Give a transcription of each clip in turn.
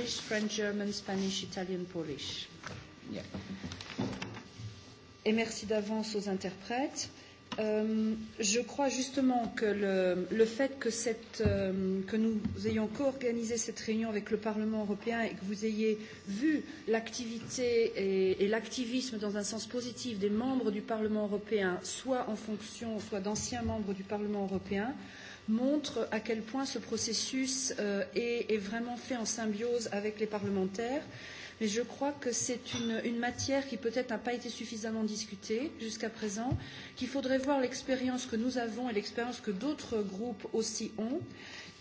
English, French, German, Spanish, Italian, Polish. Yeah. Et merci d'avance aux interprètes. Euh, je crois justement que le, le fait que, cette, euh, que nous ayons co-organisé cette réunion avec le Parlement européen et que vous ayez vu l'activité et, et l'activisme dans un sens positif des membres du Parlement européen, soit en fonction, soit d'anciens membres du Parlement européen, euh, montre à quel point ce processus euh, est, est vraiment fait en symbiose avec les parlementaires. Mais je crois que c'est une, une matière qui peut-être n'a pas été suffisamment discutée jusqu'à présent, qu'il faudrait voir l'expérience que nous avons et l'expérience que d'autres groupes aussi ont.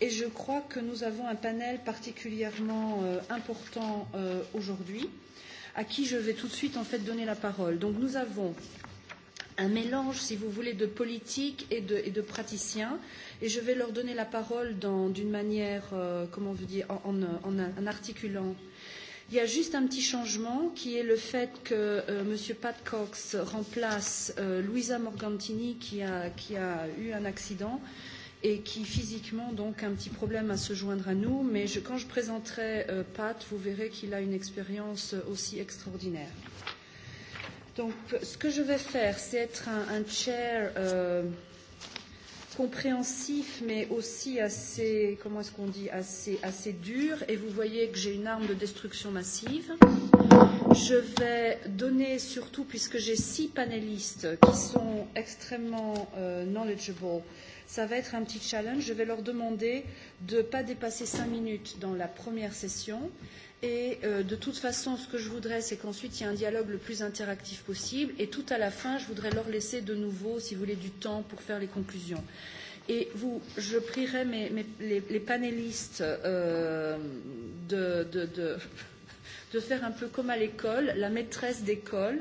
Et je crois que nous avons un panel particulièrement euh, important euh, aujourd'hui, à qui je vais tout de suite en fait donner la parole. Donc nous avons un mélange, si vous voulez, de politiques et de, et de praticiens. Et je vais leur donner la parole d'une manière, euh, comment vous dire, en, en, en, en articulant. Il y a juste un petit changement qui est le fait que euh, M. Pat Cox remplace euh, Louisa Morgantini qui a, qui a eu un accident et qui physiquement donc a un petit problème à se joindre à nous. Mais je, quand je présenterai euh, Pat, vous verrez qu'il a une expérience euh, aussi extraordinaire. Donc, ce que je vais faire, c'est être un, un chair euh, compréhensif, mais aussi assez, comment est-ce qu'on dit, assez, assez dur. Et vous voyez que j'ai une arme de destruction massive. Je vais donner surtout, puisque j'ai six panélistes qui sont extrêmement euh, knowledgeable, ça va être un petit challenge. Je vais leur demander de ne pas dépasser cinq minutes dans la première session. Et euh, de toute façon, ce que je voudrais, c'est qu'ensuite, il y ait un dialogue le plus interactif possible. Et tout à la fin, je voudrais leur laisser de nouveau, si vous voulez, du temps pour faire les conclusions. Et vous, je prierai mes, mes, les, les panélistes euh, de, de, de, de faire un peu comme à l'école, la maîtresse d'école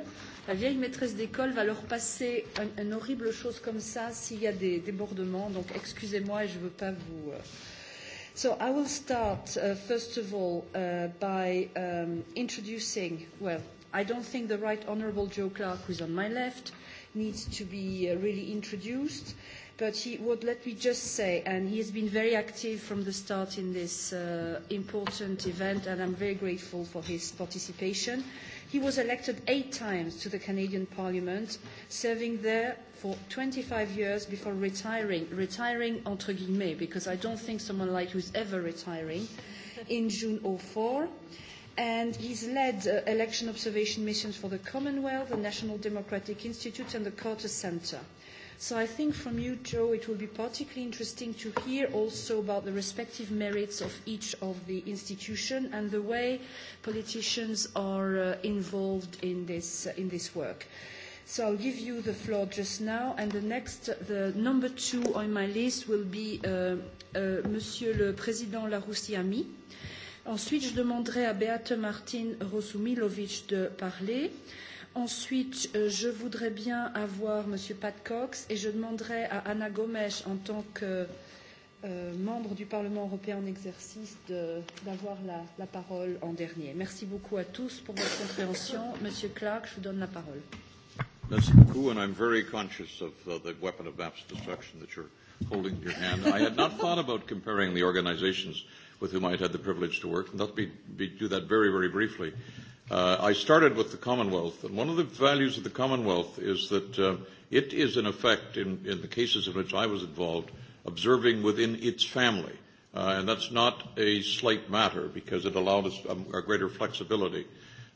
la vieille maîtresse d'école va leur passer une un horrible chose comme ça s'il y a des débordements. Donc, excusez-moi et je ne veux pas vous. Euh. So I will start, uh, first of all, uh, by um, introducing, well, I don't think the right honourable Joe Clark, who is on my left, needs to be uh, really introduced. But he would let me just say, and he has been very active from the start in this uh, important event, and I'm very grateful for his participation. He was elected eight times to the Canadian Parliament, serving there for 25 years before retiring, retiring entre guillemets, because I don't think someone like you is ever retiring, in June 04 and he's led uh, election observation missions for the Commonwealth, the National Democratic Institute, and the Carter Center. So I think from you, Joe, it will be particularly interesting to hear also about the respective merits of each of the institutions and the way politicians are uh, involved in this, uh, in this work. So I'll give you the floor just now, and the next, the number two on my list will be uh, uh, Monsieur le Président Laroussiami. Ensuite, je demanderai à Beate Martin Rosumilovic de parler ensuite, euh, je voudrais bien avoir M. Pat Cox et je demanderai à Anna Gomes, en tant que euh, membre du Parlement européen en exercice, d'avoir la, la parole en dernier. Merci beaucoup à tous pour votre compréhension. M. Clark, je vous donne la parole. Merci beaucoup, and I'm very conscious of uh, the weapon of mass destruction that you're holding in your hand. I had not thought about comparing the organizations with whom I had had the privilege to work, and let me be, do that very, very briefly. Uh, I started with the Commonwealth, and one of the values of the Commonwealth is that uh, it is, in effect, in, in the cases in which I was involved, observing within its family. Uh, and that's not a slight matter because it allowed us a, um, a greater flexibility.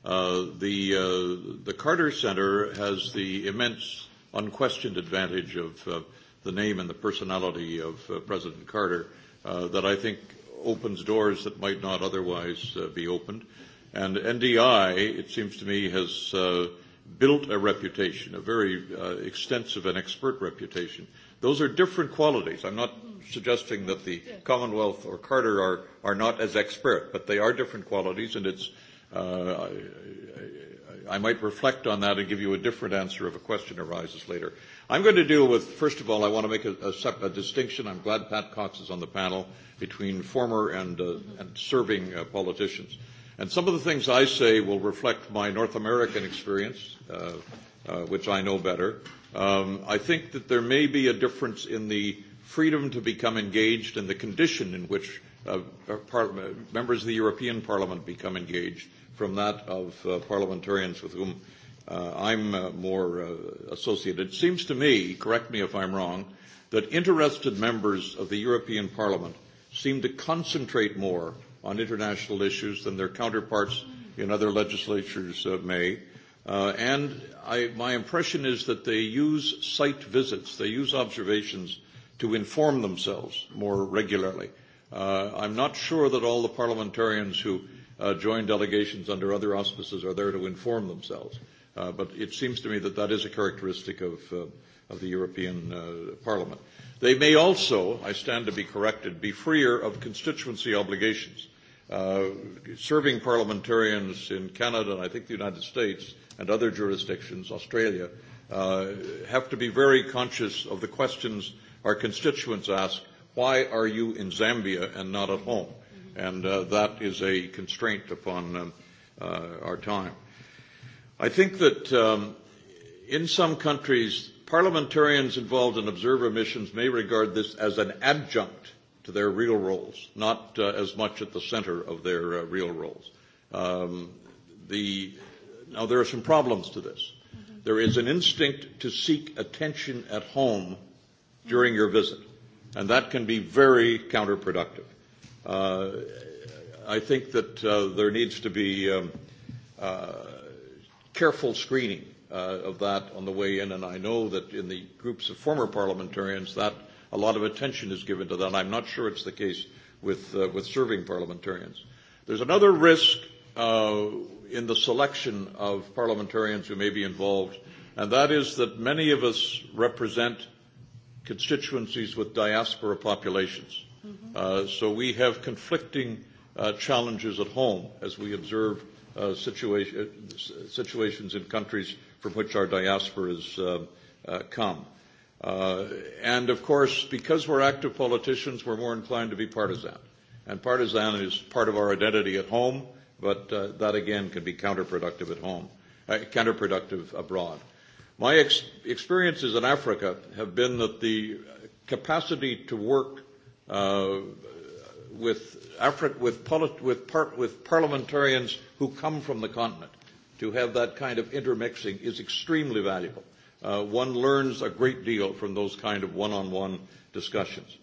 Uh, the, uh, the Carter Center has the immense, unquestioned advantage of uh, the name and the personality of uh, President Carter uh, that I think opens doors that might not otherwise uh, be opened. Uh, And NDI, it seems to me, has uh, built a reputation, a very uh, extensive and expert reputation. Those are different qualities. I'm not suggesting that the Commonwealth or Carter are, are not as expert, but they are different qualities, and it's, uh, I, I I might reflect on that and give you a different answer if a question arises later. I'm going to deal with, first of all, I want to make a, a, a distinction. I'm glad Pat Cox is on the panel between former and, uh, mm-hmm. and serving uh, politicians. Uh, And some of the things I say will reflect my North American experience, uh, uh, which I know better. Um, I think that there may be a difference in the freedom to become engaged and the condition in which uh, uh members of the European Parliament become engaged from that of uh, parliamentarians with whom uh, I'm uh, more uh, associated. It seems to me, correct me if I'm wrong, that interested members of the European Parliament seem to concentrate more on international issues than their counterparts in other legislatures uh, may. Uh, and I, my impression is that they use site visits, they use observations to inform themselves more regularly. Uh, I'm not sure that all the parliamentarians who uh, join delegations under other auspices are there to inform themselves. Uh, but it seems to me that that is a characteristic of, uh, of the European uh, Parliament. They may also, I stand to be corrected, be freer of constituency obligations uh, serving parliamentarians in Canada and I think the United States and other jurisdictions, Australia, uh, have to be very conscious of the questions our constituents ask. Why are you in Zambia and not at home? Mm-hmm. And uh, that is a constraint upon um, uh, our time. I think that um, in some countries, parliamentarians involved in observer missions may regard this as an adjunct to their real roles, not uh, as much at the center of their uh, real roles. Um, the, now, there are some problems to this. Mm-hmm. There is an instinct to seek attention at home during your visit, and that can be very counterproductive. Uh, I think that uh, there needs to be um, uh, careful screening uh, of that on the way in, and I know that in the groups of former parliamentarians, that – a lot of attention is given to that. I'm not sure it's the case with, uh, with serving parliamentarians. There's another risk uh, in the selection of parliamentarians who may be involved, and that is that many of us represent constituencies with diaspora populations. Mm-hmm. Uh, so we have conflicting uh, challenges at home as we observe uh, situa- uh, situations in countries from which our diaspora has uh, uh, come. Uh, Uh, and of course, because we're active politicians, we're more inclined to be partisan. And partisan is part of our identity at home, but uh, that again can be counterproductive at home, uh, counterproductive abroad. My ex- experiences in Africa have been that the capacity to work uh, with Africa, with, polit- with, par- with parliamentarians who come from the continent, to have that kind of intermixing is extremely valuable uh, one learns a great deal from those kind of one-on-one -on -one discussions.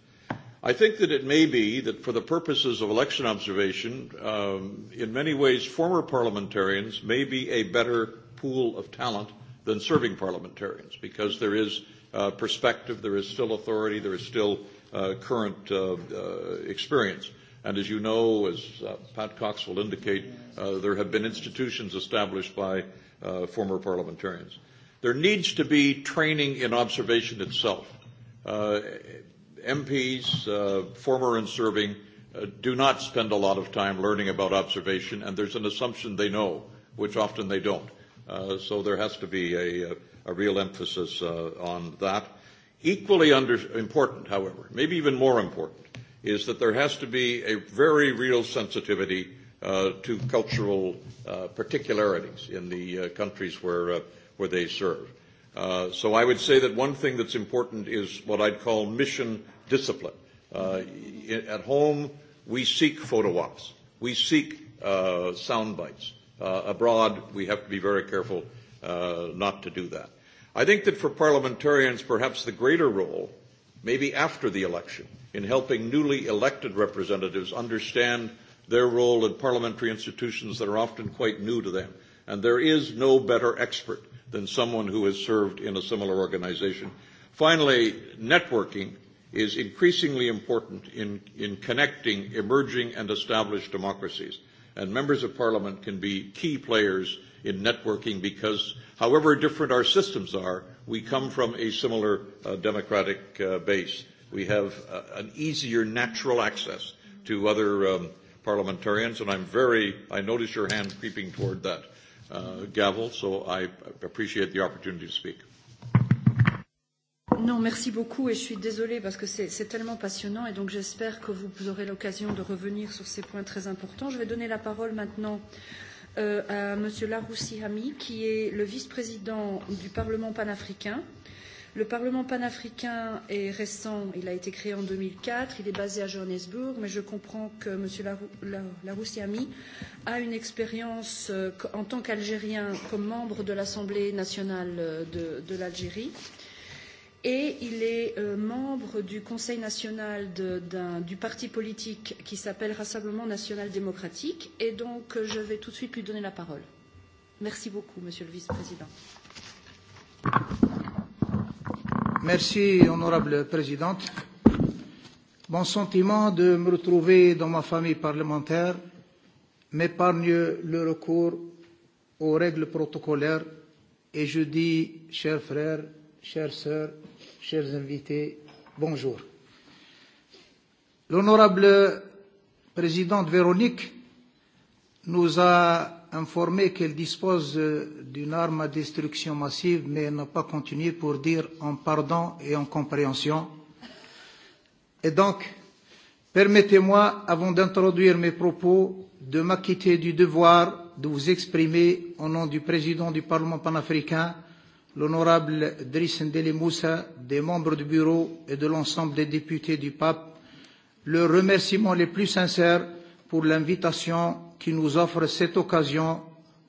I think that it may be that for the purposes of election observation, um, in many ways, former parliamentarians may be a better pool of talent than serving parliamentarians because there is uh, perspective, there is still authority, there is still uh, current uh, uh, experience. And as you know, as uh, Pat Cox will indicate, uh, there have been institutions established by uh, former parliamentarians. There needs to be training in observation itself. Uh, MPs, uh, former and serving, uh, do not spend a lot of time learning about observation, and there's an assumption they know, which often they don't. Uh, so there has to be a, a, a real emphasis uh, on that. Equally under, important, however, maybe even more important, is that there has to be a very real sensitivity uh, to cultural uh, particularities in the uh, countries where uh, where they serve. Uh, so I would say that one thing that's important is what I'd call mission discipline. Uh, at home, we seek photo ops. We seek uh, sound bites. Uh, abroad, we have to be very careful uh, not to do that. I think that for parliamentarians, perhaps the greater role, maybe after the election, in helping newly elected representatives understand their role in parliamentary institutions that are often quite new to them. And there is no better expert than someone who has served in a similar organization. Finally, networking is increasingly important in, in connecting emerging and established democracies. And members of parliament can be key players in networking because, however different our systems are, we come from a similar uh, democratic uh, base. We have uh, an easier natural access to other um, parliamentarians, and I'm very, I notice your hand creeping toward that uh, gavel, so I appreciate the opportunity to speak. Non, merci beaucoup et je suis désolée parce que c'est tellement passionnant et donc j'espère que vous aurez l'occasion de revenir sur ces points très importants. Je vais donner la parole maintenant euh, à Monsieur Laroussi Hami, qui est le vice-président du Parlement panafricain Le Parlement panafricain est récent, il a été créé en 2004, il est basé à Johannesburg, mais je comprends que M. Laroussiami a une expérience euh, en tant qu'Algérien comme membre de l'Assemblée nationale euh, de, de l'Algérie. Et il est euh, membre du Conseil national de, du parti politique qui s'appelle Rassemblement national démocratique. Et donc, euh, je vais tout de suite lui donner la parole. Merci beaucoup, Monsieur le Vice-président. Merci, honorable présidente. Mon sentiment de me retrouver dans ma famille parlementaire m'épargne le recours aux règles protocolaires et je dis, chers frères, chères sœurs, chers invités, bonjour. L'honorable présidente Véronique nous a informé qu'elle dispose d'une arme à destruction massive, mais n'a pas continué pour dire en pardon et en compréhension. Et donc, permettez-moi, avant d'introduire mes propos, de m'acquitter du devoir de vous exprimer au nom du président du Parlement panafricain, l'honorable Driss Ndele Moussa, des membres du bureau et de l'ensemble des députés du pape, leurs remerciements les plus sincères pour l'invitation qui nous offre cette occasion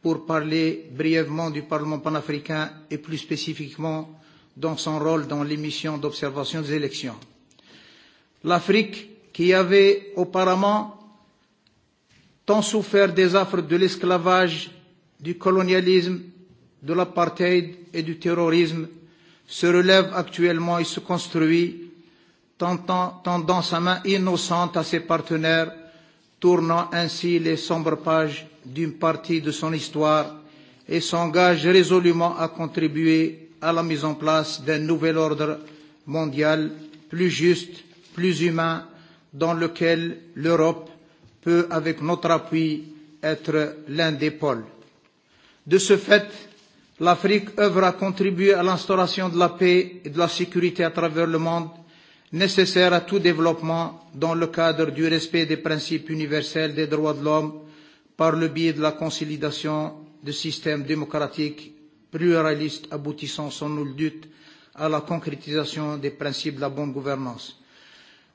pour parler brièvement du Parlement panafricain et plus spécifiquement dans son rôle dans les missions d'observation des élections. L'Afrique, qui avait auparavant tant souffert des affres de l'esclavage, du colonialisme, de l'apartheid et du terrorisme, se relève actuellement et se construit, tendant, tendant sa main innocente à ses partenaires, tournant ainsi les sombres pages d'une partie de son histoire et s'engage résolument à contribuer à la mise en place d'un nouvel ordre mondial plus juste, plus humain, dans lequel l'Europe peut, avec notre appui, être l'un des pôles. De ce fait, l'Afrique œuvre à contribuer à l'instauration de la paix et de la sécurité à travers le monde, nécessaire à tout développement dans le cadre du respect des principes universels des droits de l'homme, par le biais de la consolidation de systèmes démocratiques pluralistes aboutissant sans nul doute à la concrétisation des principes de la bonne gouvernance.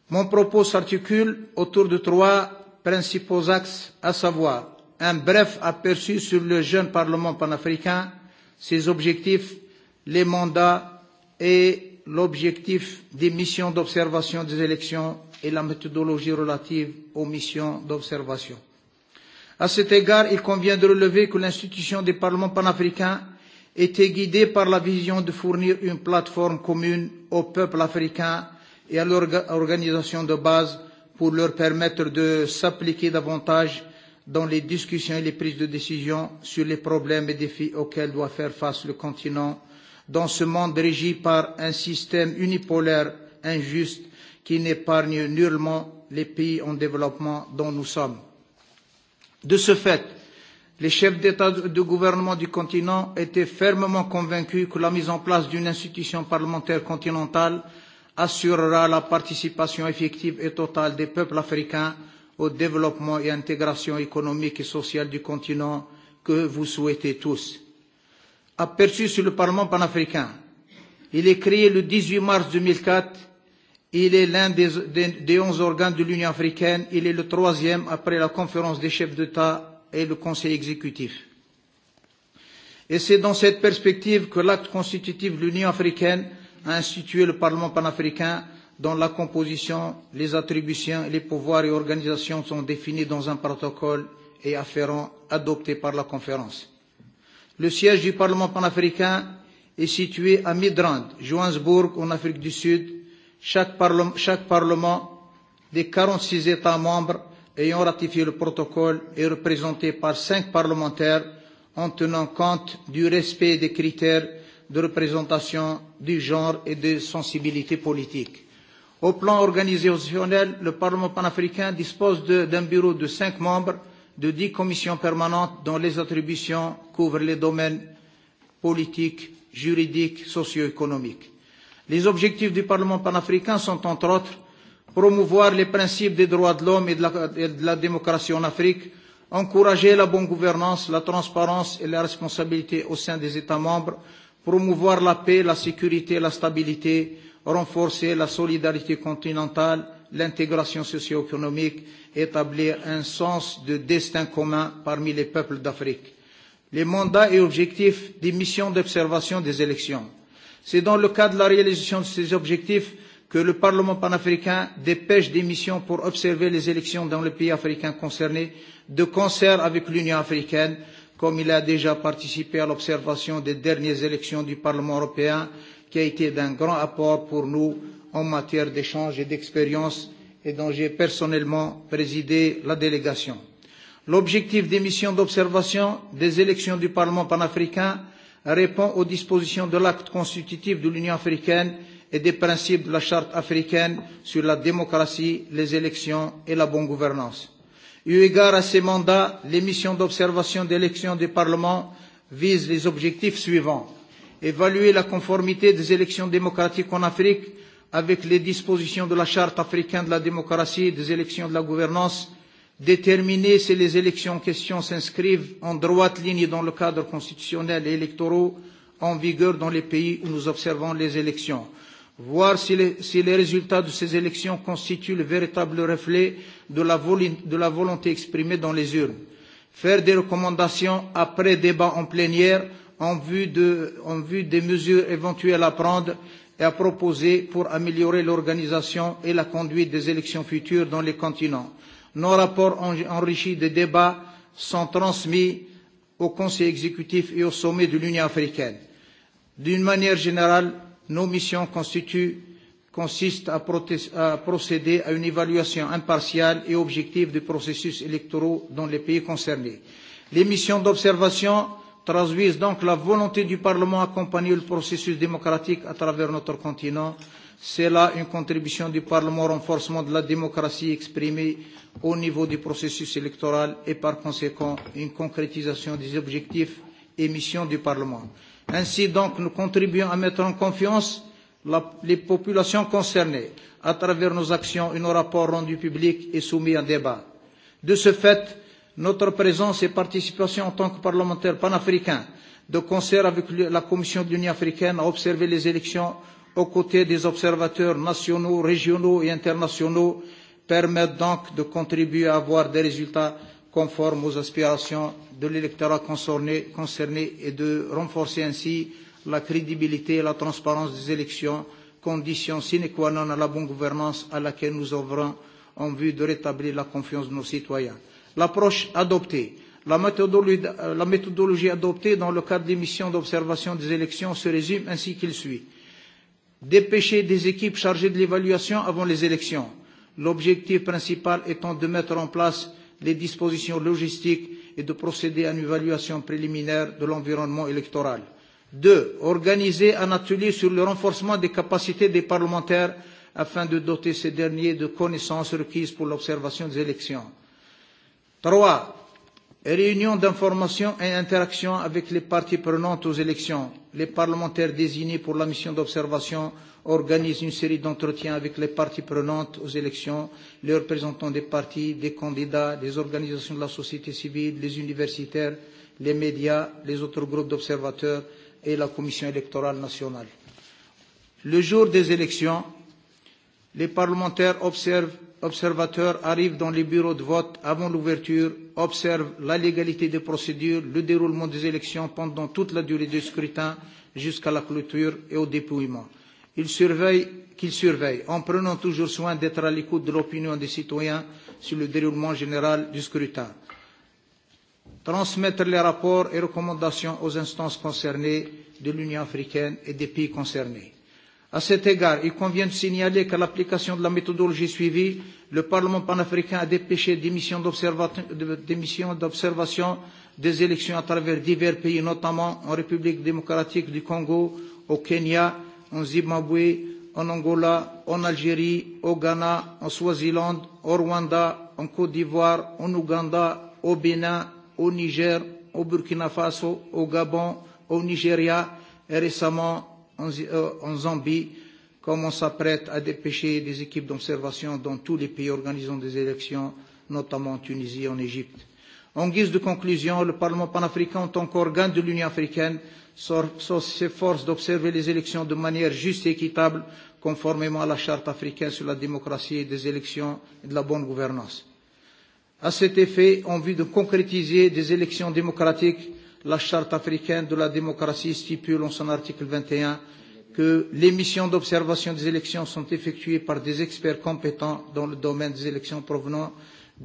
Mon propos s'articule autour de trois principaux axes, à savoir un bref aperçu sur le jeune Parlement panafricain, ses objectifs, les mandats et l'objectif des missions d'observation des élections et la méthodologie relative aux missions d'observation. À cet égard, il convient de relever que l'institution des parlements panafricains était guidée par la vision de fournir une plateforme commune au peuple africain et à l'organisation de base pour leur permettre de s'appliquer davantage dans les discussions et les prises de décision sur les problèmes et défis auxquels doit faire face le continent dans ce monde régi par un système unipolaire injuste qui n'épargne nullement les pays en développement dont nous sommes. De ce fait, les chefs d'État et de gouvernement du continent étaient fermement convaincus que la mise en place d'une institution parlementaire continentale assurera la participation effective et totale des peuples africains au développement et à l'intégration économique et sociale du continent que vous souhaitez tous. Aperçu sur le Parlement panafricain, il est créé le 18 mars 2004 Il est l'un des, des, des 11 organes de l'Union africaine. Il est le troisième après la conférence des chefs d'État et le Conseil exécutif. Et c'est dans cette perspective que l'acte constitutif de l'Union africaine a institué le Parlement panafricain dont la composition, les attributions, les pouvoirs et organisations sont définis dans un protocole et afférents adopté par la conférence. Le siège du Parlement panafricain est situé à Midrand, Johannesburg, en Afrique du Sud, chaque parlement, chaque parlement des 46 États membres ayant ratifié le protocole est représenté par cinq parlementaires en tenant compte du respect des critères de représentation du genre et des sensibilités politiques. Au plan organisationnel, le Parlement panafricain dispose d'un bureau de cinq membres, de dix commissions permanentes dont les attributions couvrent les domaines politiques, juridiques, socio-économiques. Les objectifs du Parlement panafricain sont entre autres promouvoir les principes des droits de l'homme et, et de la démocratie en Afrique, encourager la bonne gouvernance, la transparence et la responsabilité au sein des États membres, promouvoir la paix, la sécurité et la stabilité, renforcer la solidarité continentale, l'intégration socio-économique, établir un sens de destin commun parmi les peuples d'Afrique. Les mandats et objectifs des missions d'observation des élections. C'est dans le cadre de la réalisation de ces objectifs que le Parlement panafricain dépêche des missions pour observer les élections dans les pays africains concernés de concert avec l'Union africaine, comme il a déjà participé à l'observation des dernières élections du Parlement européen, qui a été d'un grand apport pour nous en matière d'échange et d'expérience et dont j'ai personnellement présidé la délégation. L'objectif des missions d'observation des élections du Parlement panafricain répond aux dispositions de l'acte constitutif de l'Union africaine et des principes de la Charte africaine sur la démocratie, les élections et la bonne gouvernance. Eu égard à ces mandats, les missions d'observation d'élections des parlements visent les objectifs suivants évaluer la conformité des élections démocratiques en Afrique avec les dispositions de la Charte africaine de la démocratie, des élections de la gouvernance, déterminer si les élections en question s'inscrivent en droite ligne dans le cadre constitutionnel et électoral en vigueur dans les pays où nous observons les élections, voir si les, si les résultats de ces élections constituent le véritable reflet de la, de la volonté exprimée dans les urnes, faire des recommandations après débat en plénière en vue, de, en vue des mesures éventuelles à prendre et à proposer pour améliorer l'organisation et la conduite des élections futures dans les continents Nos rapports enrichis des débats sont transmis au Conseil exécutif et au sommet de l'Union africaine. D'une manière générale, nos missions constituent, consistent à, à procéder à une évaluation impartiale et objective des processus électoraux dans les pays concernés. Les missions d'observation traduisent donc la volonté du Parlement d'accompagner le processus démocratique à travers notre continent C'est là une contribution du Parlement au renforcement de la démocratie exprimée au niveau du processus électoral et par conséquent une concrétisation des objectifs et missions du Parlement. Ainsi donc, nous contribuons à mettre en confiance la, les populations concernées à travers nos actions et nos rapports rendus publics et soumis à débat. De ce fait, notre présence et participation en tant que parlementaire panafricain, de concert avec la Commission de l'Union africaine, a observé les élections aux côtés des observateurs nationaux, régionaux et internationaux, permettent donc de contribuer à avoir des résultats conformes aux aspirations de l'électorat concerné, concerné et de renforcer ainsi la crédibilité et la transparence des élections, condition sine qua non à la bonne gouvernance à laquelle nous œuvrons en vue de rétablir la confiance de nos citoyens. L'approche adoptée, la méthodologie, la méthodologie adoptée dans le cadre des missions d'observation des élections se résume ainsi qu'il suit dépêcher des équipes chargées de l'évaluation avant les élections, l'objectif principal étant de mettre en place les dispositions logistiques et de procéder à une évaluation préliminaire de l'environnement électoral. Deux, organiser un atelier sur le renforcement des capacités des parlementaires afin de doter ces derniers de connaissances requises pour l'observation des élections. Trois, réunion d'information et interaction avec les parties prenantes aux élections les parlementaires désignés pour la mission d'observation organisent une série d'entretiens avec les parties prenantes aux élections, les représentants des partis, des candidats, les organisations de la société civile, les universitaires, les médias, les autres groupes d'observateurs et la Commission électorale nationale. Le jour des élections, les parlementaires observent observateurs arrivent dans les bureaux de vote avant l'ouverture, observent la légalité des procédures, le déroulement des élections pendant toute la durée du scrutin jusqu'à la clôture et au dépouillement. Ils surveillent qu'ils surveillent, en prenant toujours soin d'être à l'écoute de l'opinion des citoyens sur le déroulement général du scrutin. Transmettre les rapports et recommandations aux instances concernées de l'Union africaine et des pays concernés À cet égard, il convient de signaler qu'à l'application de la méthodologie suivie, le Parlement panafricain a dépêché des missions d'observation des élections à travers divers pays, notamment en République démocratique du Congo, au Kenya, en Zimbabwe, en Angola, en Algérie, au Ghana, en Swaziland, au Rwanda, en Côte d'Ivoire, en Ouganda, au Bénin, au Niger, au Burkina Faso, au Gabon, au Nigeria et récemment en Zambie, comme on s'apprête à dépêcher des équipes d'observation dans tous les pays organisant des élections, notamment en Tunisie et en Égypte. En guise de conclusion, le Parlement panafricain, en tant qu'organe de l'Union africaine, s'efforce d'observer les élections de manière juste et équitable, conformément à la Charte africaine sur la démocratie et des élections et de la bonne gouvernance. À cet effet, en vue de concrétiser des élections démocratiques la Charte africaine de la démocratie stipule en son article 21 que les missions d'observation des élections sont effectuées par des experts compétents dans le domaine des élections provenant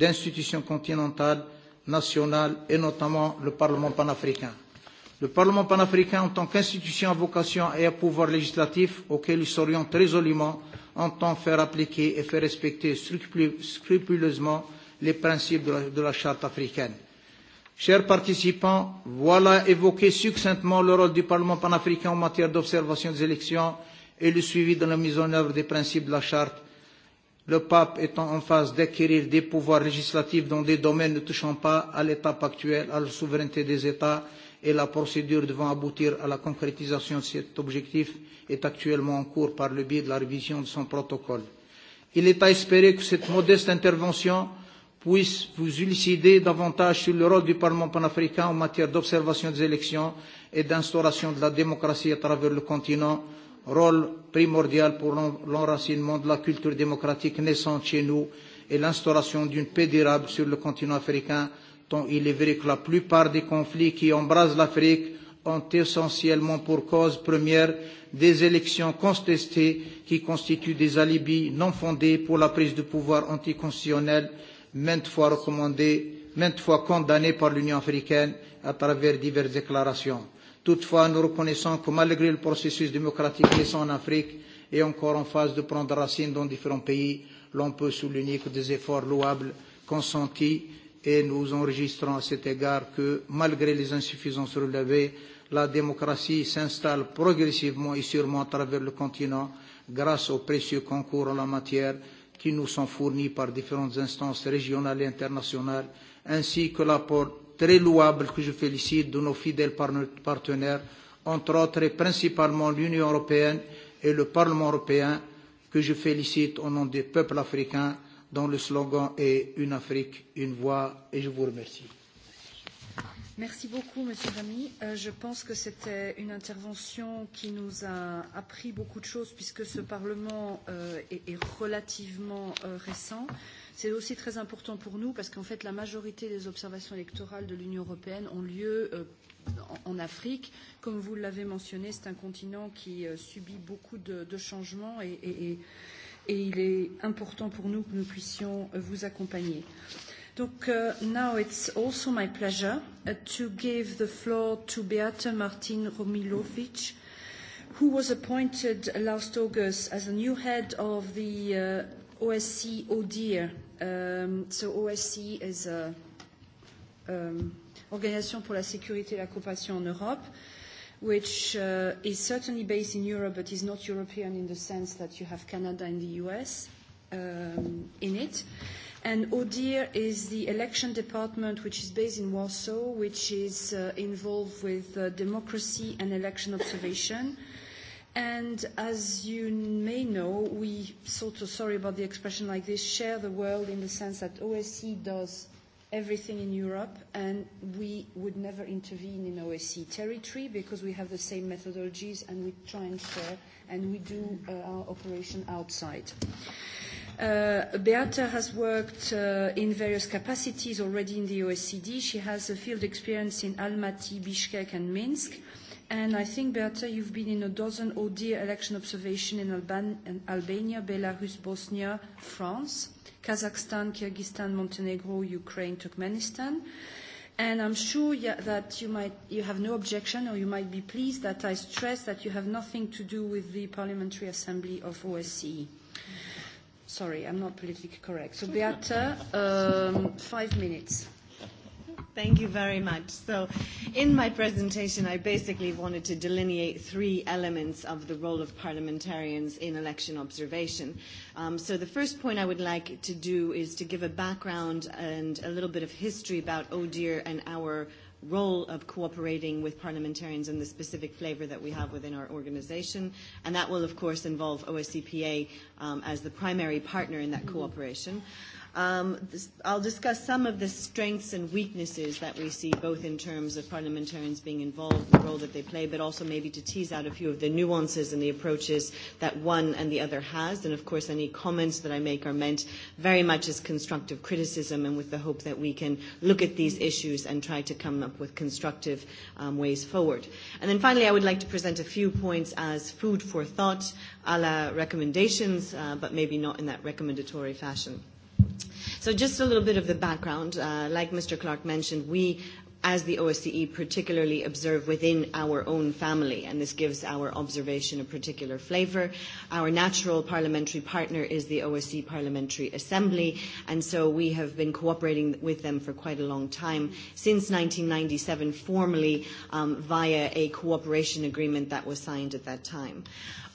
d'institutions continentales, nationales et notamment le Parlement panafricain. Le Parlement panafricain, en tant qu'institution à vocation et à pouvoir législatif auquel il s'oriente résolument, entend faire appliquer et faire respecter scrupuleusement les principes de la, de la Charte africaine. Chers participants, voilà évoqué succinctement le rôle du Parlement panafricain en matière d'observation des élections et le suivi de la mise en œuvre des principes de la Charte, le pape étant en phase d'acquérir des pouvoirs législatifs dans des domaines ne touchant pas à l'étape actuelle, à la souveraineté des États et la procédure devant aboutir à la concrétisation de cet objectif est actuellement en cours par le biais de la révision de son protocole. Il est à espérer que cette modeste intervention puisse vous élucider davantage sur le rôle du Parlement panafricain en matière d'observation des élections et d'instauration de la démocratie à travers le continent, rôle primordial pour l'enracinement de la culture démocratique naissante chez nous et l'instauration d'une paix durable sur le continent africain, tant il est vrai que la plupart des conflits qui embrasent l'Afrique ont essentiellement pour cause première des élections contestées qui constituent des alibis non fondés pour la prise de pouvoir anticonstitutionnelle maintes fois recommandée, maintes fois condamnée par l'Union africaine à travers diverses déclarations. Toutefois, nous reconnaissons que malgré le processus démocratique naissant en Afrique et encore en phase de prendre racine dans différents pays, l'on peut souligner que des efforts louables consentis et nous enregistrons à cet égard que, malgré les insuffisances relevées, la démocratie s'installe progressivement et sûrement à travers le continent grâce au précieux concours en la matière qui nous sont fournis par différentes instances régionales et internationales, ainsi que l'apport très louable que je félicite de nos fidèles partenaires, entre autres et principalement l'Union européenne et le Parlement européen, que je félicite au nom des peuples africains, dont le slogan est Une Afrique, une voix, et je vous remercie. Merci beaucoup, Monsieur Ramy. Euh, je pense que c'était une intervention qui nous a appris beaucoup de choses puisque ce Parlement euh, est, est relativement euh, récent. C'est aussi très important pour nous parce qu'en fait, la majorité des observations électorales de l'Union européenne ont lieu euh, en Afrique. Comme vous l'avez mentionné, c'est un continent qui euh, subit beaucoup de, de changements et, et, et, et il est important pour nous que nous puissions euh, vous accompagner. Euh, Donc uh, now it's also my pleasure uh, to give the floor to Beate Martin Romilovic, who was appointed last August as the new head of the uh, OSCE ODIHR. Um, so OSCE is an um, Organisation for la Sécurité et la Coopération en Europe, which uh, is certainly based in Europe but is not European in the sense that you have Canada and the US um, in it. And ODIHR is the election department which is based in Warsaw, which is uh, involved with uh, democracy and election observation. And as you may know, we sort of, sorry about the expression like this, share the world in the sense that OSCE does everything in Europe, and we would never intervene in OSCE territory because we have the same methodologies and we try and share, and we do uh, our operation outside. Uh, Uh, Beata has worked uh, in various capacities already in the OECD. She has a field experience in Almaty, Bishkek, and Minsk. And I think, Beata, you've been in a dozen ODIHR election observation in Alban Albania, Belarus, Bosnia, France, Kazakhstan, Kyrgyzstan, Montenegro, Ukraine, Turkmenistan. And I'm sure yeah, that you, might, you have no objection or you might be pleased that I stress that you have nothing to do with the Parliamentary Assembly of OSCE. Mm -hmm. Sorry, I'm not politically correct. So Beata, um, five minutes. Thank you very much. So in my presentation, I basically wanted to delineate three elements of the role of parliamentarians in election observation. Um, so the first point I would like to do is to give a background and a little bit of history about ODIHR and our role of cooperating with parliamentarians and the specific flavour that we have within our organisation. And that will, of course, involve OSCPA um, as the primary partner in that cooperation. Mm-hmm. Um, this, I'll discuss some of the strengths and weaknesses that we see, both in terms of parliamentarians being involved, the role that they play, but also maybe to tease out a few of the nuances and the approaches that one and the other has. And of course, any comments that I make are meant very much as constructive criticism and with the hope that we can look at these issues and try to come up with constructive um, ways forward. And then finally, I would like to present a few points as food for thought, a la recommendations, uh, but maybe not in that recommendatory fashion. So just a little bit of the background. Uh, like Mr. Clark mentioned, we as the OSCE particularly observe within our own family, and this gives our observation a particular flavor. Our natural parliamentary partner is the OSCE Parliamentary Assembly, and so we have been cooperating with them for quite a long time, since ninety seven formally um, via a cooperation agreement that was signed at that time.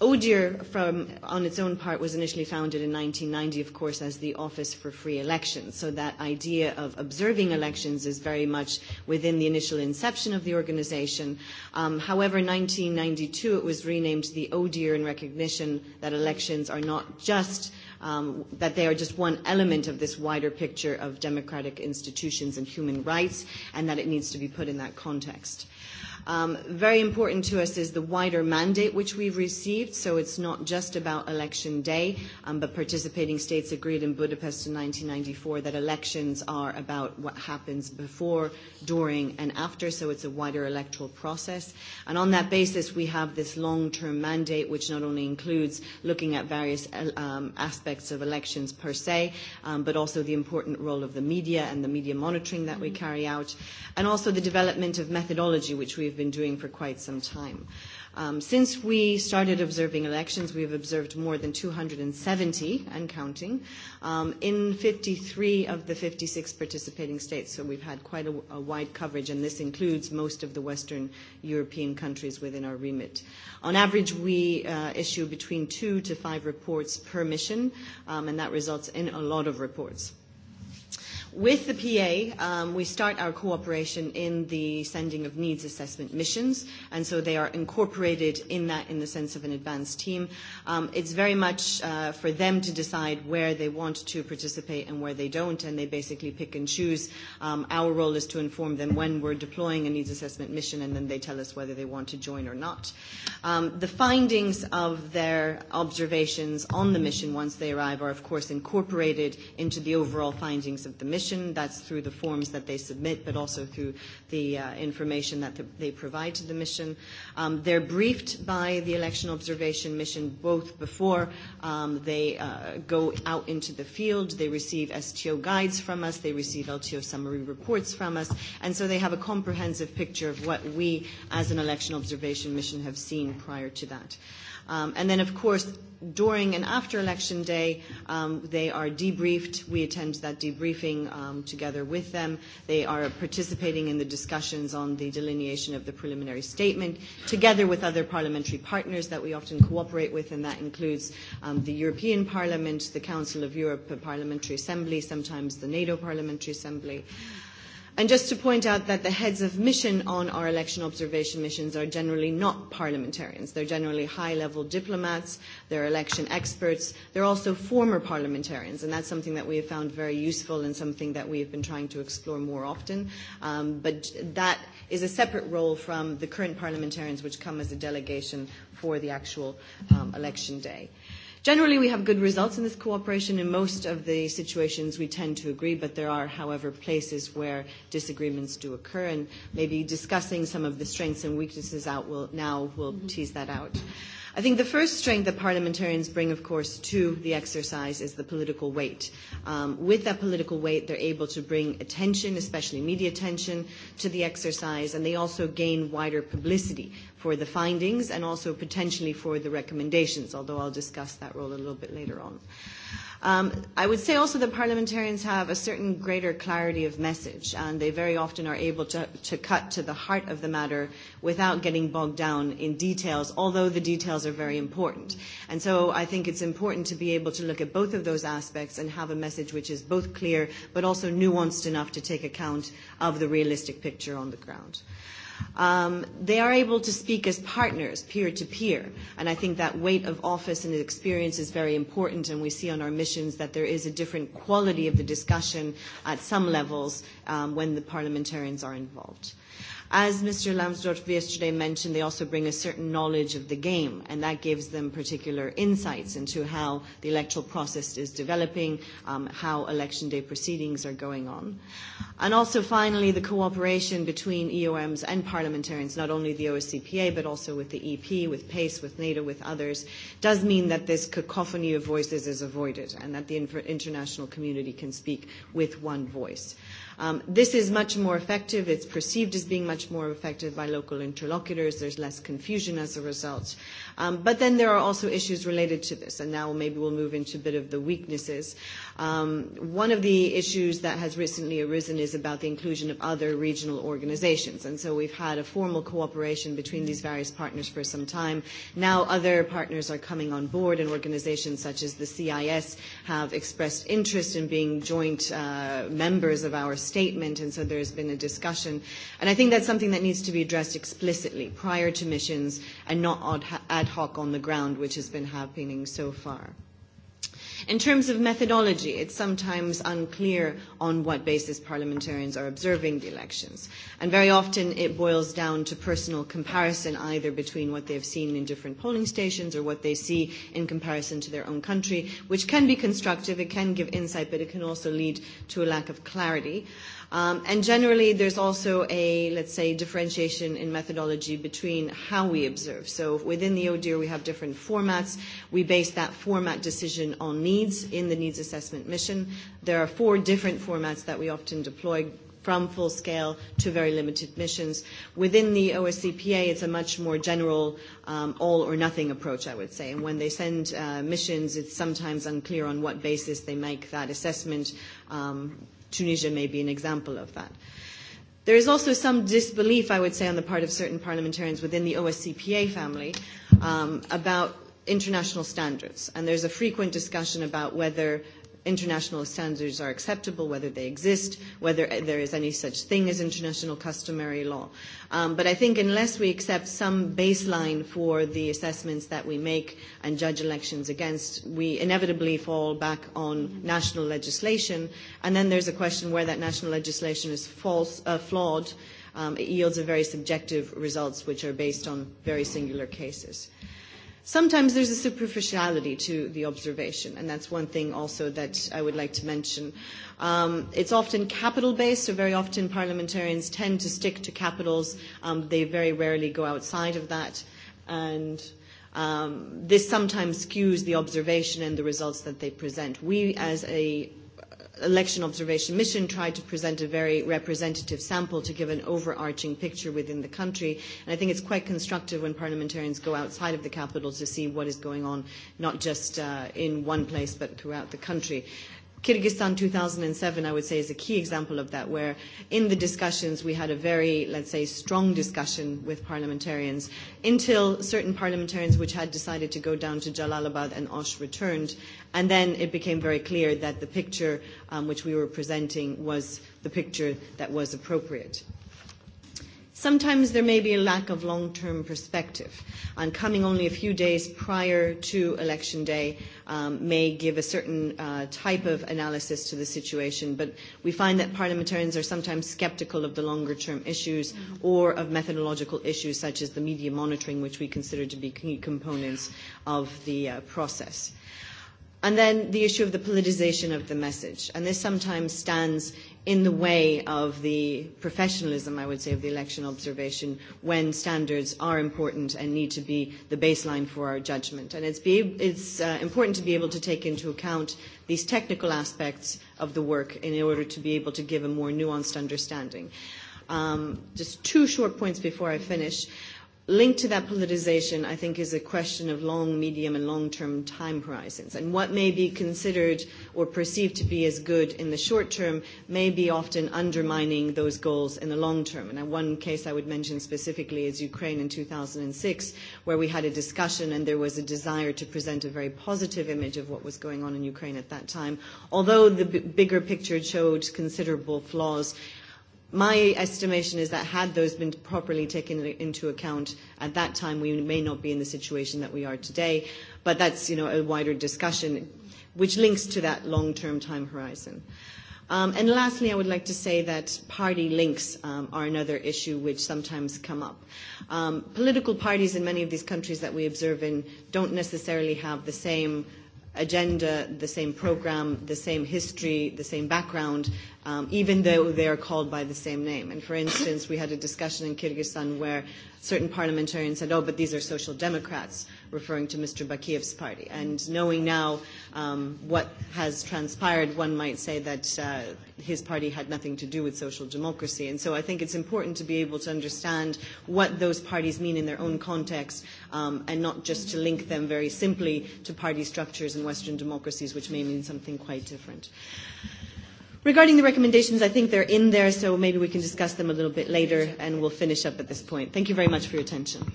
ODIHR from, on its own part was initially founded in 1990, of course, as the Office for Free Elections. So that idea of observing elections is very much within the initial inception of the organization. Um, however, in 1992, it was renamed the ODIHR in recognition that elections are not just um, that they are just one element of this wider picture of democratic institutions and human rights, and that it needs to be put in that context. Um, very important to us is the wider mandate which we've received, so it's not just about election day, um, but participating states agreed in Budapest in 1994 that elections are about what happens before, during, and after, so it's a wider electoral process. And on that basis, we have this long-term mandate, which not only includes looking at various um, aspects of elections per se, um, but also the important role of the media and the media monitoring that we mm-hmm. carry out, and also the development of methodology, which we've we've been doing for quite some time. Um, since we started observing elections, we've observed more than 270 and counting um, in 53 of the 56 participating states. So we've had quite a, a wide coverage, and this includes most of the Western European countries within our remit. On average, we uh, issue between two to five reports per mission, um, and that results in a lot of reports. With the PA, um, we start our cooperation in the sending of needs assessment missions, and so they are incorporated in that in the sense of an advanced team. Um, it's very much uh, for them to decide where they want to participate and where they don't, and they basically pick and choose. Um, our role is to inform them when we're deploying a needs assessment mission, and then they tell us whether they want to join or not. Um, the findings of their observations on the mission once they arrive are, of course, incorporated into the overall findings of the mission information. That's through the forms that they submit, but also through the uh, information that the, they provide to the mission. Um, they're briefed by the election observation mission both before um, they uh, go out into the field. They receive STO guides from us. They receive LTO summary reports from us. And so they have a comprehensive picture of what we, as an election observation mission, have seen prior to that. Um, and then, of course, during and after election day, um, they are debriefed. We attend that debriefing um, together with them. They are participating in the discussions on the delineation of the preliminary statement, together with other parliamentary partners that we often cooperate with, and that includes um, the European Parliament, the Council of Europe Parliamentary Assembly, sometimes the NATO Parliamentary Assembly. Mm-hmm And just to point out that the heads of mission on our election observation missions are generally not parliamentarians. They're generally high-level diplomats, they're election experts, they're also former parliamentarians, and that's something that we have found very useful and something that we have been trying to explore more often. Um, but that is a separate role from the current parliamentarians which come as a delegation for the actual um, election day. Generally, we have good results in this cooperation. In most of the situations, we tend to agree, but there are, however, places where disagreements do occur, and maybe discussing some of the strengths and weaknesses out will, now will mm-hmm. tease that out. I think the first strength that parliamentarians bring, of course, to the exercise is the political weight. Um, with that political weight, they're able to bring attention, especially media attention, to the exercise, and they also gain wider publicity for the findings and also potentially for the recommendations, although I'll discuss that role a little bit later on. Um, I would say also that parliamentarians have a certain greater clarity of message, and they very often are able to, to cut to the heart of the matter without getting bogged down in details, although the details are very important. And so I think it's important to be able to look at both of those aspects and have a message which is both clear but also nuanced enough to take account of the realistic picture on the ground um, they are able to speak as partners, peer to peer. And I think that weight of office and experience is very important. And we see on our missions that there is a different quality of the discussion at some levels um, when the parliamentarians are involved. As Mr. Lambsdorff yesterday mentioned, they also bring a certain knowledge of the game, and that gives them particular insights into how the electoral process is developing, um, how election day proceedings are going on. And also, finally, the cooperation between EOMs and parliamentarians, not only the OSCPA, but also with the EP, with PACE, with NATO, with others, does mean that this cacophony of voices is avoided and that the international community can speak with one voice. Um, this is much more effective. It's perceived as being much more effective by local interlocutors. There's less confusion as a result. Um, but then there are also issues related to this, and now maybe we'll move into a bit of the weaknesses. Um, one of the issues that has recently arisen is about the inclusion of other regional organizations, and so we've had a formal cooperation between these various partners for some time. Now other partners are coming on board, and organizations such as the CIS have expressed interest in being joint uh, members of our statement, and so there's been a discussion. And I think that's something that needs to be addressed explicitly prior to missions and not ad ad hoc on the ground which has been happening so far. In terms of methodology, it's sometimes unclear on what basis parliamentarians are observing the elections. And very often it boils down to personal comparison, either between what they have seen in different polling stations or what they see in comparison to their own country, which can be constructive, it can give insight, but it can also lead to a lack of clarity. Um, and generally, there's also a, let's say, differentiation in methodology between how we observe. So within the ODIHR, e we have different formats. We base that format decision on needs in the needs assessment mission. There are four different formats that we often deploy from full scale to very limited missions. Within the OSCPA, it's a much more general um, all or nothing approach, I would say. And when they send uh, missions, it's sometimes unclear on what basis they make that assessment. Um, Tunisia may be an example of that. There is also some disbelief, I would say, on the part of certain parliamentarians within the OSCPA family um, about international standards. And there's a frequent discussion about whether international standards are acceptable, whether they exist, whether there is any such thing as international customary law. Um, but I think unless we accept some baseline for the assessments that we make and judge elections against, we inevitably fall back on national legislation. And then there's a question where that national legislation is false, uh, flawed. Um, it yields a very subjective results which are based on very singular cases. Sometimes there's a superficiality to the observation, and that's one thing also that I would like to mention. Um, it's often capital based, so very often parliamentarians tend to stick to capitals. Um, they very rarely go outside of that. And um, this sometimes skews the observation and the results that they present. We, as a election observation mission tried to present a very representative sample to give an overarching picture within the country. And I think it's quite constructive when parliamentarians go outside of the capital to see what is going on, not just uh, in one place, but throughout the country. Kyrgyzstan 2007, I would say, is a key example of that, where in the discussions we had a very, let's say, strong discussion with parliamentarians until certain parliamentarians which had decided to go down to Jalalabad and Osh returned. And then it became very clear that the picture um, which we were presenting was the picture that was appropriate sometimes there may be a lack of long-term perspective. And coming only a few days prior to election day um, may give a certain uh, type of analysis to the situation, but we find that parliamentarians are sometimes skeptical of the longer-term issues mm-hmm. or of methodological issues such as the media monitoring, which we consider to be key components of the uh, process. And then the issue of the politicization of the message. And this sometimes stands in the way of the professionalism, I would say, of the election observation when standards are important and need to be the baseline for our judgment. And it's, be, it's uh, important to be able to take into account these technical aspects of the work in order to be able to give a more nuanced understanding. Um, just two short points before I finish linked to that politicization, I think, is a question of long, medium, and long-term time horizons. And what may be considered or perceived to be as good in the short term may be often undermining those goals in the long term. And one case I would mention specifically is Ukraine in 2006, where we had a discussion and there was a desire to present a very positive image of what was going on in Ukraine at that time, although the b- bigger picture showed considerable flaws my estimation is that had those been properly taken into account at that time, we may not be in the situation that we are today. But that's you know, a wider discussion, which links to that long-term time horizon. Um, and lastly, I would like to say that party links um, are another issue which sometimes come up. Um, political parties in many of these countries that we observe in don't necessarily have the same agenda, the same program, the same history, the same background, um, even though they are called by the same name. And for instance, we had a discussion in Kyrgyzstan where certain parliamentarians said, oh, but these are social democrats referring to Mr. Bakiev's party. And knowing now um, what has transpired, one might say that uh, his party had nothing to do with social democracy. And so I think it's important to be able to understand what those parties mean in their own context um, and not just to link them very simply to party structures in Western democracies, which may mean something quite different. Regarding the recommendations, I think they're in there, so maybe we can discuss them a little bit later, and we'll finish up at this point. Thank you very much for your attention.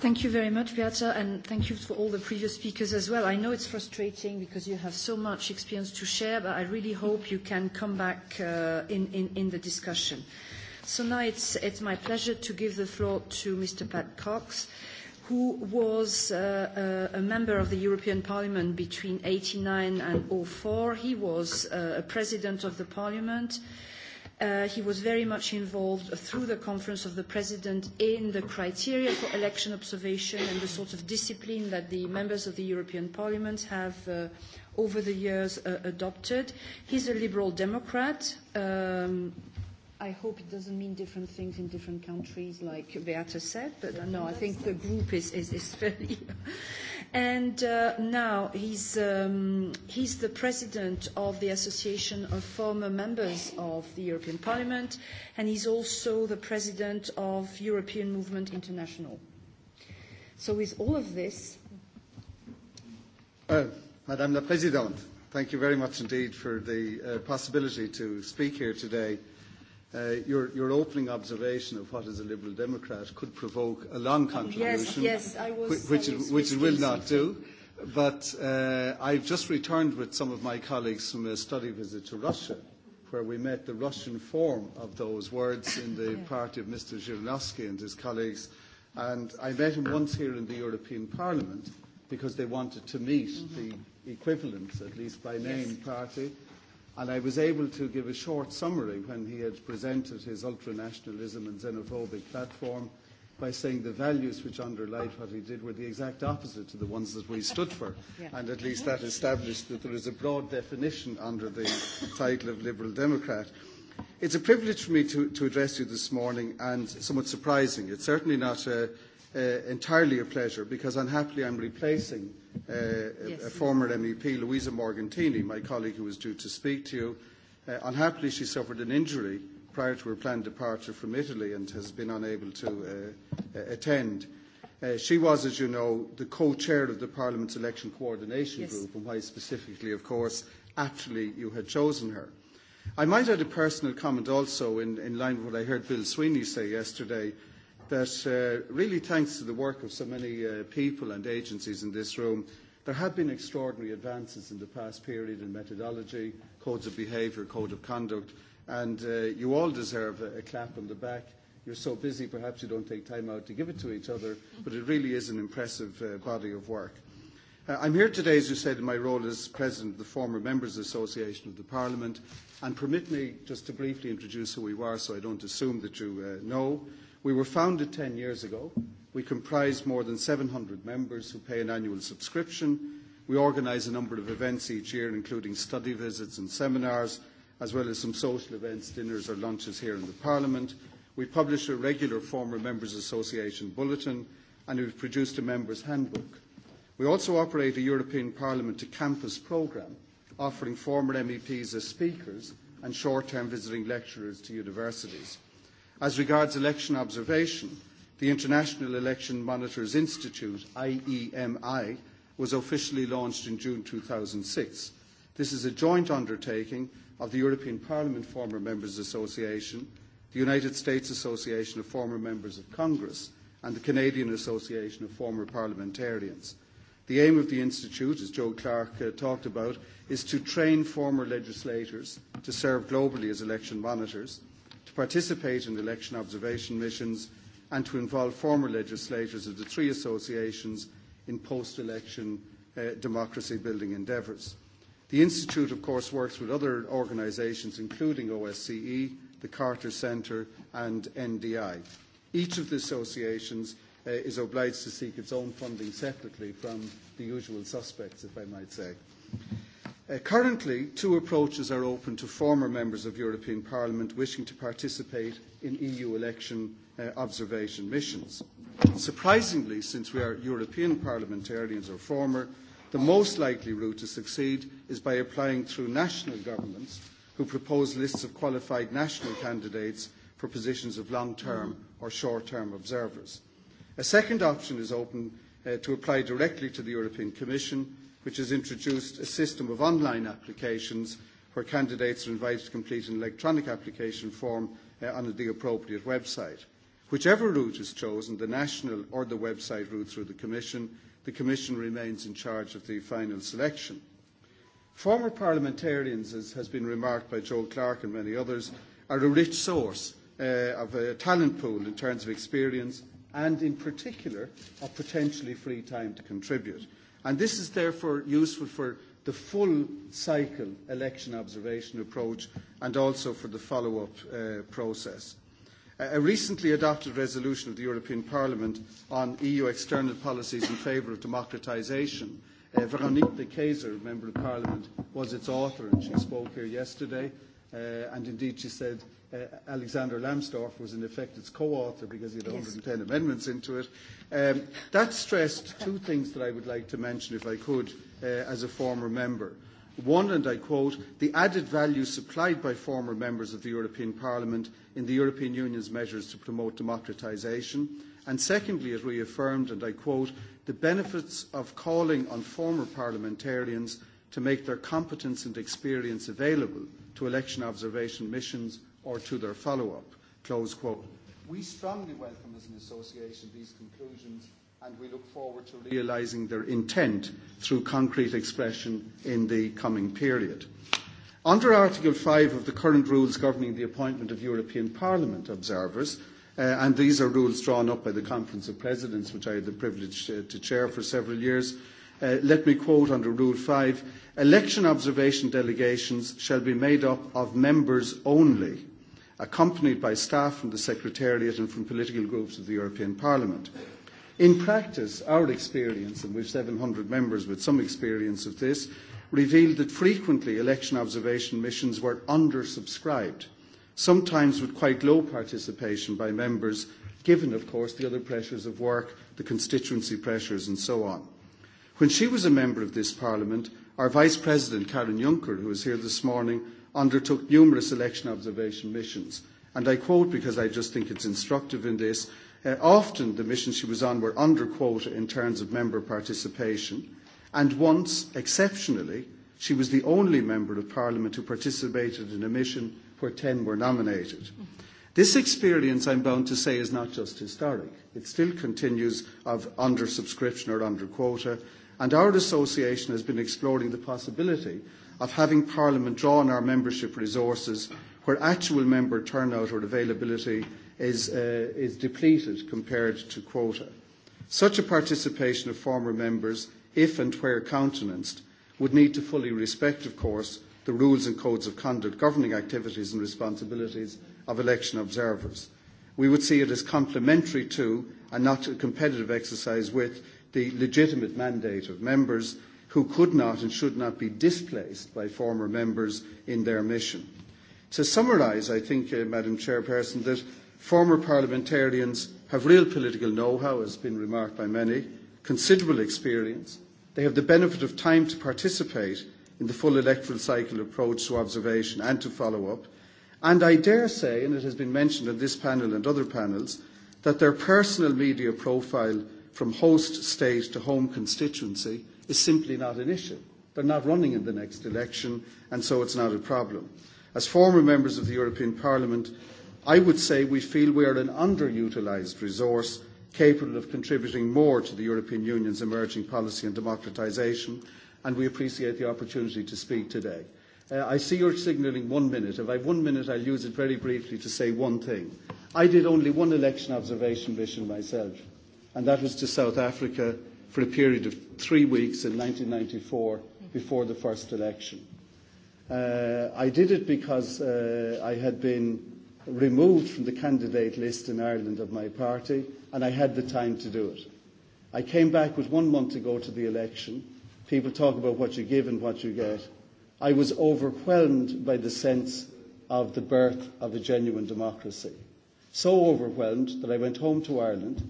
Thank you very much, Beata, and thank you for all the previous speakers as well. I know it's frustrating because you have so much experience to share, but I really hope you can come back uh, in, in, in the discussion. So now it's, it's my pleasure to give the floor to Mr. Pat Cox, who was uh, uh, a member of the European Parliament between 89 and 04. He was uh, a president of the Parliament. Uh, he was very much involved through the conference of the president in the criteria for election observation and the sort of discipline that the members of the European Parliament have uh, over the years uh, adopted. He's a liberal democrat. Um, i hope it doesn't mean different things in different countries, like Beata said, but yeah, no, I think the group is, is, is fairly. and uh, now he's, um, he's the president of the Association of Former Members of the European Parliament, and he's also the president of European Movement International. So with all of this. Uh, Madame la Présidente, thank you very much indeed for the uh, possibility to speak here today Uh, your, your opening observation of what is a Liberal Democrat could provoke a long contribution, yes, yes, I was, which, I was which it will not do. But uh, I've just returned with some of my colleagues from a study visit to Russia, where we met the Russian form of those words in the yeah. party of Mr. Zhirinovsky and his colleagues. And I met him once here in the European Parliament because they wanted to meet mm-hmm. the equivalent, at least by name, yes. party And I was able to give a short summary when he had presented his ultranationalism and xenophobic platform by saying the values which underlied what he did were the exact opposite to the ones that we stood for. yeah. And at least that established that there is a broad definition under the title of Liberal Democrat. It's a privilege for me to, to address you this morning and somewhat surprising. It's certainly not a, uh, entirely a pleasure because unhappily I'm replacing uh, yes. a, a former MEP, Louisa Morgantini, my colleague who was due to speak to you. Uh, unhappily, she suffered an injury prior to her planned departure from Italy and has been unable to uh, uh attend. Uh, she was, as you know, the co-chair of the Parliament's Election Coordination yes. Group, and why specifically, of course, actually you had chosen her. I might add a personal comment also in, in line with what I heard Bill Sweeney say yesterday that uh, really thanks to the work of so many uh, people and agencies in this room, there have been extraordinary advances in the past period in methodology, codes of behaviour, code of conduct, and uh, you all deserve a, a clap on the back. You're so busy, perhaps you don't take time out to give it to each other, but it really is an impressive uh, body of work. Uh, I'm here today, as you said, in my role as President of the former Members Association of the Parliament, and permit me just to briefly introduce who we are so I don't assume that you uh, know. We were founded ten years ago. We comprise more than seven hundred members who pay an annual subscription. We organise a number of events each year, including study visits and seminars, as well as some social events, dinners or lunches here in the Parliament. We publish a regular former Members Association bulletin, and we've produced a Members Handbook. We also operate a European Parliament to Campus programme, offering former MEPs as speakers and short-term visiting lecturers to universities. As regards election observation, the International Election Monitors Institute, IEMI, e was officially launched in June two thousand six. This is a joint undertaking of the European Parliament Former Members Association, the United States Association of Former Members of Congress, and the Canadian Association of Former Parliamentarians. The aim of the Institute, as Joe Clark uh, talked about, is to train former legislators to serve globally as election monitors to participate in election observation missions and to involve former legislators of the three associations in post-election uh, democracy-building endeavours. The Institute, of course, works with other organisations, including OSCE, the Carter Centre and NDI. Each of the associations uh, is obliged to seek its own funding separately from the usual suspects, if I might say. Uh, currently, two approaches are open to former members of European Parliament wishing to participate in EU election uh, observation missions. Surprisingly, since we are European parliamentarians or former, the most likely route to succeed is by applying through national governments who propose lists of qualified national candidates for positions of long-term or short-term observers. A second option is open uh, to apply directly to the European Commission which has introduced a system of online applications where candidates are invited to complete an electronic application form uh, on the appropriate website. Whichever route is chosen, the national or the website route through the Commission, the Commission remains in charge of the final selection. Former parliamentarians, as has been remarked by Joe Clark and many others, are a rich source uh, of a talent pool in terms of experience and, in particular, of potentially free time to contribute. And this is therefore useful for the full cycle election observation approach and also for the follow-up uh, process. A recently adopted resolution of the European Parliament on EU external policies in favour of democratisation, uh, Veronique de Keyser, Member of Parliament, was its author and she spoke here yesterday. Uh, and indeed, she said uh, Alexander Lambsdorff was in effect its co-author because he had yes. amendments into it. Um, that stressed two things that I would like to mention, if I could, uh, as a former member. One, and I quote, the added value supplied by former members of the European Parliament in the European Union's measures to promote democratisation. And secondly, it reaffirmed, and I quote, the benefits of calling on former parliamentarians to make their competence and experience available to election observation missions or to their follow-up. Close quote. We strongly welcome as an association these conclusions and we look forward to realising their intent through concrete expression in the coming period. Under Article 5 of the current rules governing the appointment of European Parliament observers, uh, and these are rules drawn up by the Conference of Presidents, which I had the privilege uh, to chair for several years, uh, let me quote under Rule 5 Election observation delegations shall be made up of members only accompanied by staff from the Secretariat and from political groups of the European Parliament. In practice, our experience, and we have seven hundred members with some experience of this, revealed that frequently election observation missions were undersubscribed, sometimes with quite low participation by members, given, of course, the other pressures of work, the constituency pressures, and so on. When she was a member of this Parliament, our Vice President, Karen Juncker, who is here this morning, undertook numerous election observation missions. And I quote because I just think it's instructive in this. Uh, often the missions she was on were under quota in terms of member participation. And once, exceptionally, she was the only member of parliament who participated in a mission where 10 were nominated. This experience, I'm bound to say, is not just historic. It still continues of under subscription or under quota. And our association has been exploring the possibility of having Parliament draw on our membership resources where actual member turnout or availability is, uh, is depleted compared to quota. Such a participation of former members, if and where countenanced, would need to fully respect, of course, the rules and codes of conduct governing activities and responsibilities of election observers. We would see it as complementary to, and not a competitive exercise with, the legitimate mandate of members who could not and should not be displaced by former members in their mission. To summarise, I think, uh, Madam Chairperson, that former parliamentarians have real political know-how, as has been remarked by many, considerable experience. They have the benefit of time to participate in the full electoral cycle approach to observation and to follow-up. And I dare say, and it has been mentioned in this panel and other panels, that their personal media profile from host state to home constituency is simply not an issue. They're not running in the next election, and so it's not a problem. As former members of the European Parliament, I would say we feel we are an underutilised resource capable of contributing more to the European Union's emerging policy and democratisation, and we appreciate the opportunity to speak today. Uh, I see you're signalling one minute. If I have one minute, I'll use it very briefly to say one thing. I did only one election observation mission myself and that was to South Africa for a period of three weeks in 1994 before the first election. Uh, I did it because uh, I had been removed from the candidate list in Ireland of my party, and I had the time to do it. I came back with one month to go to the election. People talk about what you give and what you get. I was overwhelmed by the sense of the birth of a genuine democracy. So overwhelmed that I went home to Ireland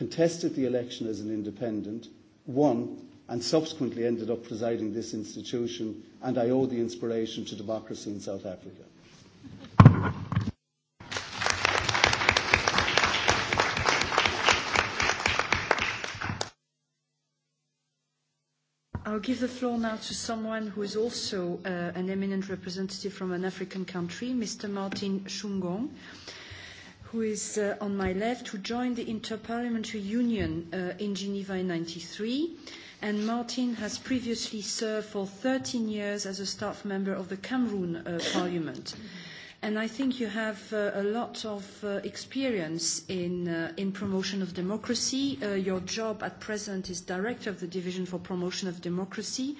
contested the election as an independent, won, and subsequently ended up presiding this institution, and I owe the inspiration to democracy in South Africa. I'll give the floor now to someone who is also uh, an eminent representative from an African country, Mr. Martin Shungong. Uh, who is uh, on my left, who joined the Interparliamentary Union uh, in Geneva in 93. And Martin has previously served for 13 years as a staff member of the Cameroon uh, Parliament. And I think you have uh, a lot of uh, experience in, uh, in promotion of democracy. Uh, your job at present is Director of the Division for Promotion of Democracy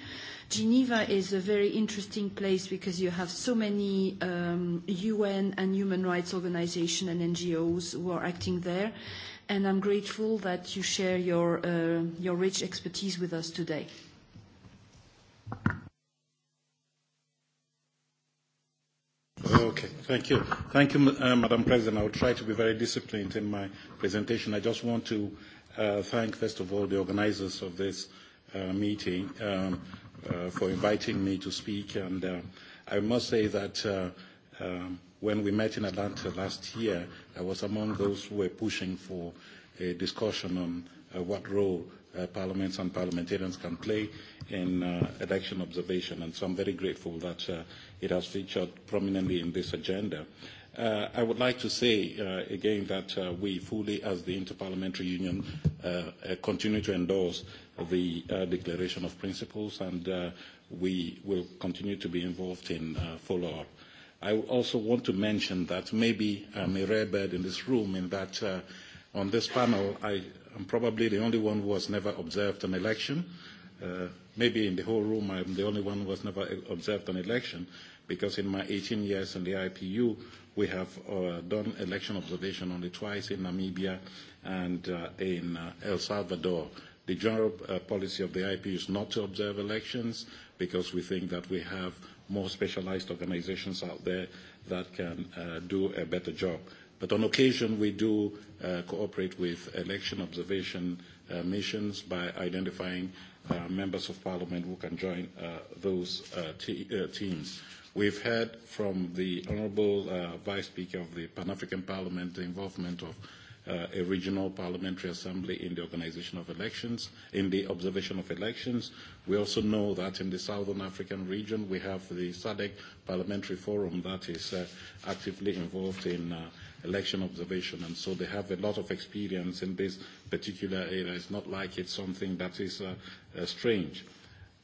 Geneva is a very interesting place because you have so many um, UN and human rights organizations and NGOs who are acting there, and I'm grateful that you share your, uh, your rich expertise with us today. Okay. Thank you. Thank you, uh, Madam President. I will try to be very disciplined in my presentation. I just want to uh, thank, first of all, the organizers of this uh, meeting. Um, uh, for inviting me to speak. And uh, I must say that uh, um, when we met in Atlanta last year, I was among those who were pushing for a discussion on uh, what role uh, parliaments and parliamentarians can play in uh, election observation. And so I'm very grateful that uh, it has featured prominently in this agenda. Uh, I would like to say uh, again that uh, we fully, as the Interparliamentary Union, uh, uh, continue to endorse the uh, declaration of principles, and uh, we will continue to be involved in uh, follow-up. I also want to mention that maybe I'm a rare bird in this room in that uh, on this panel I am probably the only one who has never observed an election. Uh, maybe in the whole room I'm the only one who has never observed an election because in my 18 years in the IPU we have uh, done election observation only twice in Namibia and uh, in uh, El Salvador. The general uh, policy of the IP is not to observe elections because we think that we have more specialized organizations out there that can uh, do a better job. But on occasion, we do uh, cooperate with election observation uh, missions by identifying uh, members of parliament who can join uh, those uh, te- uh, teams. We've heard from the Honourable uh, Vice Speaker of the Pan-African Parliament the involvement of uh, a regional parliamentary assembly in the organization of elections, in the observation of elections. We also know that in the Southern African region, we have the SADC Parliamentary Forum that is uh, actively involved in uh, election observation, and so they have a lot of experience in this particular area. It's not like it's something that is uh, uh, strange.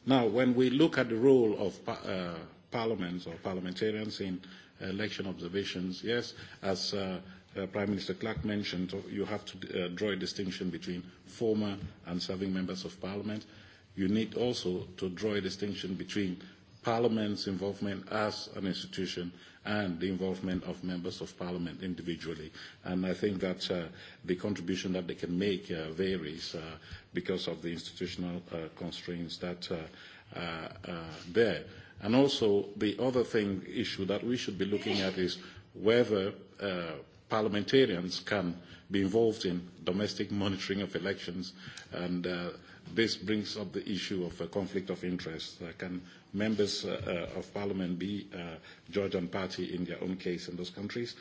Now, when we look at the role of pa- uh, parliaments or parliamentarians in election observations, yes, as uh, Uh, Prime Minister Clark mentioned, you have to uh, draw a distinction between former and serving members of parliament. You need also to draw a distinction between parliament's involvement as an institution and the involvement of members of parliament individually. And I think that uh, the contribution that they can make uh, varies uh, because of the institutional uh, constraints that uh, are uh, uh, there. And also the other thing issue that we should be looking at is whether uh, parliamentarians can be involved in domestic monitoring of elections and uh, this brings up the issue of a conflict of interest. Uh, can members uh, uh, of parliament be uh, judge and party in their own case in those countries?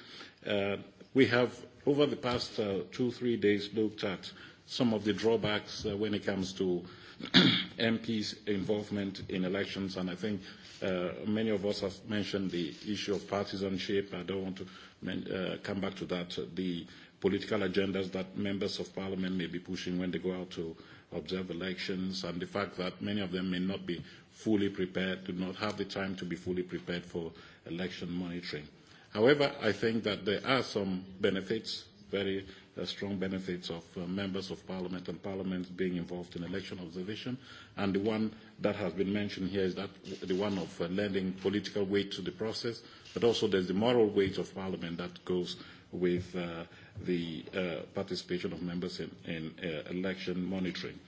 Uh, we have, over the past uh, two, three days, looked at some of the drawbacks uh, when it comes to MPs' involvement in elections, and I think uh, many of us have mentioned the issue of partisanship. I don't want to men- uh, come back to that. The political agendas that members of parliament may be pushing when they go out to observe elections, and the fact that many of them may not be fully prepared, do not have the time to be fully prepared for election monitoring. However, I think that there are some benefits, very the strong benefits of uh, members of parliament and parliaments being involved in election observation. And the one that has been mentioned here is that the one of uh, lending political weight to the process, but also there's the moral weight of parliament that goes with uh, the uh, participation of members in, in uh, election monitoring.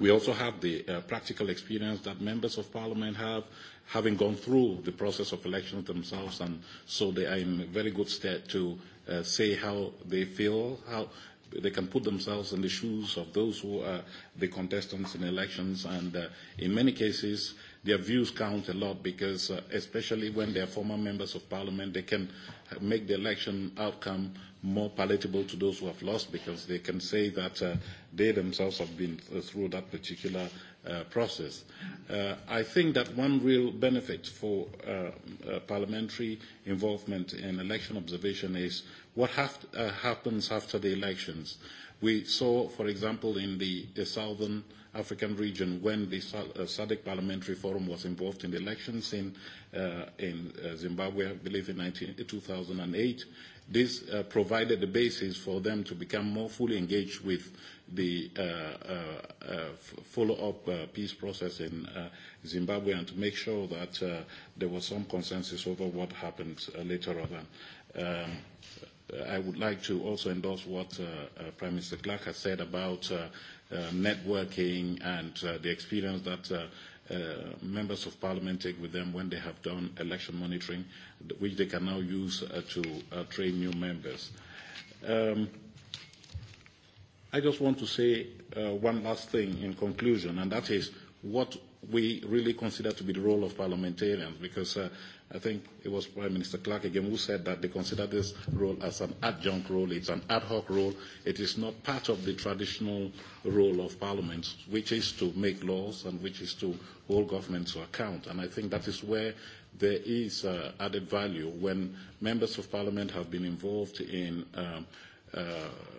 We also have the uh, practical experience that members of parliament have, having gone through the process of elections themselves, and so they are in very good stead to uh, say how they feel, how they can put themselves in the shoes of those who are the contestants in elections. And uh, in many cases, their views count a lot because, uh, especially when they are former members of parliament, they can make the election outcome more palatable to those who have lost because they can say that uh, they themselves have been uh, through that particular Uh, process. Uh, I think that one real benefit for uh, uh parliamentary involvement in election observation is what uh, happens after the elections. We saw, for example, in the, the southern African region when the SADC Parliamentary Forum was involved in the elections in, uh, in Zimbabwe, I believe in 19, 2008. This uh, provided the basis for them to become more fully engaged with the uh, uh, uh, follow-up uh, peace process in uh, Zimbabwe and to make sure that uh, there was some consensus over what happened uh, later on. Um, I would like to also endorse what uh, uh, Prime Minister Clark has said about uh, uh, networking and uh, the experience that uh, uh, members of parliament take with them when they have done election monitoring, which they can now use uh, to uh, train new members. Um, i just want to say uh, one last thing in conclusion, and that is what we really consider to be the role of parliamentarians, because uh, I think it was Prime Minister Clark again who said that they consider this role as an adjunct role, it's an ad hoc role, it is not part of the traditional role of parliaments, which is to make laws and which is to hold governments to account. And I think that is where there is uh, added value when members of parliament have been involved in um, uh, Uh,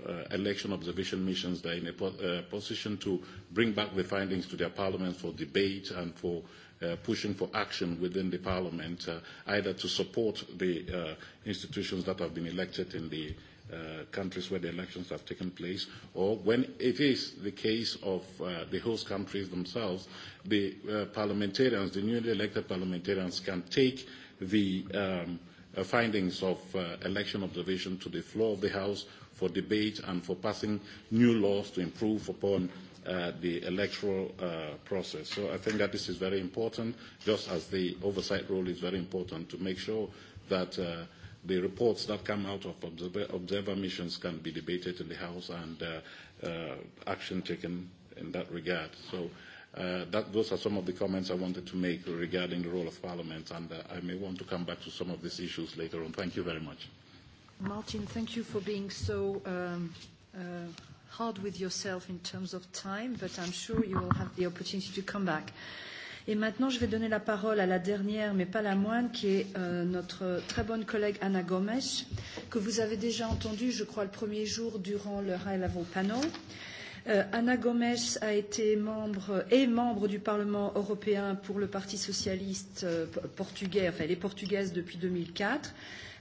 uh election observation missions that are in a po uh, position to bring back the findings to their parliament for debate and for uh, pushing for action within the parliament, uh, either to support the uh, institutions that have been elected in the uh, countries where the elections have taken place, or when it is the case of uh, the host countries themselves, the uh, parliamentarians, the newly elected parliamentarians can take the um, uh, findings of uh, election observation to the floor of the House for debate and for passing new laws to improve upon uh, the electoral uh, process. So I think that this is very important, just as the oversight role is very important to make sure that uh, the reports that come out of observer, observer missions can be debated in the House and uh, uh, action taken in that regard. So uh, that, those are some of the comments I wanted to make regarding the role of Parliament, and uh, I may want to come back to some of these issues later on. Thank you very much. Martin, thank you for being so um, uh, hard with yourself in terms of time, but I'm sure you will have the opportunity to come back. Et maintenant, je vais donner la parole à la dernière, mais pas la moindre, qui est euh, notre très bonne collègue Anna Gomes, que vous avez déjà entendue, je crois, le premier jour durant le High Level Panel. Euh, Anna Gomes a été membre et membre du Parlement européen pour le Parti socialiste euh, portugais, enfin elle est portugaise depuis 2004.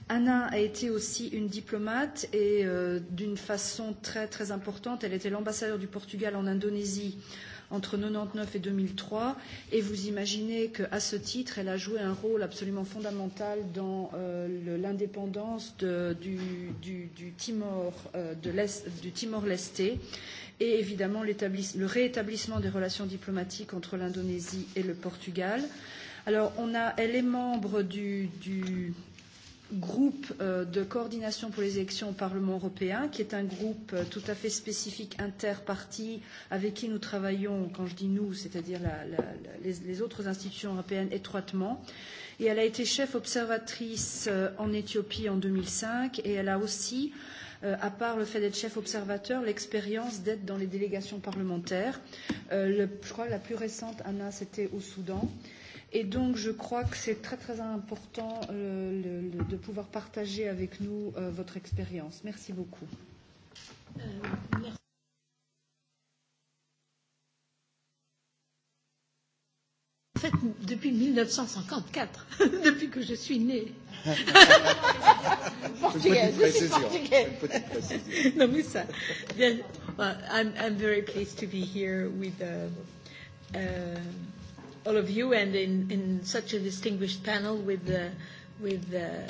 Anna a été aussi une diplomate et euh, d'une façon très très importante, elle était l'ambassadeur du Portugal en Indonésie entre 99 et 2003 et vous imaginez qu'à ce titre, elle a joué un rôle absolument fondamental dans euh, l'indépendance du, du, du Timor euh, de l'Est du Timor Lesté et évidemment le réétablissement des relations diplomatiques entre l'Indonésie et le Portugal. Alors on a, elle est membre du, du groupe euh, de coordination pour les élections au Parlement européen, qui est un groupe euh, tout à fait spécifique interparti avec qui nous travaillons, quand je dis nous, c'est-à-dire la, la, la, les, les autres institutions européennes étroitement. Et elle a été chef observatrice euh, en Éthiopie en 2005 et elle a aussi, à part le fait d'être chef observateur, l'expérience d'être dans les délégations parlementaires. Euh, le, je crois que la plus récente, Anna, c'était au Soudan. Euh, Et donc, je crois que c'est très très important euh, le, le, de pouvoir partager avec nous euh, votre expérience. Merci beaucoup. Euh, merci. En fait, depuis 1954, depuis que je suis née. portugaise, je suis portugaise. non, mais ça. Bien, Well, I'm, I'm very pleased to be here with. Uh, uh, all of you and in, in such a distinguished panel with the, with the,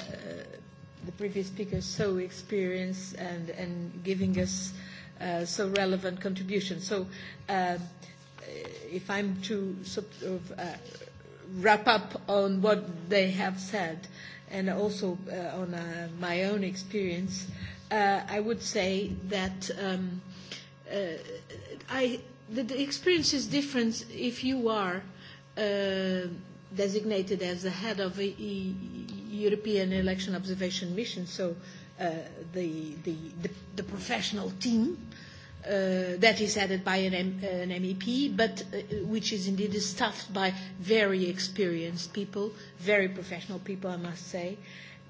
the previous speakers so experienced and, and giving us uh, so relevant contributions. So uh, if I'm to sort of uh, wrap up on what they have said and also uh, on uh, my own experience, uh, I would say that um, uh, I, the, the experience is different if you are – uh, designated as the head of the e European Election Observation Mission, so uh, the, the, the, the professional team uh, that is headed by an, M, an MEP, but uh, which is indeed staffed by very experienced people, very professional people, I must say,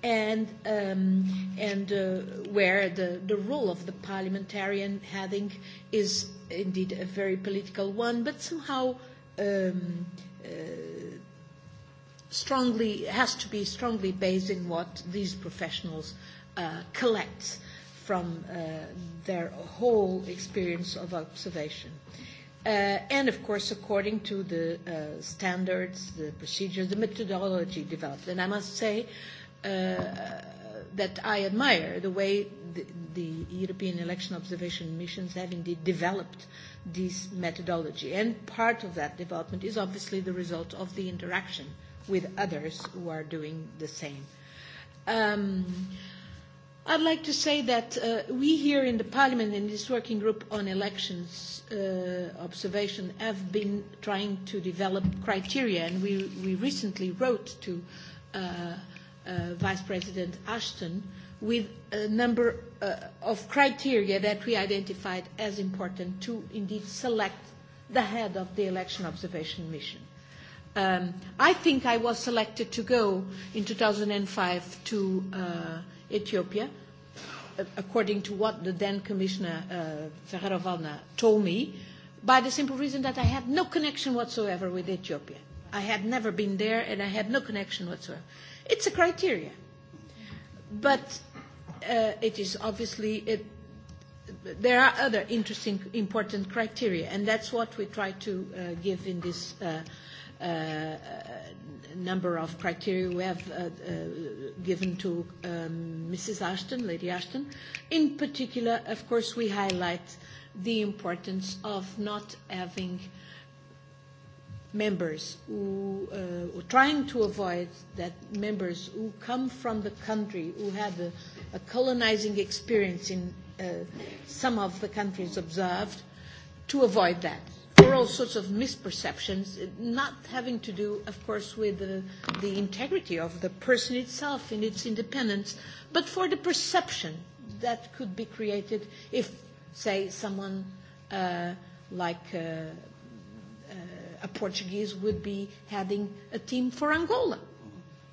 and, um, and uh, where the, the role of the parliamentarian heading is indeed a very political one, but somehow um, uh, strongly has to be strongly based in what these professionals uh, collect from uh, their whole experience of observation. Uh, and of course, according to the uh, standards, the procedures, the methodology developed. And I must say, uh, that I admire the way the, the European election observation missions have indeed developed this methodology. And part of that development is obviously the result of the interaction with others who are doing the same. Um, I'd like to say that uh, we here in the Parliament, in this working group on elections uh, observation, have been trying to develop criteria, and we, we recently wrote to uh, uh, Vice President Ashton with a number uh, of criteria that we identified as important to indeed select the head of the election observation mission. Um, I think I was selected to go in 2005 to uh, Ethiopia, uh, according to what the then Commissioner uh, Ferrero Valna told me, by the simple reason that I had no connection whatsoever with Ethiopia. I had never been there and I had no connection whatsoever. It's a criteria. But uh, it is obviously, it, there are other interesting, important criteria, and that's what we try to uh, give in this uh, uh, number of criteria we have uh, uh, given to um, Mrs. Ashton, Lady Ashton. In particular, of course, we highlight the importance of not having uh, members who uh, are trying to avoid that members who come from the country who had a, a colonizing experience in uh, some of the countries observed to avoid that. for all sorts of misperceptions, not having to do, of course, with the, the integrity of the person itself in its independence, but for the perception that could be created if, say, someone uh, like uh, a Portuguese would be heading a team for Angola.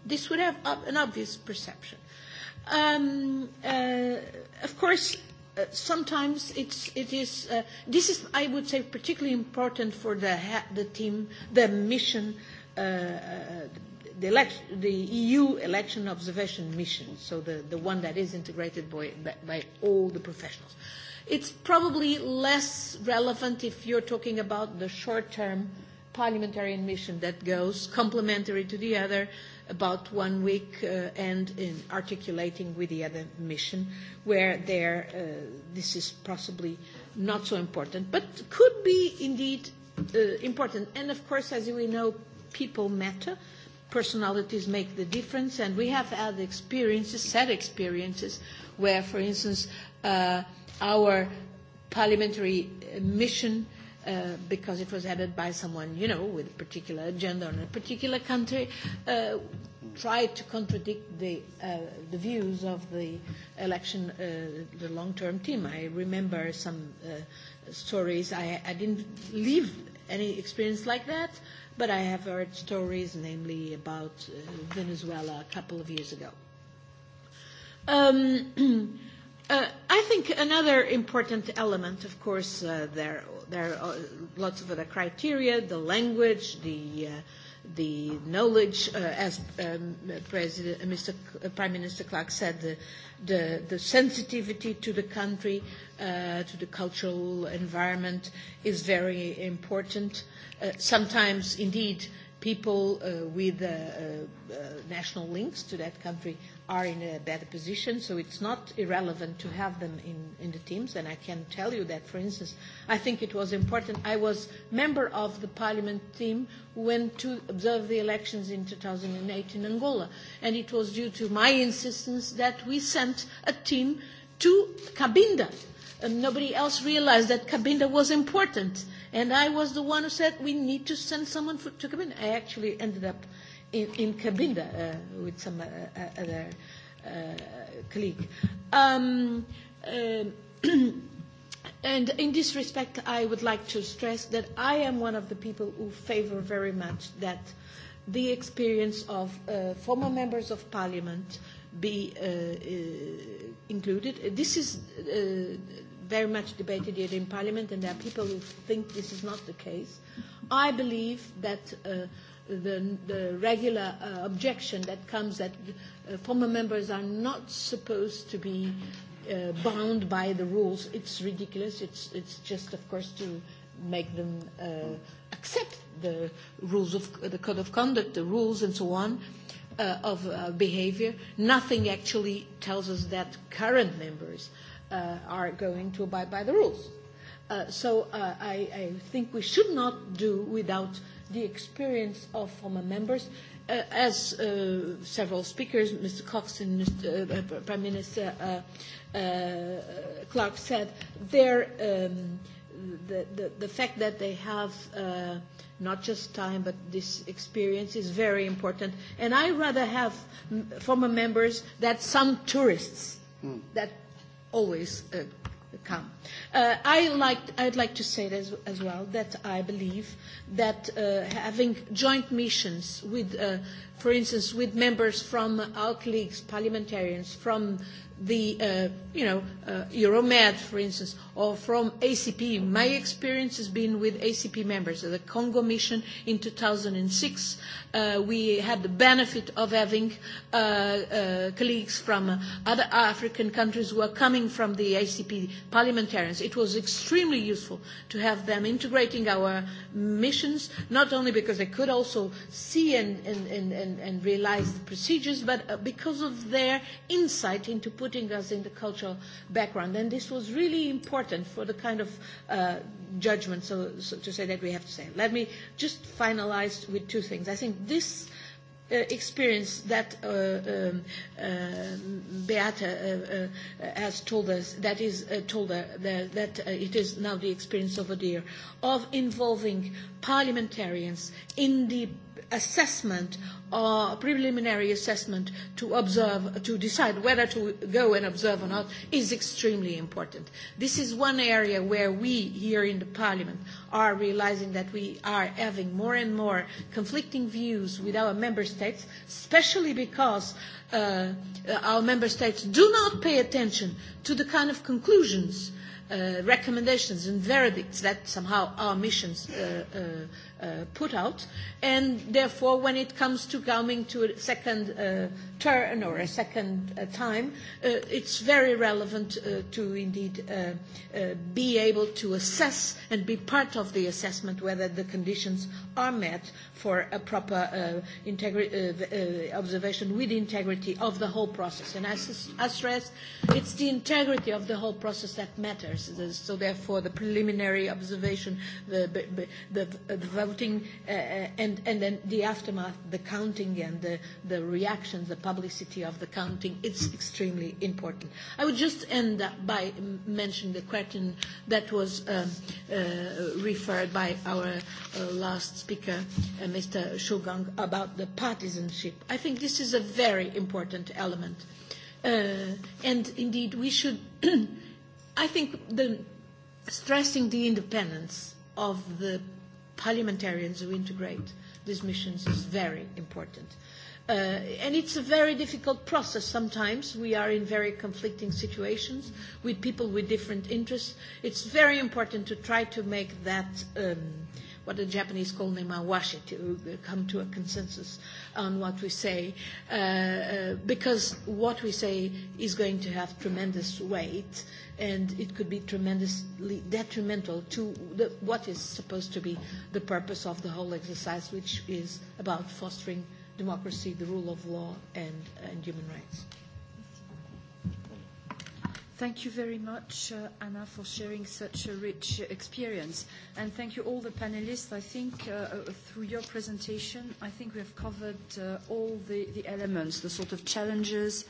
This would have an obvious perception. Um, uh, of course, uh, sometimes it's, it is, uh, this is, I would say, particularly important for the, ha- the team, the mission, uh, uh, the, election the EU election observation mission, so the, the one that is integrated by, by all the professionals. It's probably less relevant if you're talking about the short term uh, parliamentarian mission that goes complementary to the other about one week uh, and in articulating with the other mission where there uh, this is possibly not so important but could be indeed uh, important and of course as we know people matter personalities make the difference and we have had experiences sad experiences where for instance uh, our parliamentary mission uh, uh, because it was headed by someone, you know, with a particular agenda on a particular country, uh, tried to contradict the, uh, the views of the election, uh, the long-term team. I remember some uh, stories. I, I didn't live any experience like that, but I have heard stories, namely about uh, Venezuela a couple of years ago. Um, Uh, I think another important element, of course, uh, there, there are uh, lots of other criteria, the language, the, uh, the knowledge, uh, as um, President, uh, Mr. Uh, Prime Minister Clark said, the, the, the sensitivity to the country, uh, to the cultural environment is very important. Uh, sometimes, indeed, people uh, with uh, uh, national links to that country are in a better position, so it's not irrelevant to have them in, in the teams. And I can tell you that, for instance, I think it was important. I was member of the parliament team when to observe the elections in 2008 in Angola, and it was due to my insistence that we sent a team to Cabinda. And um, nobody else realized that Cabinda was important, and I was the one who said we need to send someone for, to Cabinda. I actually ended up in, in Cabinda uh, with some uh, uh other uh, colleague. Um, uh, and in this respect, I would like to stress that I am one of the people who favor very much that the experience of uh, former members of parliament be uh, uh, included. This is uh, very much debated here in parliament, and there are people who think this is not the case. I believe that uh, the, the regular uh, objection that comes that uh, former members are not supposed to be uh, bound by the rules. It's ridiculous. It's, it's just, of course, to make them uh, accept the rules of the code of conduct, the rules, and so on. Uh, of uh, behavior. Nothing actually tells us that current members uh, are going to abide by the rules. Uh, so uh, I, I think we should not do without the experience of former members. Uh, as uh, several speakers, Mr. Cox and Mr., uh, Prime Minister uh, uh, Clark said, their, um, the, the, the fact that they have uh, not just time but this experience is very important. And I rather have former members that some tourists mm. that always uh, come. Uh, I liked, I'd like to say this as well that I believe that uh, having joint missions with uh, for instance, with members from our colleagues, parliamentarians from the, uh, you know, uh, Euromed, for instance, or from ACP. My experience has been with ACP members of the Congo mission in 2006. Uh, we had the benefit of having uh, uh, colleagues from other African countries who are coming from the ACP parliamentarians. It was extremely useful to have them integrating our missions, not only because they could also see and, and, and, and and, and realize the procedures, but uh, because of their insight into putting us in the cultural background. And this was really important for the kind of uh, judgment, so, so to say, that we have to say. Let me just finalize with two things. I think this uh, experience that uh, um, uh, Beata uh, uh, has told us, that is uh, told her that, that uh, it is now the experience of a dear, of involving parliamentarians in the assessment or uh, preliminary assessment to observe, to decide whether to go and observe or not is extremely important. This is one area where we here in the Parliament are realizing that we are having more and more conflicting views with our member states, especially because uh, our member states do not pay attention to the kind of conclusions uh, recommendations and verdicts that somehow our missions uh, uh, uh, put out. And therefore, when it comes to coming to a second uh, turn or a second uh, time, uh, it's very relevant uh, to indeed uh, uh, be able to assess and be part of the assessment whether the conditions are met for a proper uh, uh, uh, observation with integrity of the whole process. And I, I stress it's the integrity of the whole process that matters. So therefore, the preliminary observation, the, the, uh, the, the voting uh, and, and then the aftermath, the counting and the, the reactions, the publicity of the counting, it's extremely important. I would just end up by mentioning the question that was um, uh, referred by our uh, last speaker, uh, Mr. Shugang, about the partisanship. I think this is a very important element. Uh, and indeed, we should, I think, the, stressing the independence of the parliamentarians who integrate these missions is very important. Uh, and it's a very difficult process sometimes. We are in very conflicting situations with people with different interests. It's very important to try to make that um, what the Japanese call nemawashi, to uh, come to a consensus on what we say, uh, uh, because what we say is going to have tremendous weight and it could be tremendously detrimental to the, what is supposed to be the purpose of the whole exercise, which is about fostering democracy, the rule of law, and, and human rights. Thank you very much, uh, Anna, for sharing such a rich uh, experience. And thank you all the panelists. I think uh, through your presentation, I think we have covered all the, elements, the sort of challenges,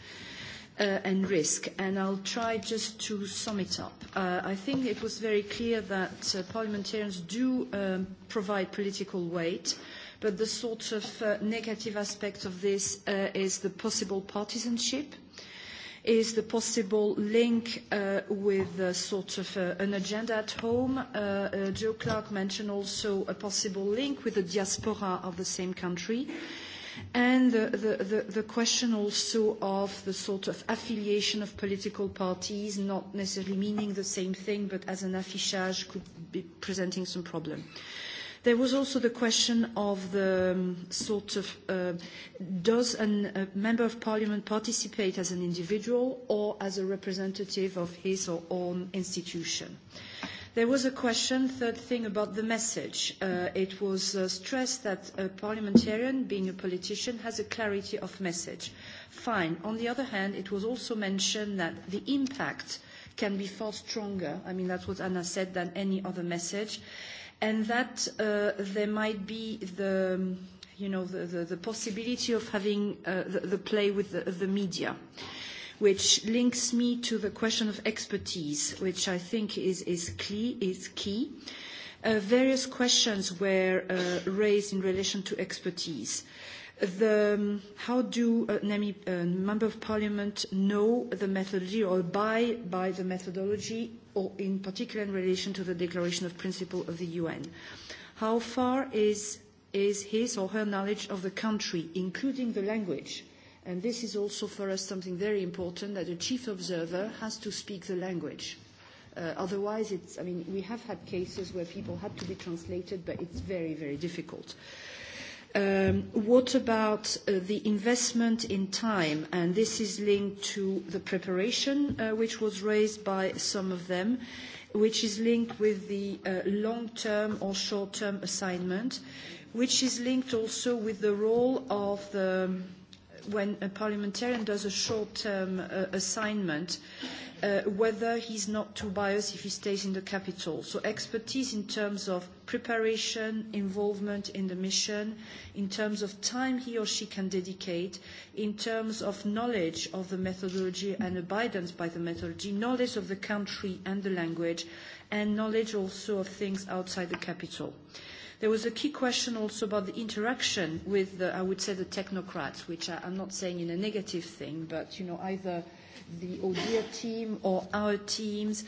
and risk. And I'll try just to sum it up. I think it was very clear that parliamentarians do um, provide political weight, but the sort of negative aspect of this is the possible partisanship is the possible link uh, with a uh, sort of uh, an agenda at home. Uh, uh, Joe Clark mentioned also a possible link with the diaspora of the same country. And the, the, the, the question also of the sort of affiliation of political parties, not necessarily meaning the same thing, but as an affichage could be presenting some problem. Uh, There was also the question of the um, sort of, uh, does an, a member of parliament participate as an individual or as a representative of his or own institution? There was a question, third thing, about the message. Uh, it was uh, stressed that a parliamentarian, being a politician, has a clarity of message. Fine. On the other hand, it was also mentioned that the impact can be far stronger. I mean, that's what Anna said than any other message. Uh, and that uh, there might be the, you know, the, the, the possibility of having uh, the, the play with the, the media, which links me to the question of expertise, which I think is, is, key, is key. Uh, various questions were uh, raised in relation to expertise. Uh, the, um, how do uh, NAMI, uh, member of parliament know the methodology or by by the methodology or in particular in relation to the declaration of principle of the UN? How far is, is his or her knowledge of the country, including the language? And this is also for us something very important that a chief observer has to speak the language. Uh, otherwise, it's, I mean, we have had cases where people had to be translated, but it's very, very difficult. Uh, Um, what about uh, the investment in time? And this is linked to the preparation, uh, which was raised by some of them, which is linked with the uh, long-term or short-term assignment, which is linked also with the role of the when a parliamentarian does a short-term uh, assignment, uh, whether he's not too biased if he stays in the capital. So expertise in terms of preparation, involvement in the mission, in terms of time he or she can dedicate, in terms of knowledge of the methodology and abidance by the methodology, knowledge of the country and the language, and knowledge also of things outside the capital. There was a key question also about the interaction with, the, I would say, the technocrats, which I, I'm not saying in a negative thing, but you know, either the ODIHR team or our teams,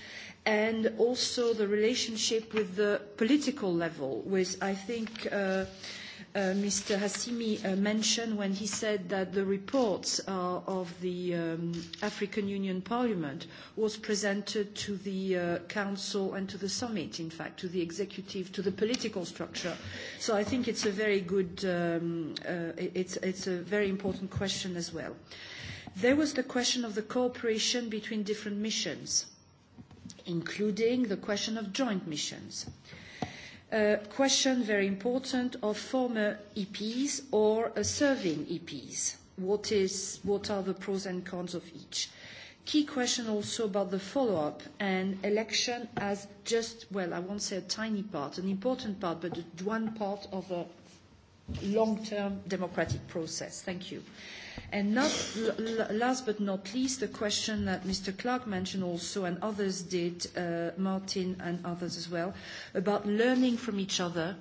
and also the relationship with the political level, with I think. Uh, Uh, Mr. Hassimi uh, mentioned when he said that the reports uh, of the um, African Union Parliament was presented to the uh, Council and to the summit, in fact, to the executive, to the political structure. So I think it's a very good, um, uh, it's, it's a very important question as well. There was the question of the cooperation between different missions, including the question of joint missions. A question, very important, of former EPs or uh, serving EPs. What, is, what are the pros and cons of each? Key question also about the follow-up and election as just, well, I won't say a tiny part, an important part, but one part of a long-term democratic process. Thank you. Uh, And not, last but not least, the question that Mr. Clark mentioned also, and others did, uh, Martin and others as well, about learning from each other,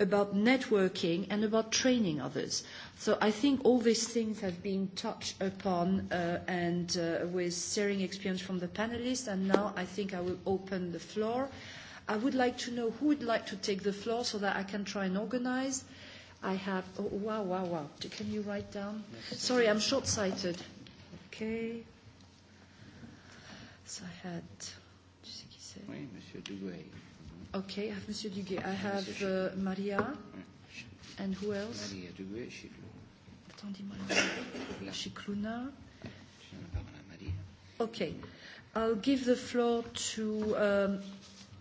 about networking, and about training others. So I think all these things have been touched upon uh, and uh, with sharing experience from the panelists, and now I think I will open the floor. I would like to know who would like to take the floor so that I can try and organize. I have, oh, wow, wow, wow. Can you write down? Yes. Sorry, I'm short-sighted. Okay. So I had, tu sais qui c'est? Oui, Monsieur Duguay. Mm-hmm. Okay, I have Monsieur Duguay. I have uh, Maria. And who else? Maria Duguay, Attendez-moi. Okay. I'll give the floor to um,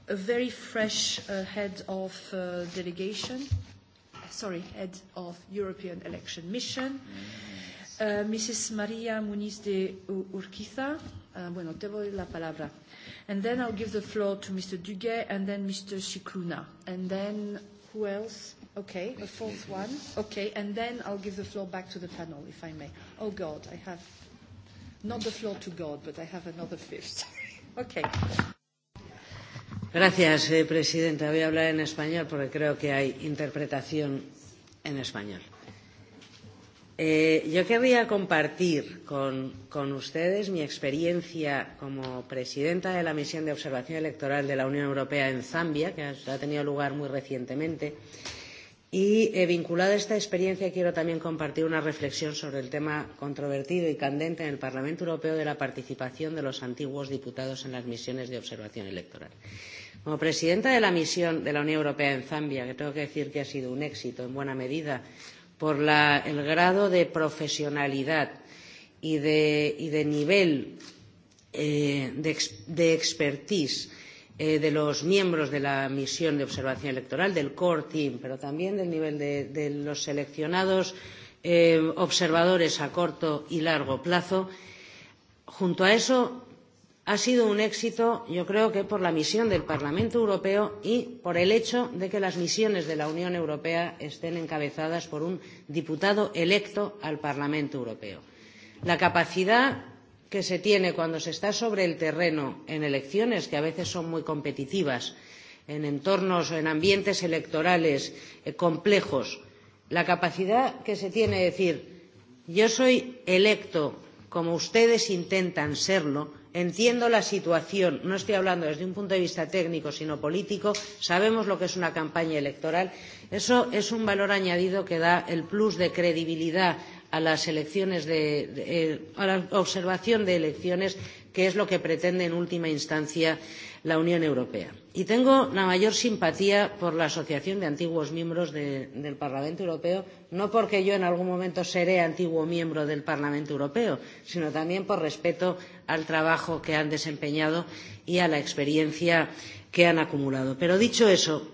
a very fresh uh, head of uh, delegation sorry, head of European Election Mission, uh, Mrs. Maria Muniz de Urquiza. Uh, bueno, te voy la palabra. And then I'll give the floor to Mr. Duguay and then Mr. Cicluna. And then who else? Okay, a fourth one. Okay, and then I'll give the floor back to the panel, if I may. Oh, God, I have not the floor to God, but I have another fifth. okay. Gracias, eh, presidenta. Voy a hablar en español porque creo que hay interpretación en español. Eh, yo querría compartir con, con ustedes mi experiencia como presidenta de la misión de observación electoral de la Unión Europea en Zambia, que ha tenido lugar muy recientemente. Y eh, vinculada a esta experiencia, quiero también compartir una reflexión sobre el tema controvertido y candente en el Parlamento Europeo de la participación de los antiguos diputados en las misiones de observación electoral. Como presidenta de la misión de la Unión Europea en Zambia, que tengo que decir que ha sido un éxito en buena medida por el grado de profesionalidad y de, y de nivel eh, de, de expertise eh, de los miembros de la misión de observación electoral, del core team, pero también del nivel de, de los seleccionados eh, observadores a corto y largo plazo. Junto a eso, ha sido un éxito yo creo que por la misión del parlamento europeo y por el hecho de que las misiones de la unión europea estén encabezadas por un diputado electo al parlamento europeo. la capacidad que se tiene cuando se está sobre el terreno en elecciones que a veces son muy competitivas en entornos o en ambientes electorales eh, complejos la capacidad que se tiene de decir yo soy electo como ustedes intentan serlo entiendo la situación no estoy hablando desde un punto de vista técnico sino político sabemos lo que es una campaña electoral eso es un valor añadido que da el plus de credibilidad a las elecciones de, de, eh, a la observación de elecciones que es lo que pretende en última instancia la Unión Europea y tengo la mayor simpatía por la Asociación de Antiguos Miembros de, del Parlamento Europeo, no porque yo en algún momento seré antiguo miembro del Parlamento Europeo, sino también por respeto al trabajo que han desempeñado y a la experiencia que han acumulado. Pero dicho eso,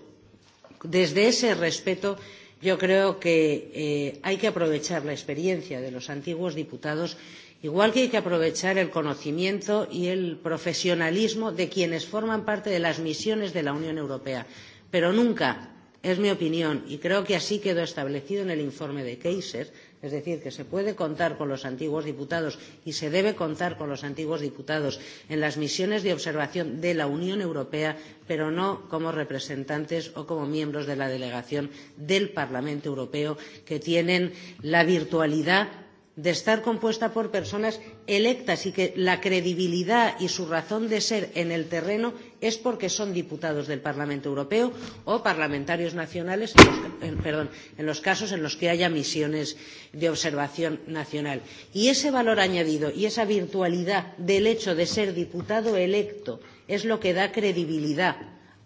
desde ese respeto yo creo que eh, hay que aprovechar la experiencia de los antiguos diputados Igual que hay que aprovechar el conocimiento y el profesionalismo de quienes forman parte de las misiones de la Unión Europea. Pero nunca, es mi opinión, y creo que así quedó establecido en el informe de Keyser, es decir, que se puede contar con los antiguos diputados y se debe contar con los antiguos diputados en las misiones de observación de la Unión Europea, pero no como representantes o como miembros de la delegación del Parlamento Europeo, que tienen la virtualidad de estar compuesta por personas electas y que la credibilidad y su razón de ser en el terreno es porque son diputados del Parlamento Europeo o parlamentarios nacionales en los, en, perdón, en los casos en los que haya misiones de observación nacional. Y ese valor añadido y esa virtualidad del hecho de ser diputado electo es lo que da credibilidad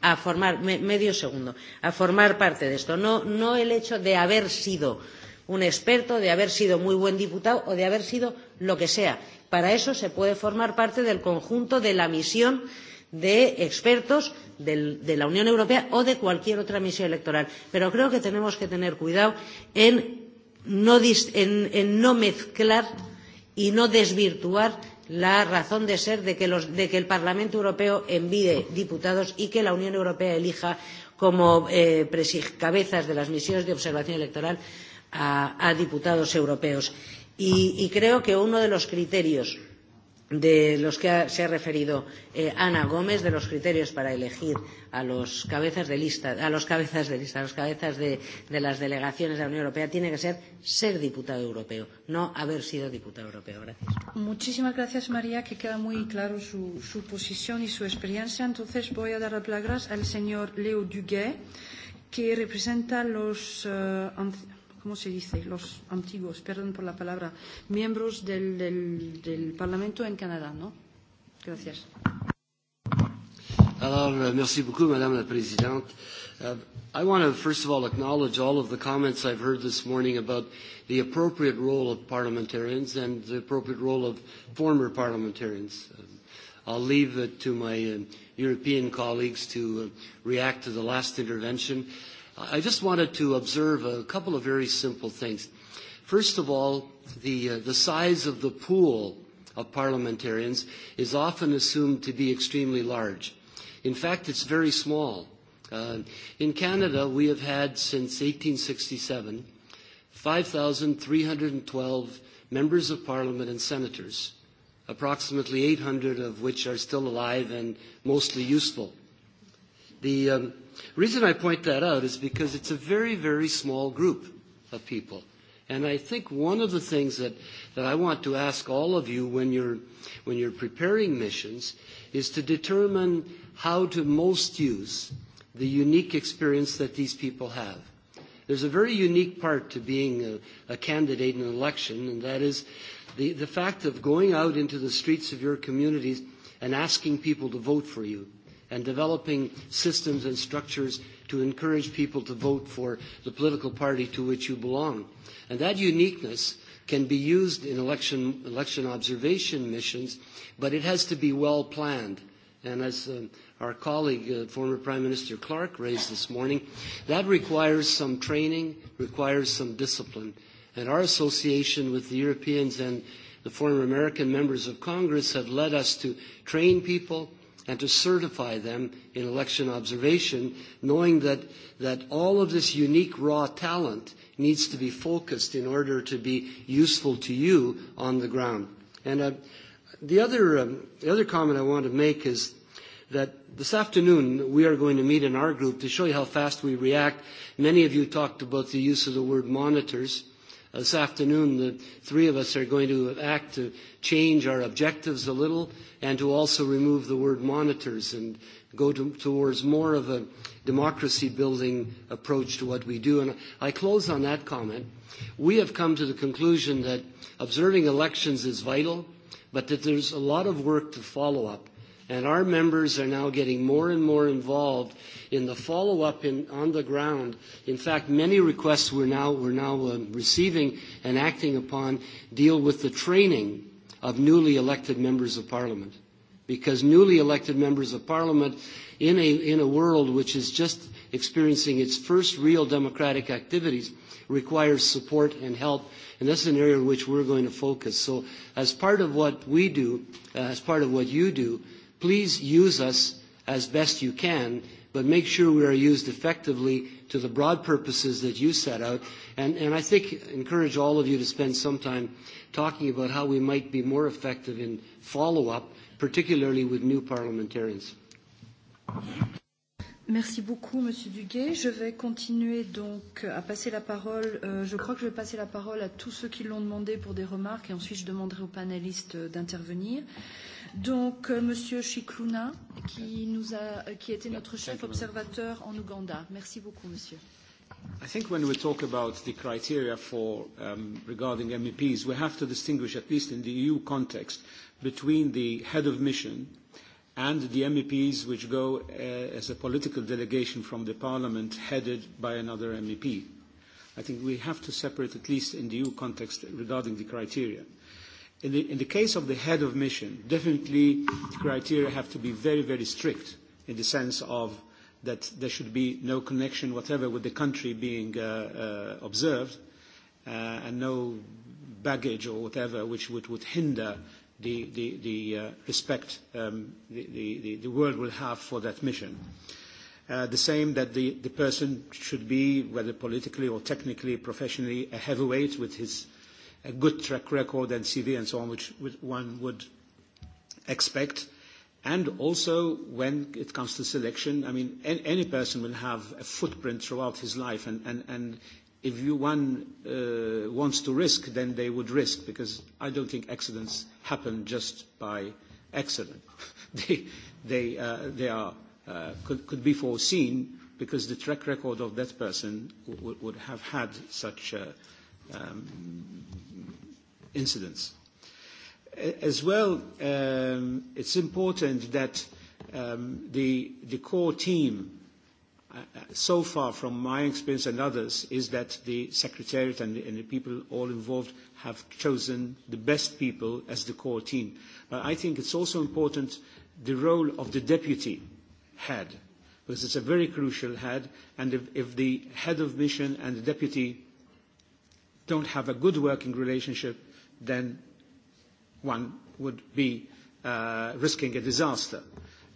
a formar me, medio segundo a formar parte de esto, no, no el hecho de haber sido un experto, de haber sido muy buen diputado o de haber sido lo que sea. Para eso se puede formar parte del conjunto de la misión de expertos de la Unión Europea o de cualquier otra misión electoral. Pero creo que tenemos que tener cuidado en no, en, en no mezclar y no desvirtuar la razón de ser de que, los, de que el Parlamento Europeo envíe diputados y que la Unión Europea elija como eh, cabezas de las misiones de observación electoral a, a diputados europeos. Y, y creo que uno de los criterios de los que ha, se ha referido eh, Ana Gómez, de los criterios para elegir a los cabezas de lista, a los cabezas de lista, a los cabezas de, de las delegaciones de la Unión Europea, tiene que ser ser diputado europeo, no haber sido diputado europeo. Gracias. Muchísimas gracias, María, que queda muy claro su, su posición y su experiencia. Entonces voy a dar las palabras al señor Leo Duguet, que representa los uh, ¿cómo se dice? Los antiguos, perdón por la palabra, miembros del, del, del Parlamento en Canadá, ¿no? Gracias. Alors, euh, merci beaucoup, Madame la Présidente. Uh, I want to, first of all, acknowledge all of the comments I've heard this morning about the appropriate role of parliamentarians and the appropriate role of former parliamentarians. Um, I'll leave it to my uh, European colleagues to uh, react to the last intervention. Uh, i just wanted to observe a couple of very simple things. First of all, the, uh, the size of the pool of parliamentarians is often assumed to be extremely large. In fact, it's very small. Uh, in Canada, we have had since 1867 5,312 members of parliament and senators, approximately 800 of which are still alive and mostly useful. The, um, The reason I point that out is because it's a very, very small group of people. And I think one of the things that, that I want to ask all of you when you're, when you're preparing missions is to determine how to most use the unique experience that these people have. There's a very unique part to being a, a candidate in an election, and that is the, the fact of going out into the streets of your communities and asking people to vote for you and developing systems and structures to encourage people to vote for the political party to which you belong. And that uniqueness can be used in election, election observation missions, but it has to be well planned. And as uh, our colleague, uh, former Prime Minister Clark, raised this morning, that requires some training, requires some discipline. And our association with the Europeans and the former American members of Congress have led us to train people, and to certify them in election observation, knowing that, that all of this unique raw talent needs to be focused in order to be useful to you on the ground. And uh, the, other, um, the other comment I want to make is that this afternoon we are going to meet in our group to show you how fast we react. Many of you talked about the use of the word monitors. This afternoon, the three of us are going to act to change our objectives a little and to also remove the word monitors and go to, towards more of a democracy building approach to what we do. And I close on that comment. We have come to the conclusion that observing elections is vital, but that there's a lot of work to follow up And our members are now getting more and more involved in the follow-up in, on the ground. In fact, many requests we're now, we're now uh, receiving and acting upon deal with the training of newly elected members of parliament. Because newly elected members of parliament in a, in a world which is just experiencing its first real democratic activities requires support and help. And that's an area in which we're going to focus. So as part of what we do, uh, as part of what you do, Please use us as best you can, but make sure we are used effectively to the broad purposes that you set out. And, and I think encourage all of you to spend some time talking about how we might be more effective in follow-up, particularly with new parliamentarians. Merci beaucoup, Monsieur Duguay. Je vais continuer donc à passer la parole. Euh, je crois que je vais passer la parole à tous ceux qui l'ont demandé pour des remarques et ensuite je demanderai aux panélistes d'intervenir. Euh, Donc, euh, Monsieur Chikluna, qui, nous a, euh, qui était notre chef observateur en Ouganda. Merci beaucoup, Monsieur. I think when we talk about the criteria for um, regarding MEPs, we have to distinguish, at least in the EU context, between the head of mission and the MEPs which go uh, as a political delegation from the parliament headed by another MEP. I think we have to separate, at least in the EU context, regarding the criteria in the, in the case of the head of mission, definitely the criteria have to be very, very strict in the sense of that there should be no connection whatever with the country being uh, uh, observed uh, and no baggage or whatever which would, would hinder the, the, the uh, respect um, the, the, the world will have for that mission. Uh, the same that the, the person should be, whether politically or technically, professionally, a heavyweight with his a good track record and CV and so on, which one would expect. And also, when it comes to selection, I mean, any, any person will have a footprint throughout his life, and, and, and if you one uh, wants to risk, then they would risk, because I don't think accidents happen just by accident. they, they, uh, they are, uh, could, could be foreseen because the track record of that person would, would have had such uh, um, incidents. As well, um, it's important that um, the, the core team, uh, uh, so far from my experience and others, is that the Secretariat and the, and the people all involved have chosen the best people as the core team. But I think it's also important the role of the deputy head, because it's a very crucial head, and if, if the head of mission and the deputy don't have a good working relationship, then one would be uh, risking a disaster.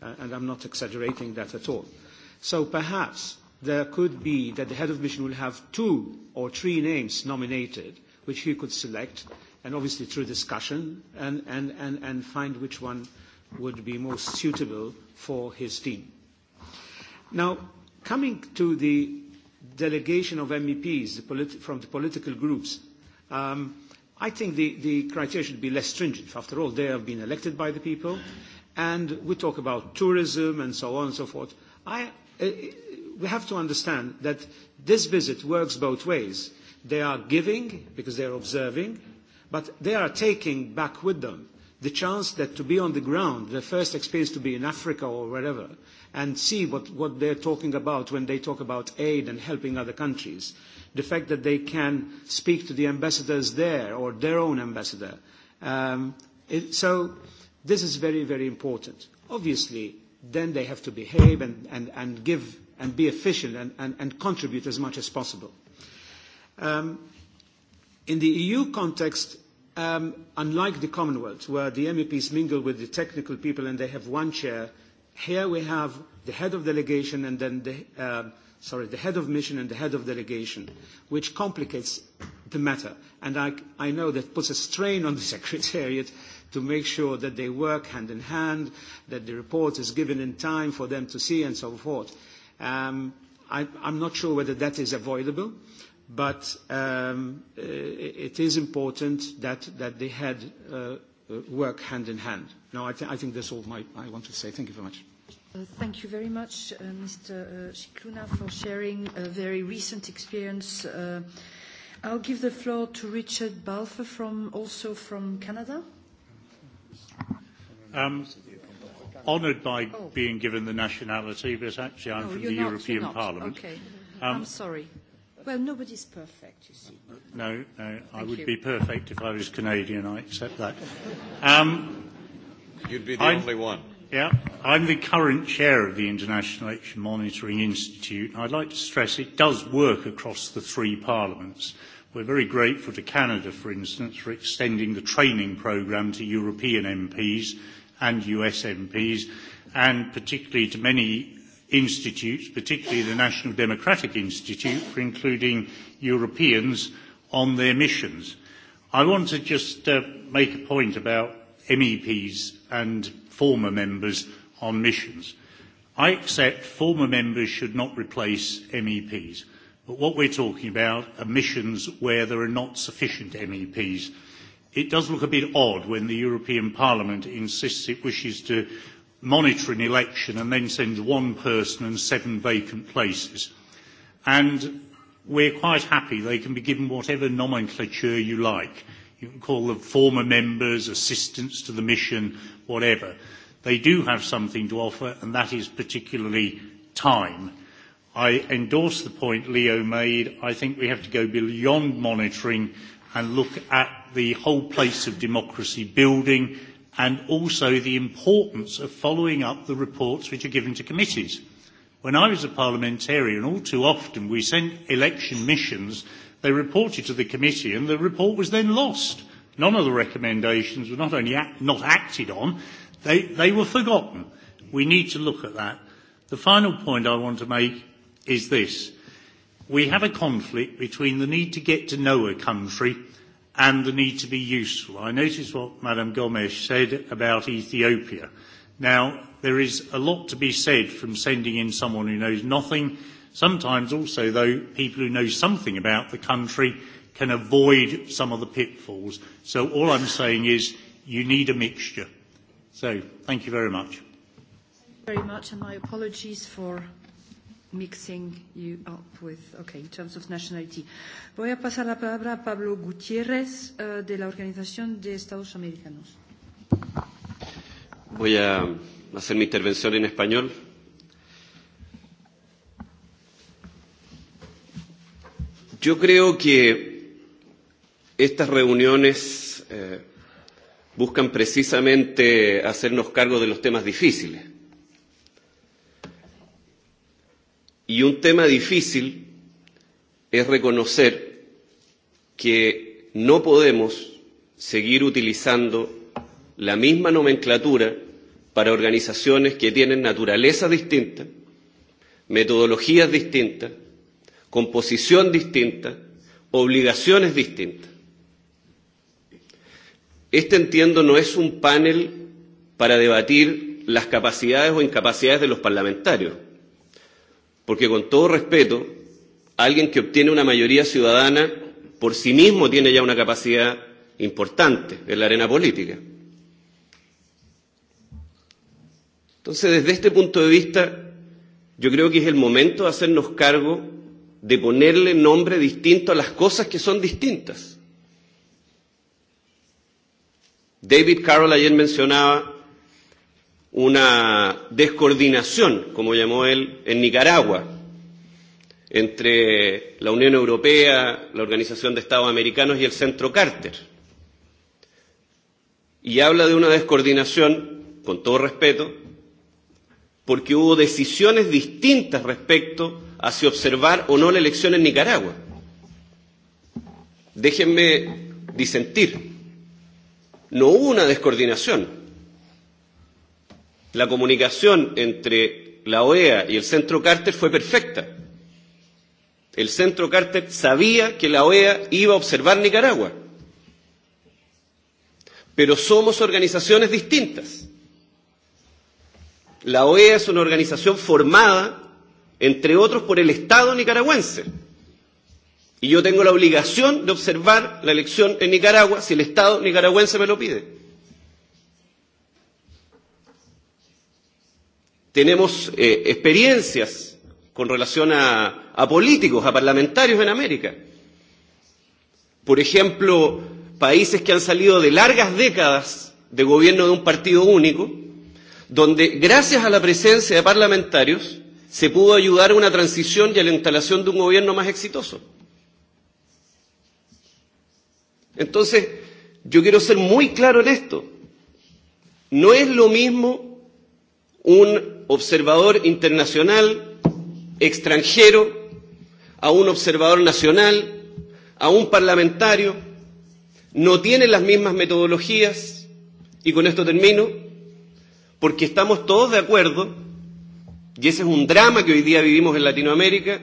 Uh, and I'm not exaggerating that at all. So perhaps there could be that the head of mission will have two or three names nominated, which he could select, and obviously through discussion, and, and, and, and find which one would be most suitable for his team. Now, coming to the delegation of MEPs from the political groups, um, I think the, the criteria should be less stringent. After all, they have been elected by the people, and we talk about tourism and so on and so forth. I, uh, uh we have to understand that this visit works both ways. They are giving because they are observing, but they are taking back with them the chance that to be on the ground, their first experience to be in Africa or wherever, and see what, what they're talking about when they talk about aid and helping other countries. The fact that they can speak to the ambassadors there or their own ambassador. Um, it, so this is very, very important. Obviously, then they have to behave and, and, and give and be efficient and, and, and contribute as much as possible. Um, in the EU context, um, unlike the Commonwealth, where the MEPs mingle with the technical people and they have one chair, Here we have the head of delegation and then the, uh, sorry, the head of mission and the head of delegation, which complicates the matter. And I, I know that puts a strain on the Secretariat to make sure that they work hand in hand, that the report is given in time for them to see and so forth. Um, I, I'm not sure whether that is avoidable, but um, uh, it is important that, that the head uh, Uh, work hand in hand. Now, I, th- I think that's all my, I want to say. Thank you very much. Uh, thank you very much, uh, Mr. Uh, Shikluna for sharing a very recent experience. Uh, I'll give the floor to Richard Balfour, from, also from Canada. Um, honoured by oh. being given the nationality, but actually I'm no, from the European Parliament. Okay. Um, I'm sorry. Well, nobody's perfect, you see. No, no, I Thank would you. be perfect if I was Canadian. I accept that. Um, You'd be the I'm, only one. Yeah, I'm the current chair of the International Election Monitoring Institute. I'd like to stress it does work across the three parliaments. We're very grateful to Canada, for instance, for extending the training programme to European MPs and US MPs, and particularly to many institutes, particularly the National Democratic Institute, for including Europeans on their missions. I want to just uh, make a point about MEPs and former members on missions. I accept former members should not replace MEPs, but what we're talking about are missions where there are not sufficient MEPs. It does look a bit odd when the European Parliament insists it wishes to monitor an election and then send one person and seven vacant places. And we're quite happy they can be given whatever nomenclature you like. You can call them former members, assistants to the mission, whatever. They do have something to offer, and that is particularly time. I endorse the point Leo made. I think we have to go beyond monitoring and look at the whole place of democracy building and also the importance of following up the reports which are given to committees. When I was a parliamentarian, all too often we sent election missions, they reported to the committee, and the report was then lost. None of the recommendations were not only act, not acted on, they, they were forgotten. We need to look at that. The final point I want to make is this. We have a conflict between the need to get to know a country and the need to be useful. I noticed what Madame Gomes said about Ethiopia. Now, there is a lot to be said from sending in someone who knows nothing. Sometimes also, though, people who know something about the country can avoid some of the pitfalls. So all I'm saying is you need a mixture. So thank you very much. Thank you very much, and my apologies for mixing you up with, okay, in terms of nationality. Voy a pasar la palabra a Pablo Gutiérrez eh, de la Organización de Estados Americanos. Voy a hacer mi intervención en español. Yo creo que estas reuniones eh, buscan precisamente hacernos cargo de los temas difíciles Y un tema difícil es reconocer que no podemos seguir utilizando la misma nomenclatura para organizaciones que tienen naturaleza distinta, metodologías distintas, composición distinta, obligaciones distintas. Este entiendo no es un panel para debatir las capacidades o incapacidades de los parlamentarios. Porque con todo respeto, alguien que obtiene una mayoría ciudadana por sí mismo tiene ya una capacidad importante en la arena política. Entonces, desde este punto de vista, yo creo que es el momento de hacernos cargo de ponerle nombre distinto a las cosas que son distintas. David Carroll ayer mencionaba una descoordinación, como llamó él, en Nicaragua, entre la Unión Europea, la Organización de Estados Americanos y el Centro Carter. Y habla de una descoordinación, con todo respeto, porque hubo decisiones distintas respecto a si observar o no la elección en Nicaragua. Déjenme disentir. No hubo una descoordinación la comunicación entre la OEA y el Centro Carter fue perfecta. El Centro Carter sabía que la OEA iba a observar Nicaragua. Pero somos organizaciones distintas. La OEA es una organización formada, entre otros, por el Estado nicaragüense. Y yo tengo la obligación de observar la elección en Nicaragua si el Estado nicaragüense me lo pide. Tenemos eh, experiencias con relación a, a políticos, a parlamentarios en América. Por ejemplo, países que han salido de largas décadas de gobierno de un partido único, donde gracias a la presencia de parlamentarios se pudo ayudar a una transición y a la instalación de un gobierno más exitoso. Entonces, yo quiero ser muy claro en esto. No es lo mismo un observador internacional extranjero, a un observador nacional, a un parlamentario, no tiene las mismas metodologías, y con esto termino, porque estamos todos de acuerdo, y ese es un drama que hoy día vivimos en Latinoamérica,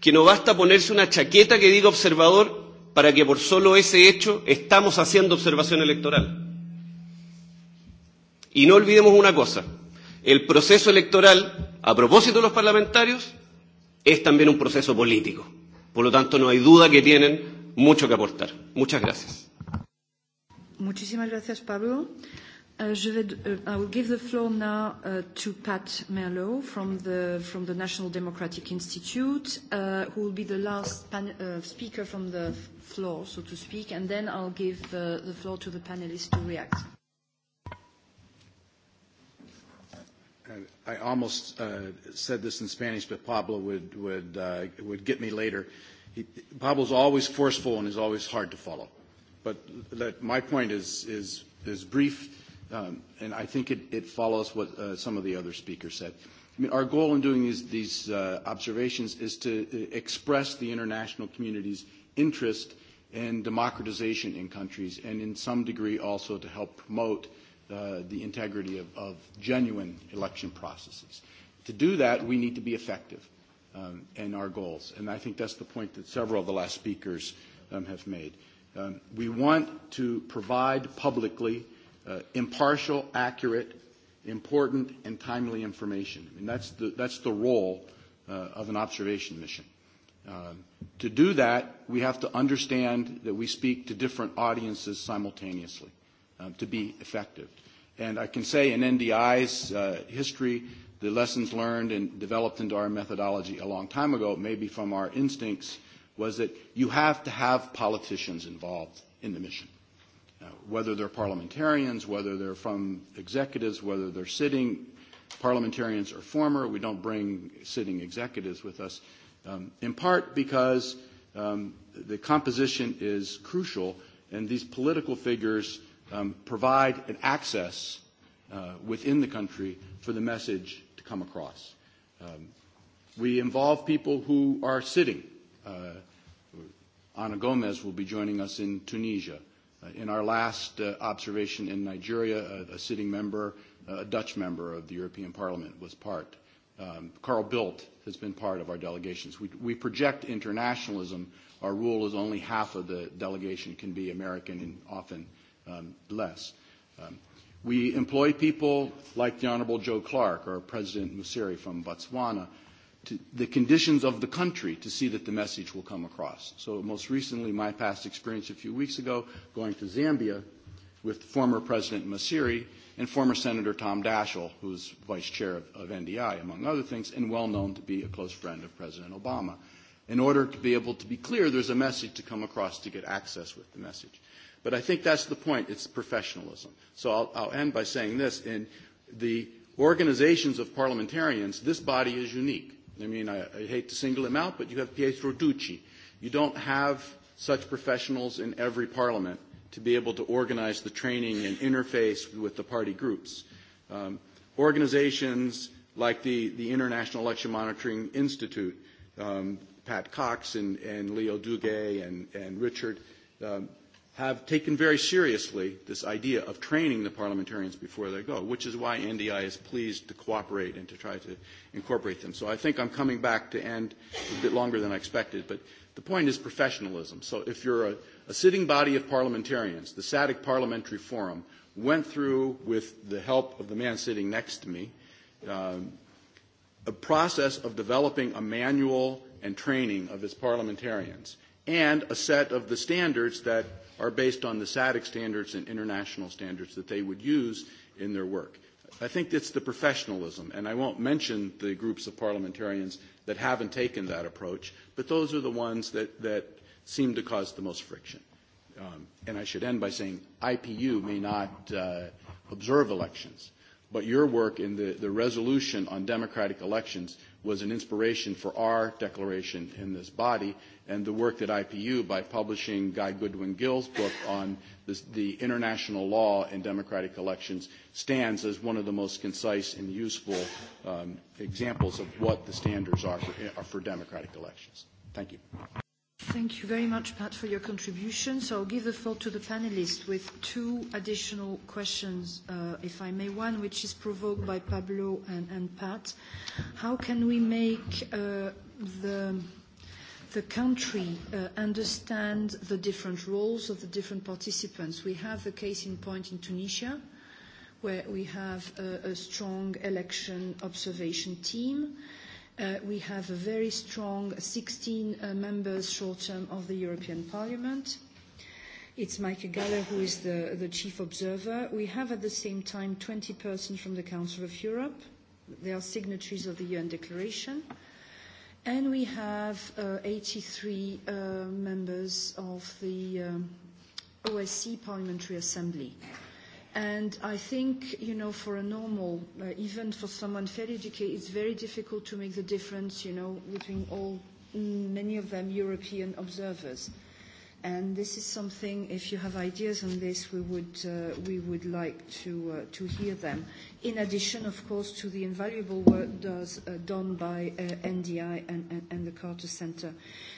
que no basta ponerse una chaqueta que diga observador para que por solo ese hecho estamos haciendo observación electoral. Y no olvidemos una cosa, el proceso electoral, a propósito de los parlamentarios, es también un proceso político. Por lo tanto, no hay duda que tienen mucho que aportar. Muchas gracias. Muchísimas gracias, Pablo. Uh, je vais, uh, I will give the floor now uh, to Pat Merlo from the, from the National Democratic Institute, uh, who will be the last pan uh, speaker from the floor, so to speak, and then I'll give uh, the floor to the panelists to react. I almost uh, said this in Spanish, but Pablo would would uh, would get me later. He, Pablo's always forceful and is always hard to follow. But that, my point is is is brief, um, and I think it, it follows what uh, some of the other speakers said. I mean, our goal in doing these these uh, observations is to uh, express the international community's interest in democratization in countries, and in some degree also to help promote uh, the integrity of, of genuine election processes. To do that, we need to be effective um, in our goals. And I think that's the point that several of the last speakers um, have made. Um, we want to provide publicly uh, impartial, accurate, important, and timely information. I mean, that's the, that's the role uh, of an observation mission. Um, to do that, we have to understand that we speak to different audiences simultaneously um, to be effective. And I can say in NDI's uh, history, the lessons learned and developed into our methodology a long time ago, maybe from our instincts, was that you have to have politicians involved in the mission. Uh, whether they're parliamentarians, whether they're from executives, whether they're sitting parliamentarians or former, we don't bring sitting executives with us, um, in part because um, the composition is crucial, and these political figures um, provide an access uh, within the country for the message to come across. Um, we involve people who are sitting. Uh, Ana Gomez will be joining us in Tunisia. Uh, in our last uh, observation in Nigeria, a, uh, a sitting member, uh, a Dutch member of the European Parliament, was part. Um, Carl Bildt has been part of our delegations. We, we project internationalism. Our rule is only half of the delegation can be American and often um, less. Um, we employ people like the Honorable Joe Clark or President Musiri from Botswana, to the conditions of the country to see that the message will come across. So most recently, my past experience a few weeks ago, going to Zambia with former President Masiri and former Senator Tom Daschle, who is vice chair of, of NDI, among other things, and well known to be a close friend of President Obama. In order to be able to be clear, there's a message to come across to get access with the message. But I think that's the point. It's professionalism. So I'll, I'll end by saying this. In the organizations of parliamentarians, this body is unique. I mean, I, I hate to single him out, but you have Pietro Ducci. You don't have such professionals in every parliament to be able to organize the training and interface with the party groups. Um, organizations like the, the International Election Monitoring Institute, um, Pat Cox and, and Leo Duguay and, and Richard, um, have taken very seriously this idea of training the parliamentarians before they go, which is why NDI is pleased to cooperate and to try to incorporate them. So I think I'm coming back to end a bit longer than I expected, but the point is professionalism. So if you're a, a sitting body of parliamentarians, the SADC Parliamentary Forum went through, with the help of the man sitting next to me, um, a process of developing a manual and training of its parliamentarians and a set of the standards that – are based on the SADC standards and international standards that they would use in their work. I think it's the professionalism, and I won't mention the groups of parliamentarians that haven't taken that approach, but those are the ones that, that seem to cause the most friction. Um, and I should end by saying IPU may not uh, observe elections, but your work in the, the resolution on democratic elections – was an inspiration for our declaration in this body and the work that IPU, by publishing Guy Goodwin Gill's book on this, the international law in democratic elections, stands as one of the most concise and useful um, examples of what the standards are for, are for democratic elections. Thank you. Thank you very much, Pat, for your contribution. So I'll give the floor to the panelists with two additional questions, uh, if I may. One, which is provoked by Pablo and, and Pat. How can we make uh, the, the country uh, understand the different roles of the different participants? We have the case in point in Tunisia, where we have a, a strong election observation team. Uh, we have a very strong 16 uh, members short term of the European Parliament. It's Michael Galler who is the, the chief observer. We have at the same time 20 persons from the Council of Europe. They are signatories of the UN Declaration. And we have uh, 83 uh, members of the um, OSCE Parliamentary Assembly. And I think, you know, for a normal, uh, even for someone fairly educated, it's very difficult to make the difference, you know, between all, mm, many of them European observers. And this is something, if you have ideas on this, we would, uh, we would like to, uh, to hear them. In addition, of course, to the invaluable work does, uh, done by uh, NDI and, and, and the Carter Center.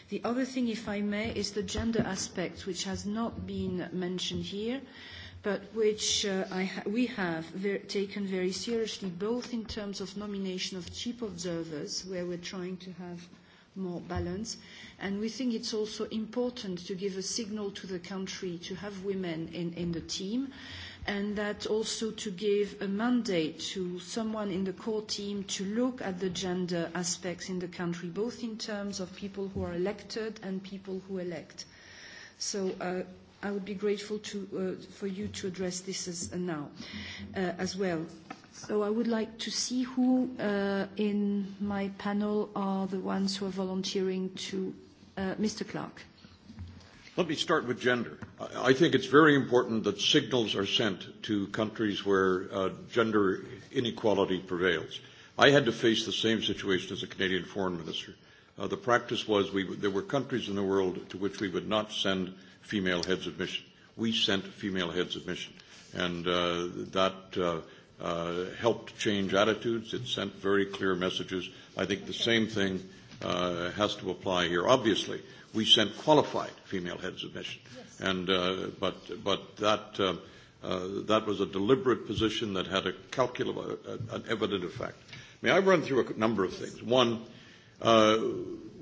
The other thing, if I may, is the gender aspect, which has not been mentioned here. Uh, but which uh, I ha we have ver taken very seriously, both in terms of nomination of chief observers, where we're trying to have more balance, and we think it's also important to give a signal to the country to have women in, in the team, and that also to give a mandate to someone in the core team to look at the gender aspects in the country, both in terms of people who are elected and people who elect. So uh, i would be grateful to, uh, for you to address this as, uh, now uh, as well. So I would like to see who uh, in my panel are the ones who are volunteering to uh, Mr. Clark. Let me start with gender. I think it's very important that signals are sent to countries where uh, gender inequality prevails. I had to face the same situation as a Canadian foreign minister. Uh, the practice was we, there were countries in the world to which we would not send female heads of mission. We sent female heads of mission, and uh, that uh, uh, helped change attitudes. It sent very clear messages. I think the same thing uh, has to apply here. Obviously, we sent qualified female heads of mission, yes. and uh, but but that. Uh, uh, that was a deliberate position that had a calculable, uh, an evident effect. May I run through a number of things? One, uh, Uh,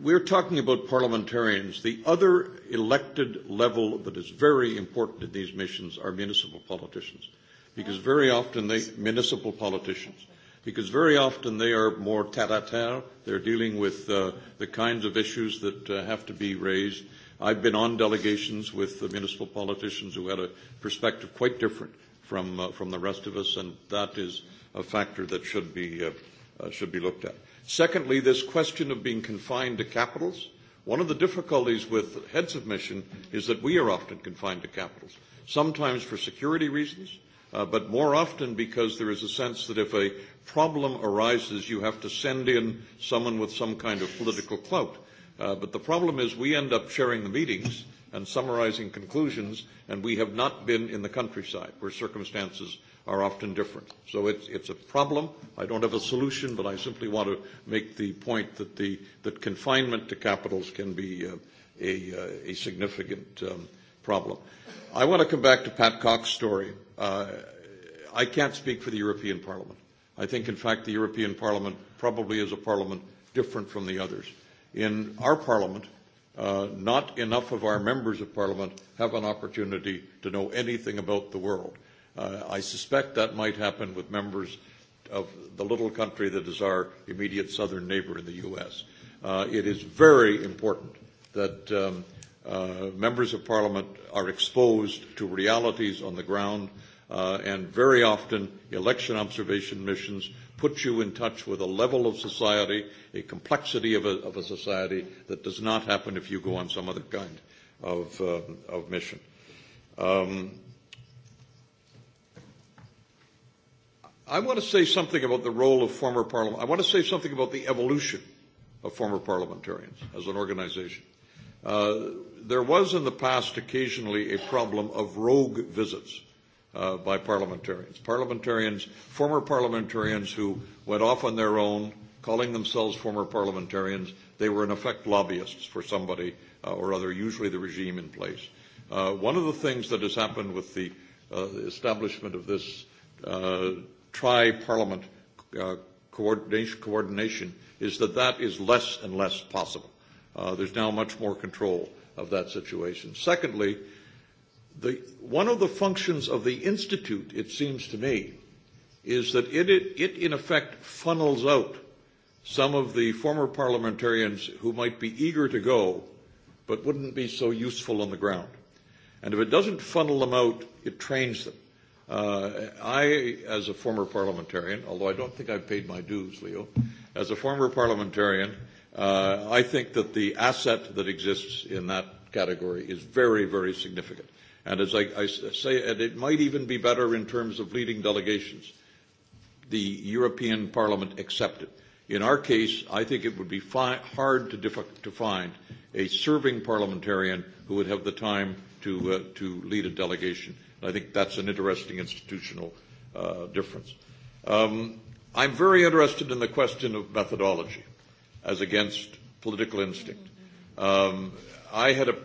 we're talking about parliamentarians. The other elected level that is very important in these missions are municipal politicians, because very often they municipal politicians, because very often they are more tête-à-tête. They're dealing with uh, the kinds of issues that uh, have to be raised. I've been on delegations with the municipal politicians who had a perspective quite different from uh, from the rest of us, and that is a factor that should be uh, uh, should be looked at. Secondly, this question of being confined to capitals. One of the difficulties with heads of mission is that we are often confined to capitals, sometimes for security reasons, uh, but more often because there is a sense that if a problem arises, you have to send in someone with some kind of political clout. Uh, but the problem is we end up sharing the meetings and summarizing conclusions, and we have not been in the countryside where circumstances are often different. So it's, it's a problem. I don't have a solution, but I simply want to make the point that, the, that confinement to capitals can be uh, a, uh, a significant um, problem. I want to come back to Pat Cox's story. Uh, I can't speak for the European Parliament. I think, in fact, the European Parliament probably is a parliament different from the others. In our parliament, uh, not enough of our members of parliament have an opportunity to know anything about the world. Uh, I suspect that might happen with members of the little country that is our immediate southern neighbor in the U.S. Uh, it is very important that um, uh, members of parliament are exposed to realities on the ground, uh, and very often election observation missions put you in touch with a level of society, a complexity of a, of a society that does not happen if you go on some other kind of, uh, of mission. Um, I want to say something about the role of former parliament. I want to say something about the evolution of former parliamentarians as an organization. Uh, there was in the past occasionally a problem of rogue visits uh, by parliamentarians. Parliamentarians, former parliamentarians who went off on their own, calling themselves former parliamentarians, they were in effect lobbyists for somebody uh, or other, usually the regime in place. Uh, one of the things that has happened with the uh, establishment of this uh, tri-parliament uh, coordination, coordination is that that is less and less possible. Uh, there's now much more control of that situation. Secondly, the, one of the functions of the Institute, it seems to me, is that it, it, it in effect funnels out some of the former parliamentarians who might be eager to go but wouldn't be so useful on the ground. And if it doesn't funnel them out, it trains them. Uh, I, as a former parliamentarian, although I don't think I've paid my dues, Leo, as a former parliamentarian, uh, I think that the asset that exists in that category is very, very significant. And as I, I say, and it might even be better in terms of leading delegations. The European Parliament accepted. In our case, I think it would be fi- hard to, diff- to find a serving parliamentarian who would have the time to, uh, to lead a delegation And I think that's an interesting institutional uh, difference. Um, I'm very interested in the question of methodology as against political instinct. Um, I had a,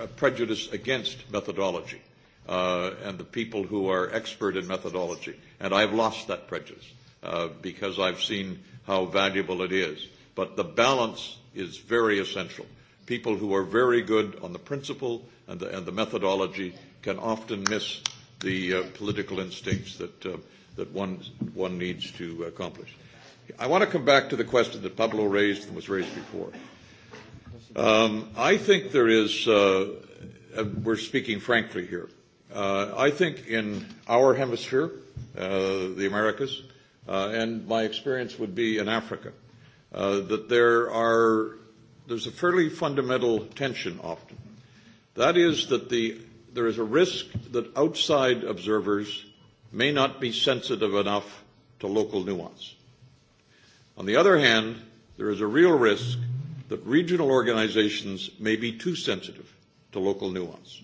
a prejudice against methodology uh, and the people who are expert in methodology, and I've lost that prejudice uh, because I've seen how valuable it is. But the balance is very essential. People who are very good on the principle and the, and the methodology can often miss the uh, political instincts that, uh, that one, one needs to accomplish. I want to come back to the question that Pablo raised and was raised before. Um, I think there is, uh, we're speaking frankly here. Uh, I think in our hemisphere, uh, the Americas, uh, and my experience would be in Africa, uh, that there are, there's a fairly fundamental tension often. That is that the there is a risk that outside observers may not be sensitive enough to local nuance. On the other hand, there is a real risk that regional organizations may be too sensitive to local nuance.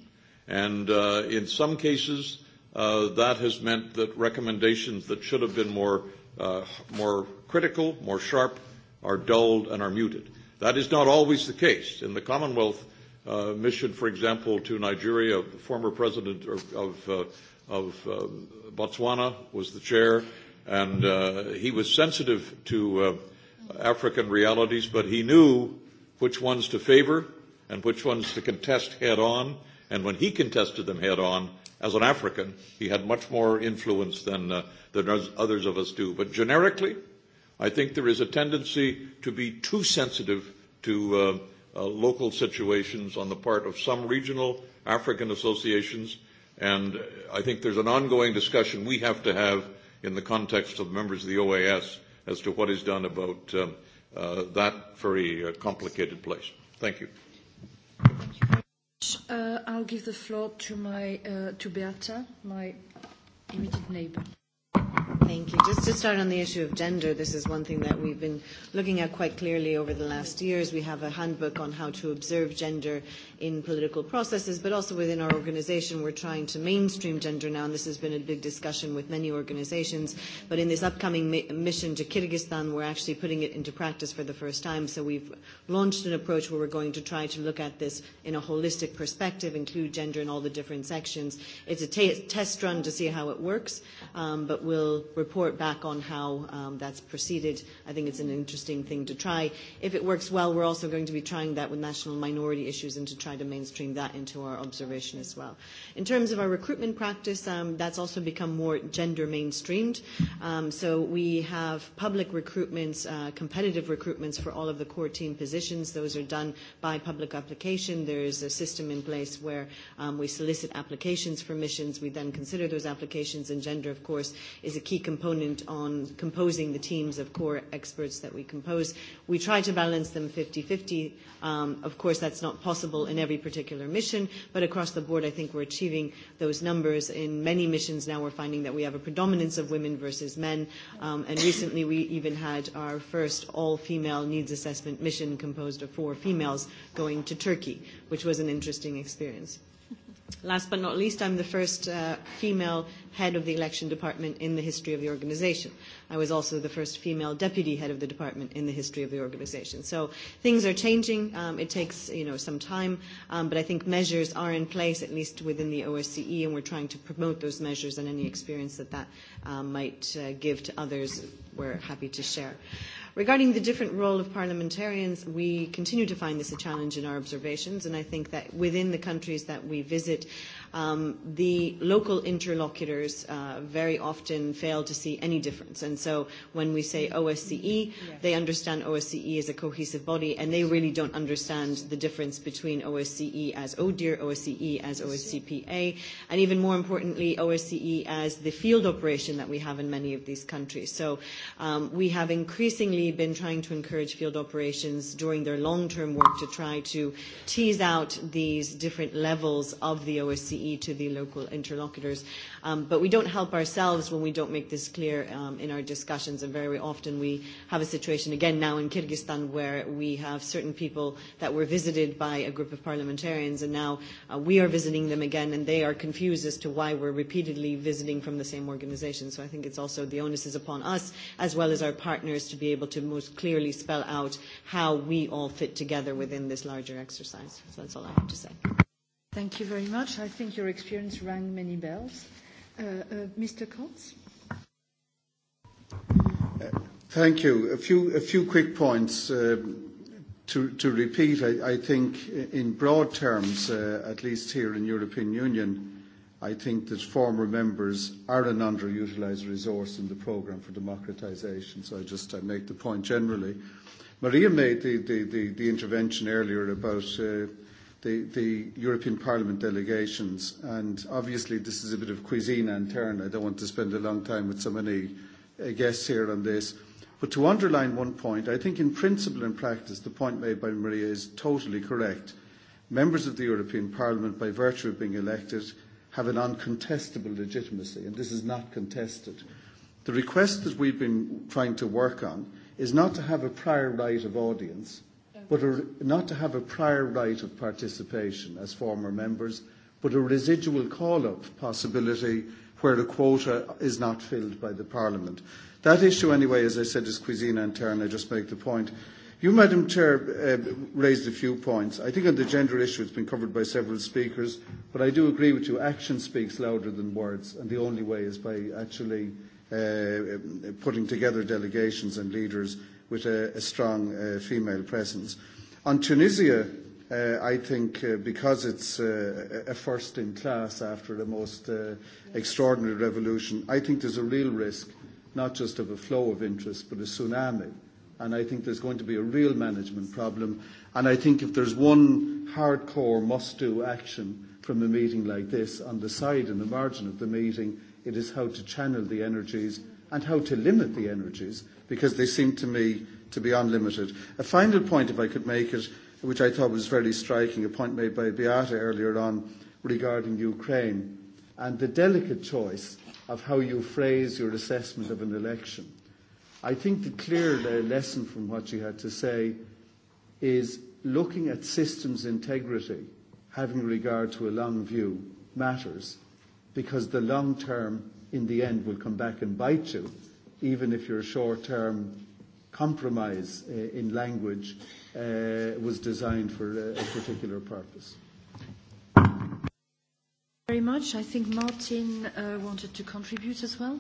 And uh, in some cases, uh, that has meant that recommendations that should have been more, uh, more critical, more sharp, are dulled and are muted. That is not always the case. In the Commonwealth, uh, mission, for example, to Nigeria. The former president of, of, uh, of uh, Botswana was the chair, and uh, he was sensitive to uh, African realities, but he knew which ones to favor and which ones to contest head on. And when he contested them head on, as an African, he had much more influence than, uh, than others of us do. But generically, I think there is a tendency to be too sensitive to. Uh, Uh, local situations on the part of some regional African associations. And I think there's an ongoing discussion we have to have in the context of members of the OAS as to what is done about uh, uh, that very uh, complicated place. Thank you. Uh, I'll give the floor to, my, uh, to Beata, my immediate neighbor. Thank you. Just to start on the issue of gender, this is one thing that we've been looking at quite clearly over the last years. We have a handbook on how to observe gender in political processes, but also within our organisation, we're trying to mainstream gender now, and this has been a big discussion with many organisations. But in this upcoming mi mission to Kyrgyzstan, we're actually putting it into practice for the first time. So we've launched an approach where we're going to try to look at this in a holistic perspective, include gender in all the different sections. It's a test run to see how it works, um, but we'll report back on how um, that's proceeded. I think it's an interesting thing to try. If it works well, we're also going to be trying that with national minority issues and to try to mainstream that into our observation as well. In terms of our recruitment practice, um, that's also become more gender mainstreamed. Um, so we have public recruitments, uh, competitive recruitments for all of the core team positions. Those are done by public application. There is a system in place where um, we solicit applications for missions. We then consider those applications, and gender, of course, is a key component on composing the teams of core experts that we compose. We try to balance them 50-50. Um, of course, that's not possible in every particular mission, but across the board, I think we're achieving those numbers. In many missions now, we're finding that we have a predominance of women versus men, um, and recently we even had our first all-female needs assessment mission composed of four females going to Turkey, which was an interesting experience. Last but not least, I'm the first uh, female head of the election department in the history of the organization. I was also the first female deputy head of the department in the history of the organization. So things are changing. Um, it takes you know, some time, um, but I think measures are in place, at least within the OSCE, and we're trying to promote those measures and any experience that that um, might uh, give to others, we're happy to share. Regarding the different role of parliamentarians, we continue to find this a challenge in our observations, and I think that within the countries that we visit, um, the local interlocutors uh, very often fail to see any difference. And so when we say OSCE, yes. they understand OSCE as a cohesive body, and they really don't understand the difference between OSCE as ODIR, OSCE as OSCPA, and even more importantly, OSCE as the field operation that we have in many of these countries. So um, we have increasingly been trying to encourage field operations during their long-term work to try to tease out these different levels of the OSCE C.E. to the local interlocutors. Um, but we don't help ourselves when we don't make this clear um, in our discussions, and very often we have a situation, again now in Kyrgyzstan, where we have certain people that were visited by a group of parliamentarians, and now uh, we are visiting them again, and they are confused as to why we're repeatedly visiting from the same organization. So I think it's also the onus is upon us, as well as our partners, to be able to most clearly spell out how we all fit together within this larger exercise. So that's all I have to say. Thank you very much. I think your experience rang many bells. Uh, uh, Mr. Kotz? Uh, thank you. A few, a few quick points. Uh, to, to repeat, I, I think in broad terms, uh, at least here in European Union, I think that former members are an underutilised resource in the programme for democratisation. So I just I make the point generally. Maria made the, the, the, the intervention earlier about the, the European Parliament delegations. And obviously, this is a bit of cuisine and turn. I don't want to spend a long time with so many uh, guests here on this. But to underline one point, I think in principle and practice, the point made by Maria is totally correct. Members of the European Parliament, by virtue of being elected, have an uncontestable legitimacy, and this is not contested. The request that we've been trying to work on is not to have a prior right of audience, but a, not to have a prior right of participation as former members, but a residual call-up possibility where a quota is not filled by the Parliament. That issue, anyway, as I said, is cuisine interne. I just make the point. You, Madam Chair, uh, raised a few points. I think on the gender issue, it's been covered by several speakers, but I do agree with you. Action speaks louder than words, and the only way is by actually uh, putting together delegations and leaders with a, a strong uh, female presence. On Tunisia, uh, I think uh, because it's uh, a first in class after the most uh, extraordinary revolution, I think there's a real risk, not just of a flow of interest, but a tsunami. And I think there's going to be a real management problem. And I think if there's one hardcore must-do action from a meeting like this on the side and the margin of the meeting, it is how to channel the energies and how to limit the energies because they seem to me to be unlimited. A final point, if I could make it, which I thought was very striking, a point made by Beata earlier on regarding Ukraine and the delicate choice of how you phrase your assessment of an election. I think the clear lesson from what she had to say is looking at systems integrity, having regard to a long view, matters because the long term in the end will come back and bite you, even if your short-term compromise uh, in language uh, was designed for a, a particular purpose. Very much. I think Martin uh, wanted to contribute as well.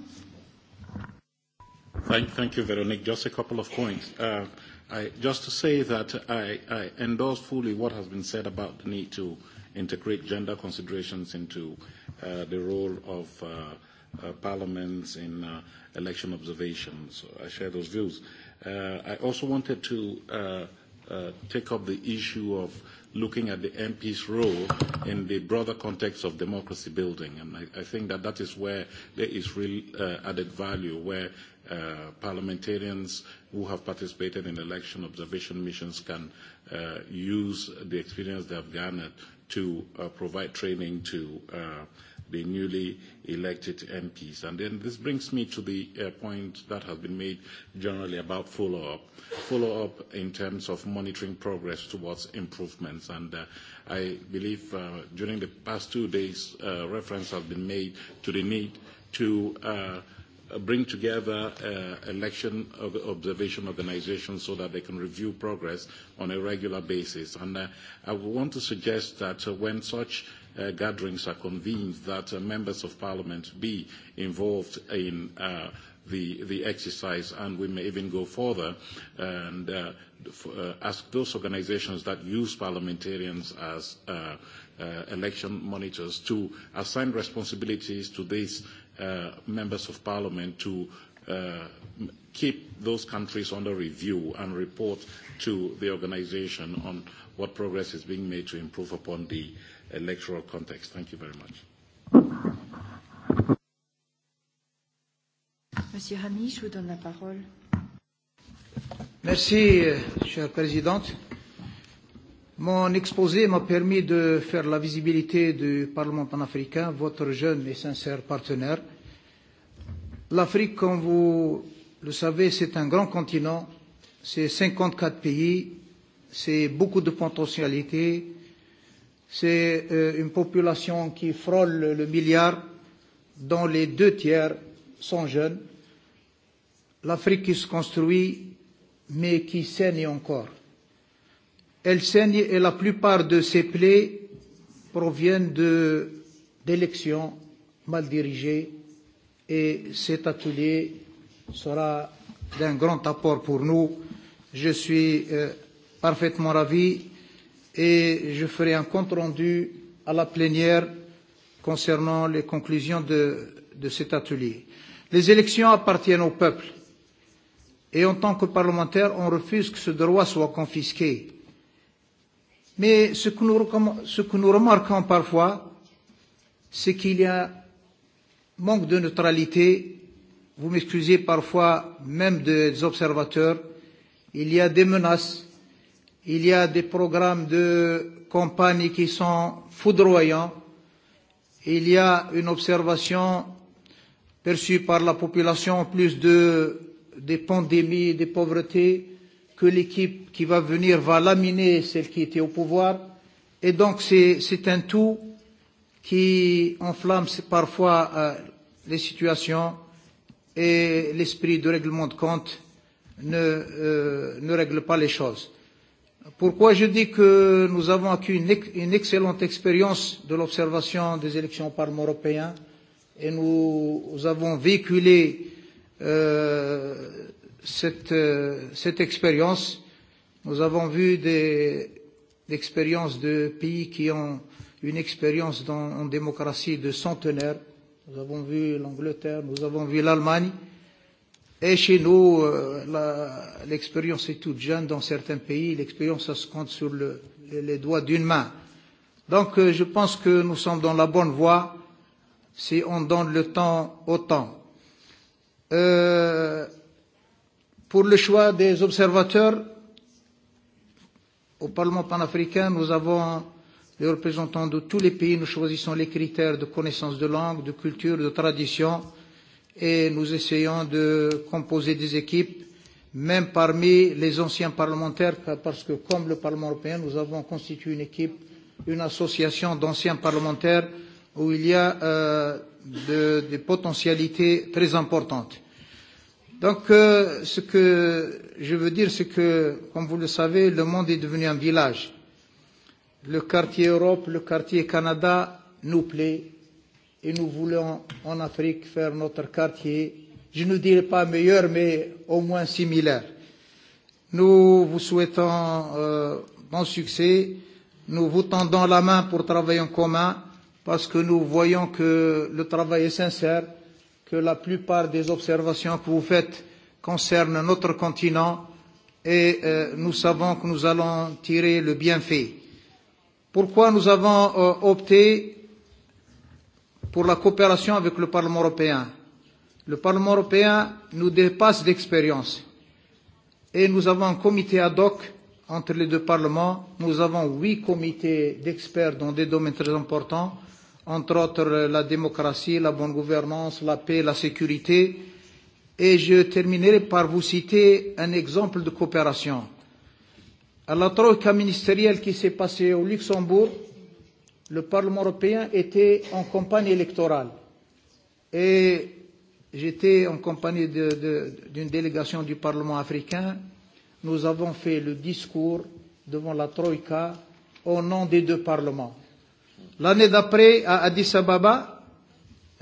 Thank, thank you, Veronique. Just a couple of points. Uh, I, just to say that I, I endorse fully what has been said about the need to integrate gender considerations into uh, the role of uh, uh, parliaments in uh, election observations. So I share those views. Uh, I also wanted to uh, uh, take up the issue of looking at the MP's role in the broader context of democracy building. And I, I think that that is where there is real uh, added value, where uh, parliamentarians who have participated in election observation missions can uh, use the experience they have garnered to uh, provide training to uh, the newly elected MPs. And then this brings me to the uh, point that has been made generally about follow-up. Follow-up in terms of monitoring progress towards improvements. And uh, I believe uh, during the past two days, uh, reference has been made to the need to uh, bring together uh, election observation organizations so that they can review progress on a regular basis. And uh, I want to suggest that uh, when such uh, gatherings are convened that uh, members of parliament be involved in uh, the, the exercise and we may even go further and uh, f- uh, ask those organizations that use parliamentarians as uh, uh, election monitors to assign responsibilities to these uh, members of parliament to uh, keep those countries under review and report to the organization on what progress is being made to improve upon the uh, electoral context. Thank you very much. Monsieur Hamy, je vous donne la parole. Merci, euh, chère présidente. Mon exposé m'a permis de faire la visibilité du Parlement panafricain, votre jeune et sincère partenaire. L'Afrique, comme vous le savez, c'est un grand continent, c'est 54 pays, c'est beaucoup de potentialités, C'est euh, une population qui frôle le milliard, dont les deux tiers sont jeunes. L'Afrique qui se construit, mais qui saigne encore. Elle saigne et la plupart de ces plaies proviennent d'élections mal dirigées et cet atelier sera d'un grand apport pour nous. Je suis euh, parfaitement ravi et je ferai un compte rendu à la plénière concernant les conclusions de, de cet atelier. Les élections appartiennent au peuple et en tant que parlementaire, on refuse que ce droit soit confisqué. Mais ce que nous, ce que nous remarquons parfois, c'est qu'il y a manque de neutralité, vous m'excusez parfois même des observateurs, il y a des menaces Il y a des programmes de campagne qui sont foudroyants. Il y a une observation perçue par la population en plus de, des pandémies, des pauvretés, que l'équipe qui va venir va laminer celle qui était au pouvoir. Et donc c'est un tout qui enflamme parfois euh, les situations et l'esprit de règlement de compte ne, euh, ne règle pas les choses. Pourquoi je dis que nous avons acquis une, une excellente expérience de l'observation des élections au Parlement européen et nous, nous avons véhiculé euh, cette, euh, cette expérience. Nous avons vu des expériences de pays qui ont une expérience en démocratie de centenaire. Nous avons vu l'Angleterre, nous avons vu l'Allemagne. Et chez nous, euh, l'expérience est toute jeune. Dans certains pays, l'expérience, ça se compte sur le, les doigts d'une main. Donc, euh, je pense que nous sommes dans la bonne voie si on donne le temps au temps. Euh, pour le choix des observateurs, au Parlement panafricain, nous avons les représentants de tous les pays. Nous choisissons les critères de connaissance de langue, de culture, de tradition et nous essayons de composer des équipes, même parmi les anciens parlementaires, parce que comme le Parlement européen, nous avons constitué une équipe, une association d'anciens parlementaires où il y a euh, de, des potentialités très importantes. Donc, euh, ce que je veux dire, c'est que, comme vous le savez, le monde est devenu un village. Le quartier Europe, le quartier Canada nous plaît et nous voulons en Afrique faire notre quartier, je ne dirais pas meilleur, mais au moins similaire. Nous vous souhaitons euh, bon succès, nous vous tendons la main pour travailler en commun, parce que nous voyons que le travail est sincère, que la plupart des observations que vous faites concernent notre continent et euh, nous savons que nous allons tirer le bienfait. Pourquoi nous avons euh, opté pour la coopération avec le Parlement européen. Le Parlement européen nous dépasse d'expérience et nous avons un comité ad hoc entre les deux parlements. Nous avons huit comités d'experts dans des domaines très importants, entre autres euh, la démocratie, la bonne gouvernance, la paix, la sécurité. Et je terminerai par vous citer un exemple de coopération. À la troïka ministérielle qui s'est passée au Luxembourg, le Parlement européen était en campagne électorale. Et j'étais en compagnie d'une délégation du Parlement africain. Nous avons fait le discours devant la Troïka au nom des deux parlements. L'année d'après, à Addis Ababa,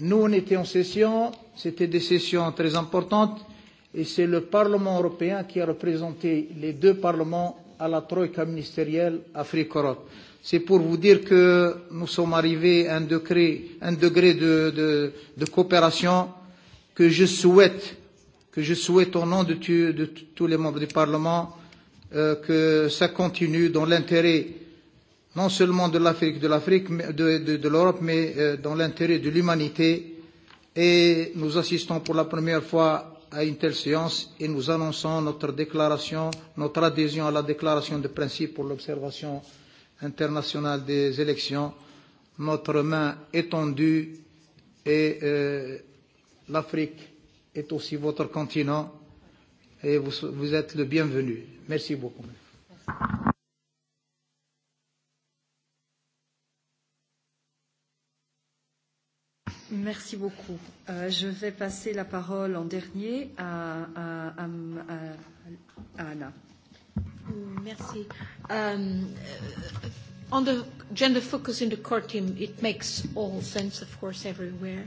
nous, on était en session, c'était des sessions très importantes, et c'est le Parlement européen qui a représenté les deux parlements à la troïka ministérielle Afrique-Europe. C'est pour vous dire que nous sommes arrivés à un degré, un degré de, de, de coopération que je souhaite, que je souhaite au nom de, tu, de tous les membres du Parlement, euh, que ça continue dans l'intérêt non seulement de l'Afrique, de l'Afrique, de, de, de l'Europe, mais euh, dans l'intérêt de l'humanité. Et nous assistons pour la première fois à une telle séance et nous annonçons notre déclaration, notre adhésion à la déclaration de principe pour l'observation internationale des élections, notre main étendue et euh, l'Afrique est aussi votre continent et vous, vous êtes le bienvenu. Merci beaucoup. Merci. Merci beaucoup. Euh, je vais passer la parole en dernier à, à, à, à Anna. Merci. Um, uh, on the gender focus in the core team, it makes all sense, of course, everywhere.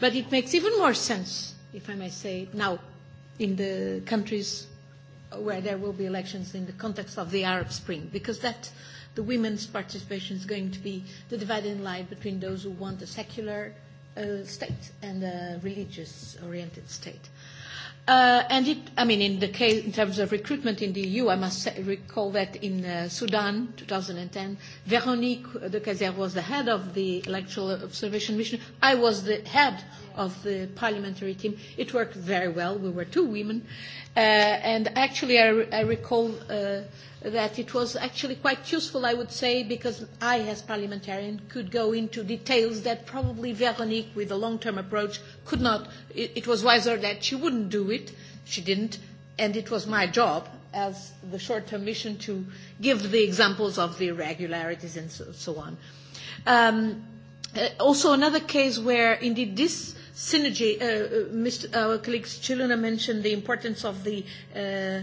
But it makes even more sense, if I may say, now in the countries where there will be elections in the context of the Arab Spring, because that the women's participation is going to be the dividing line between those who want a secular uh, state and a religious-oriented state. Uh, and it, I mean, in the case in terms of recruitment in the EU, I must say, recall that in uh, Sudan, 2010, Veronique de Cazer was the head of the Electoral Observation Mission. I was the head of the parliamentary team. It worked very well. We were two women. Uh, and actually, I, re I recall uh, that it was actually quite useful, I would say, because I, as parliamentarian, could go into details that probably Veronique, with a long-term approach, could not. It, it was wiser that she wouldn't do it. She didn't. And it was my job as the short-term mission to give the examples of the irregularities and so, so on. Um, uh, also another case where indeed this synergy, uh, uh, Mr. our colleague Chiluna mentioned the importance of the uh,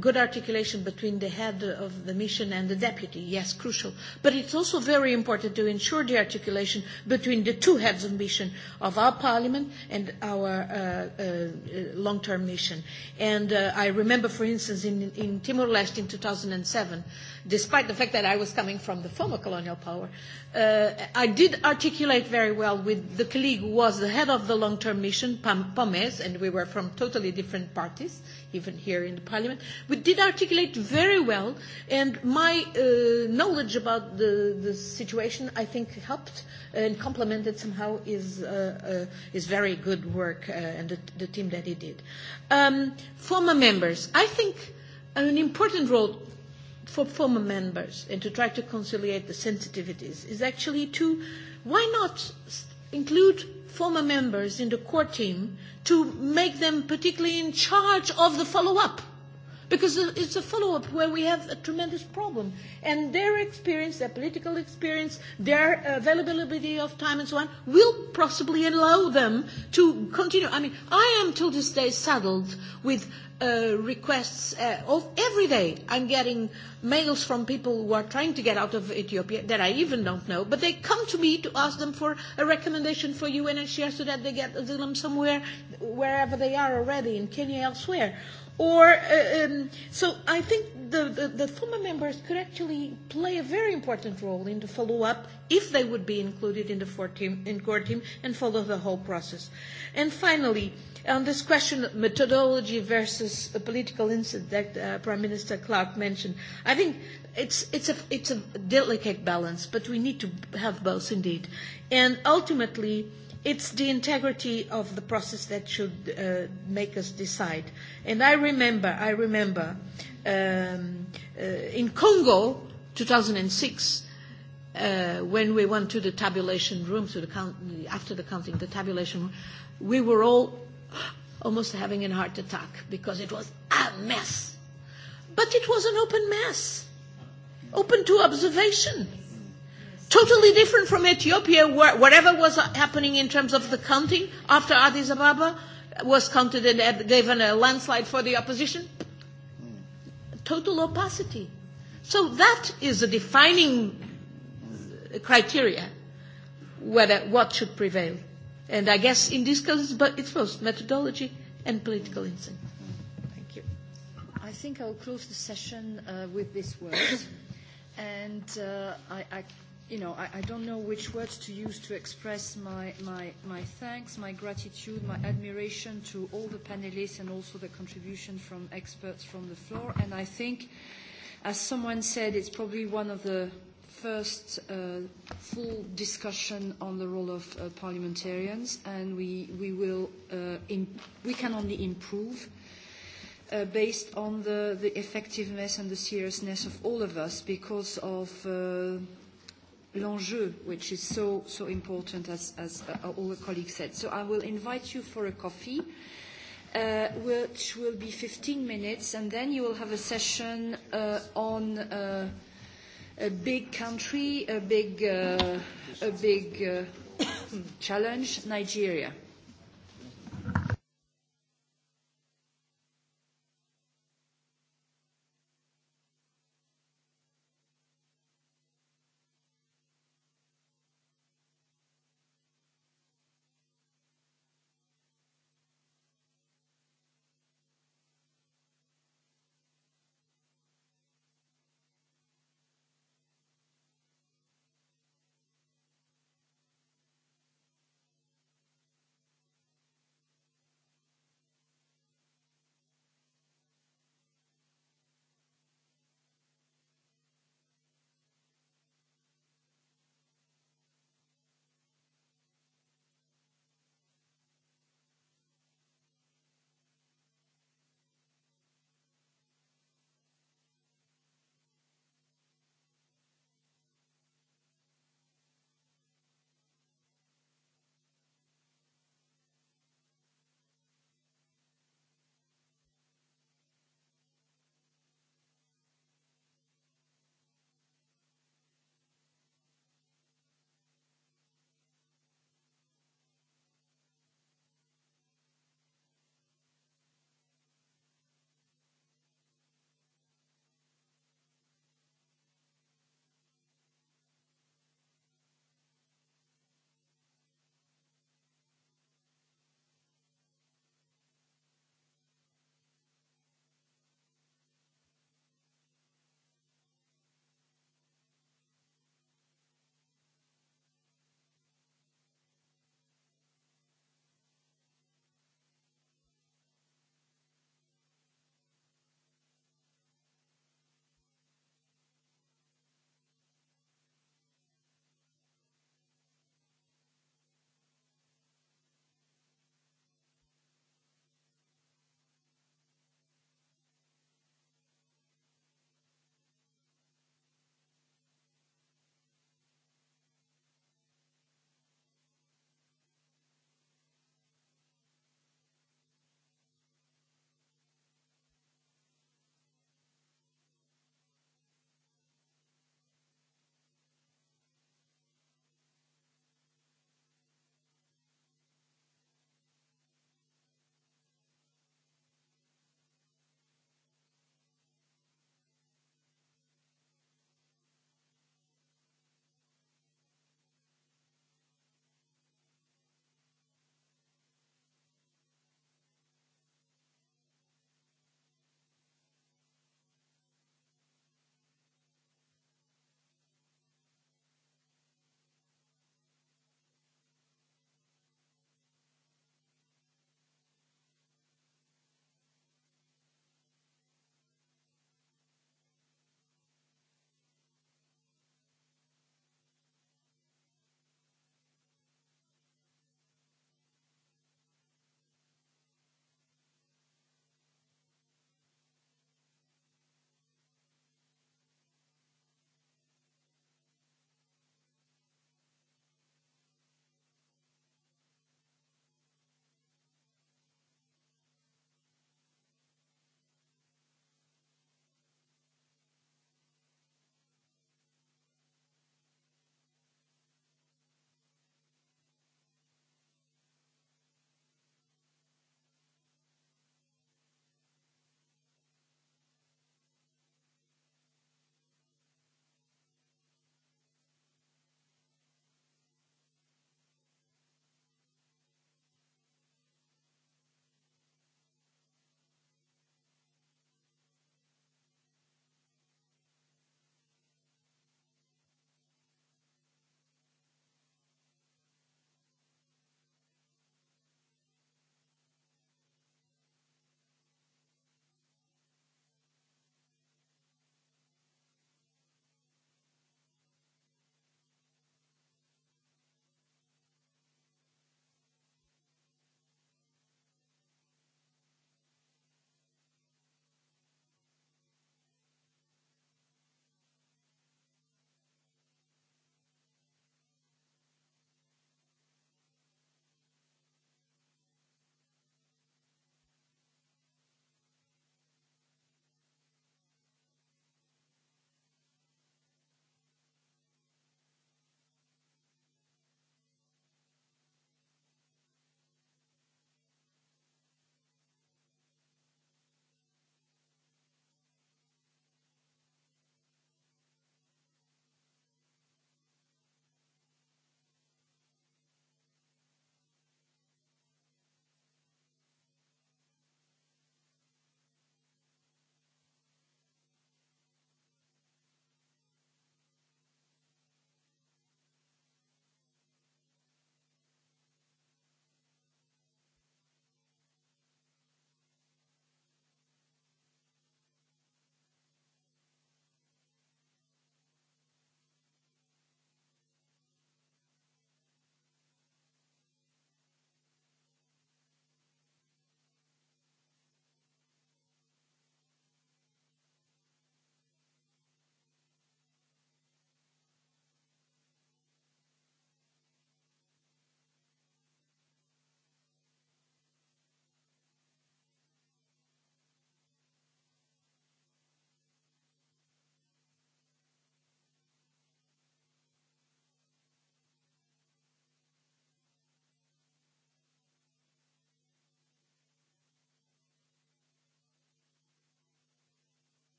good articulation between the head of the mission and the deputy. Yes, crucial. But it's also very important to ensure the articulation between the two heads of mission of our parliament and our uh, uh, uh long-term mission. And uh, I remember, for instance, in, in Timor-Leste in 2007, despite the fact that I was coming from the former colonial power, uh, Uh, I did articulate very well with the colleague who was the head of the long-term mission, Pam Pomes, and we were from totally different parties, even here in the parliament. We did articulate very well, and my uh, knowledge about the, the situation, I think, helped and complemented somehow his, uh, uh, his very good work uh, and the, the team that he did. Um, former members, I think an important role for former members and to try to conciliate the sensitivities is actually to why not include former members in the core team to make them particularly in charge of the follow-up? because it's a follow-up where we have a tremendous problem. And their experience, their political experience, their availability of time and so on will possibly allow them to continue. I mean, I am till this day saddled with uh, requests uh, of every day. I'm getting mails from people who are trying to get out of Ethiopia that I even don't know, but they come to me to ask them for a recommendation for UNHCR so that they get asylum somewhere, wherever they are already, in Kenya, elsewhere. Or, uh, um, so I think the, the, the FUMA members could actually play a very important role in the follow-up if they would be included in the four team, in core team and follow the whole process. And finally, on this question of methodology versus a political incident that uh, Prime Minister Clark mentioned, I think it's, it's, a, it's a delicate balance, but we need to have both indeed. And ultimately, it's the integrity of the process that should uh, make us decide. And I remember, I remember um, uh, in Congo, 2006, uh, when we went to the tabulation room, to the count, after the counting, the tabulation room, we were all almost having a heart attack because it was a mess. But it was an open mess, open to observation totally different from Ethiopia, where whatever was happening in terms of the counting after Addis Ababa was counted and given a landslide for the opposition. Total opacity. So that is a defining criteria whether what should prevail. And I guess in this case, but it's both methodology and political instinct. Thank you. I think I'll close the session uh, with this word. and uh, I, I you know, I, I don't know which words to use to express my, my, my thanks, my gratitude, my admiration to all the panelists and also the contribution from experts from the floor. And I think, as someone said, it's probably one of the first uh, full discussion on the role of uh, parliamentarians, and we, we, will, uh, imp we can only improve uh, based on the, the effectiveness and the seriousness of all of us because of uh, l'enjeu, which is so, so important, as, as uh, all the colleagues said. So I will invite you for a coffee, uh, which will be 15 minutes, and then you will have a session uh, on uh, a big country, a big, uh, a big uh, challenge, Nigeria.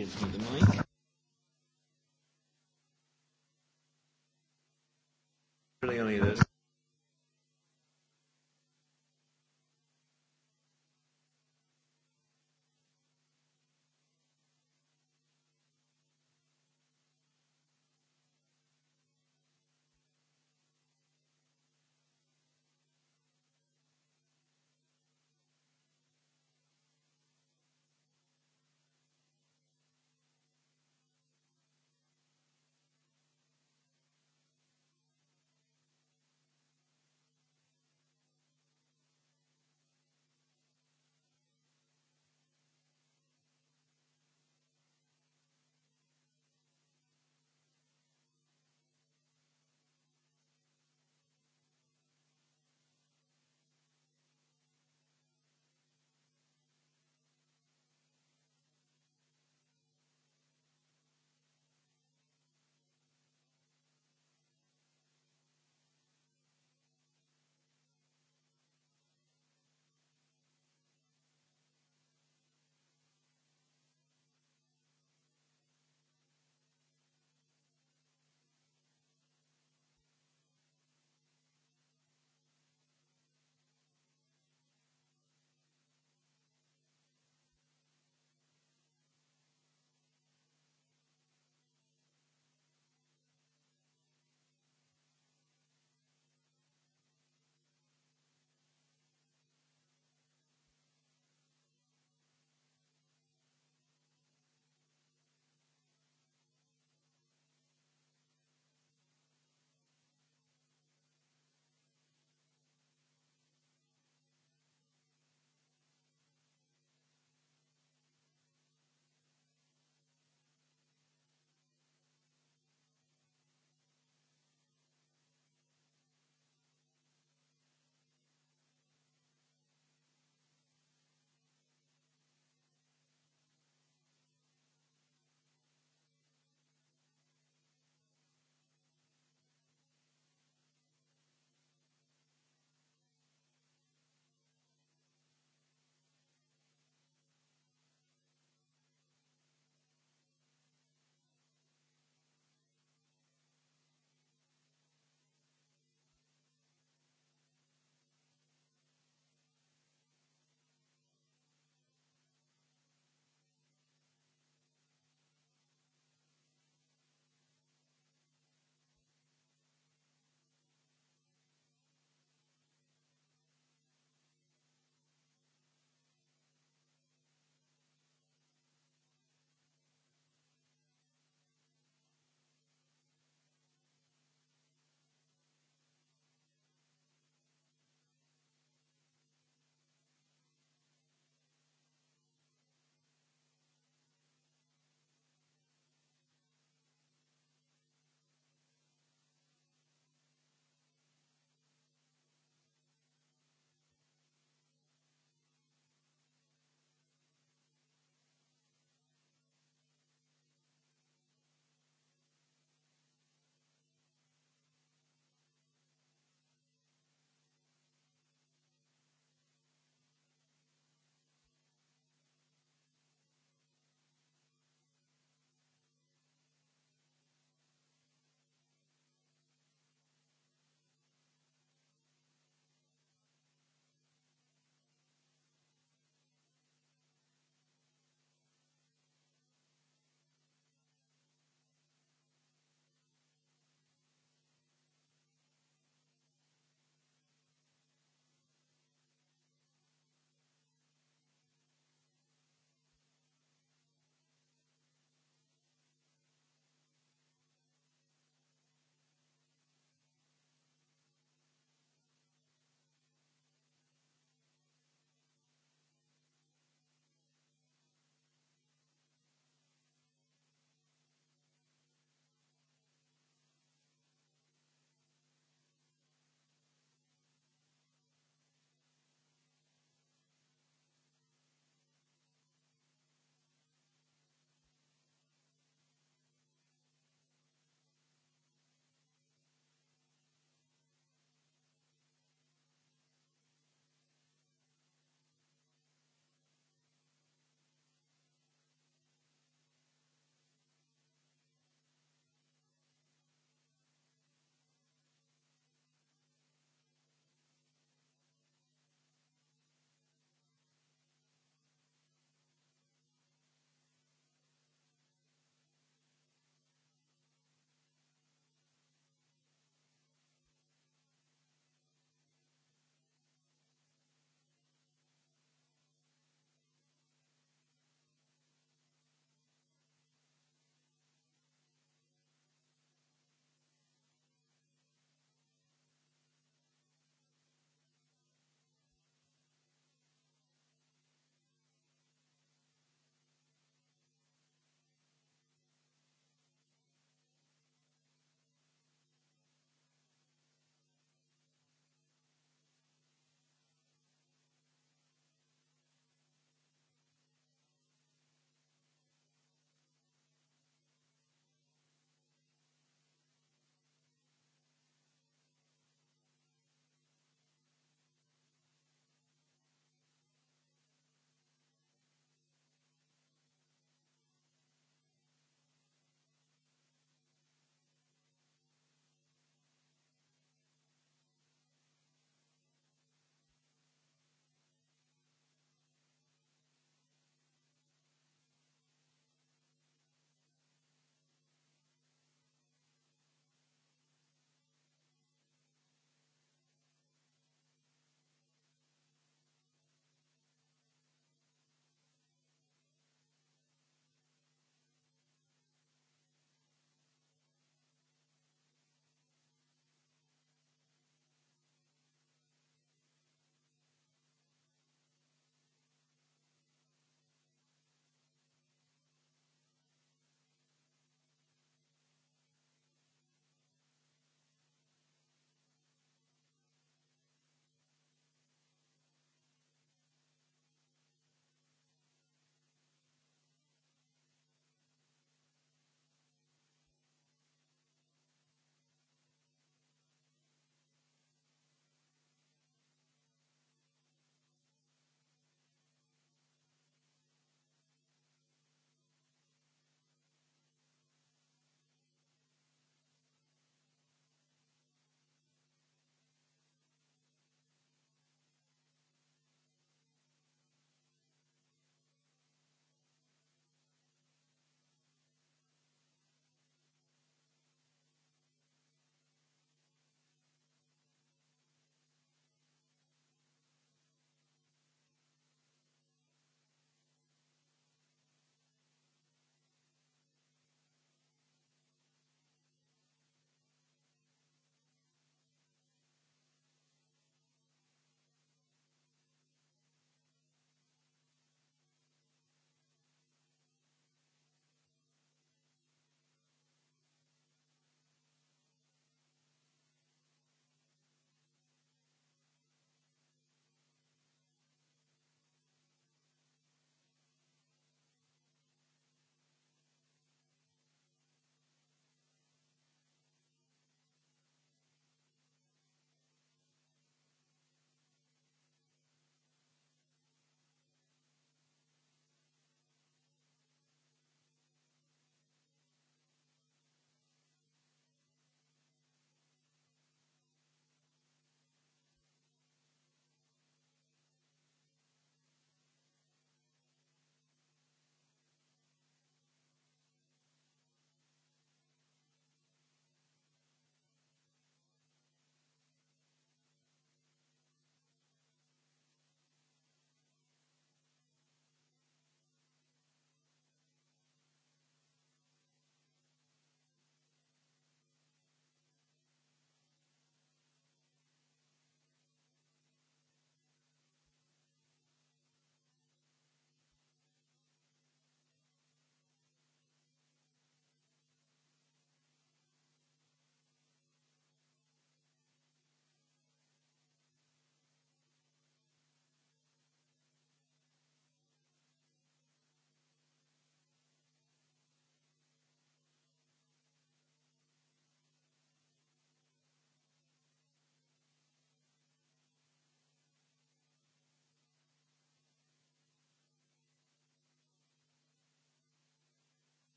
gives me the mic. Really only this.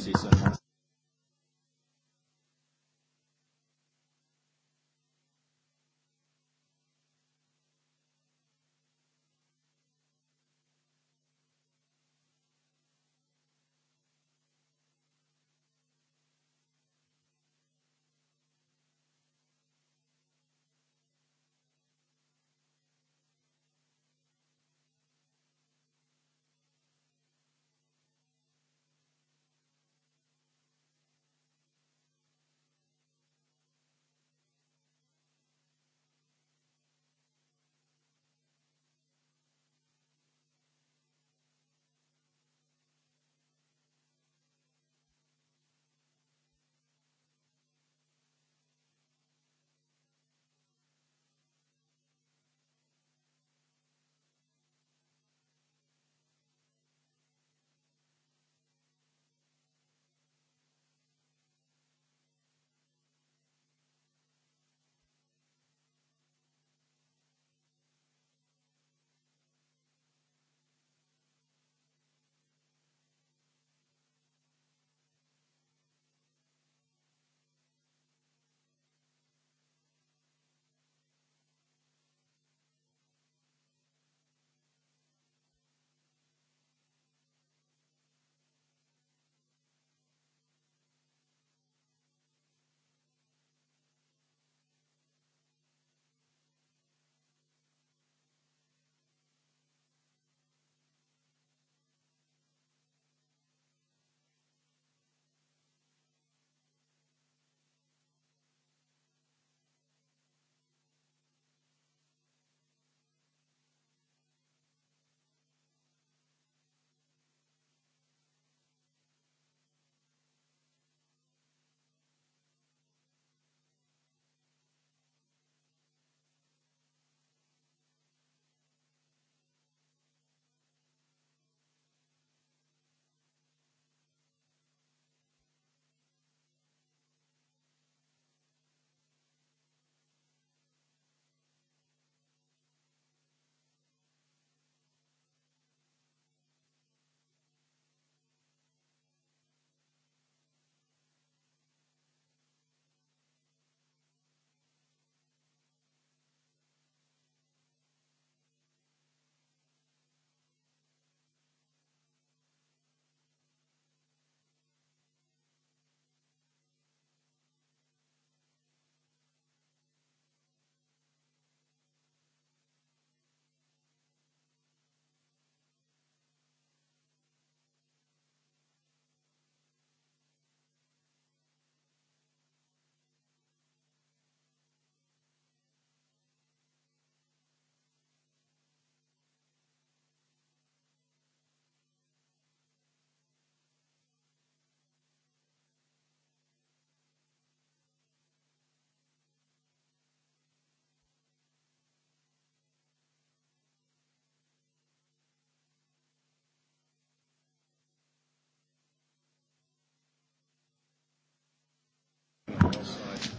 si sa na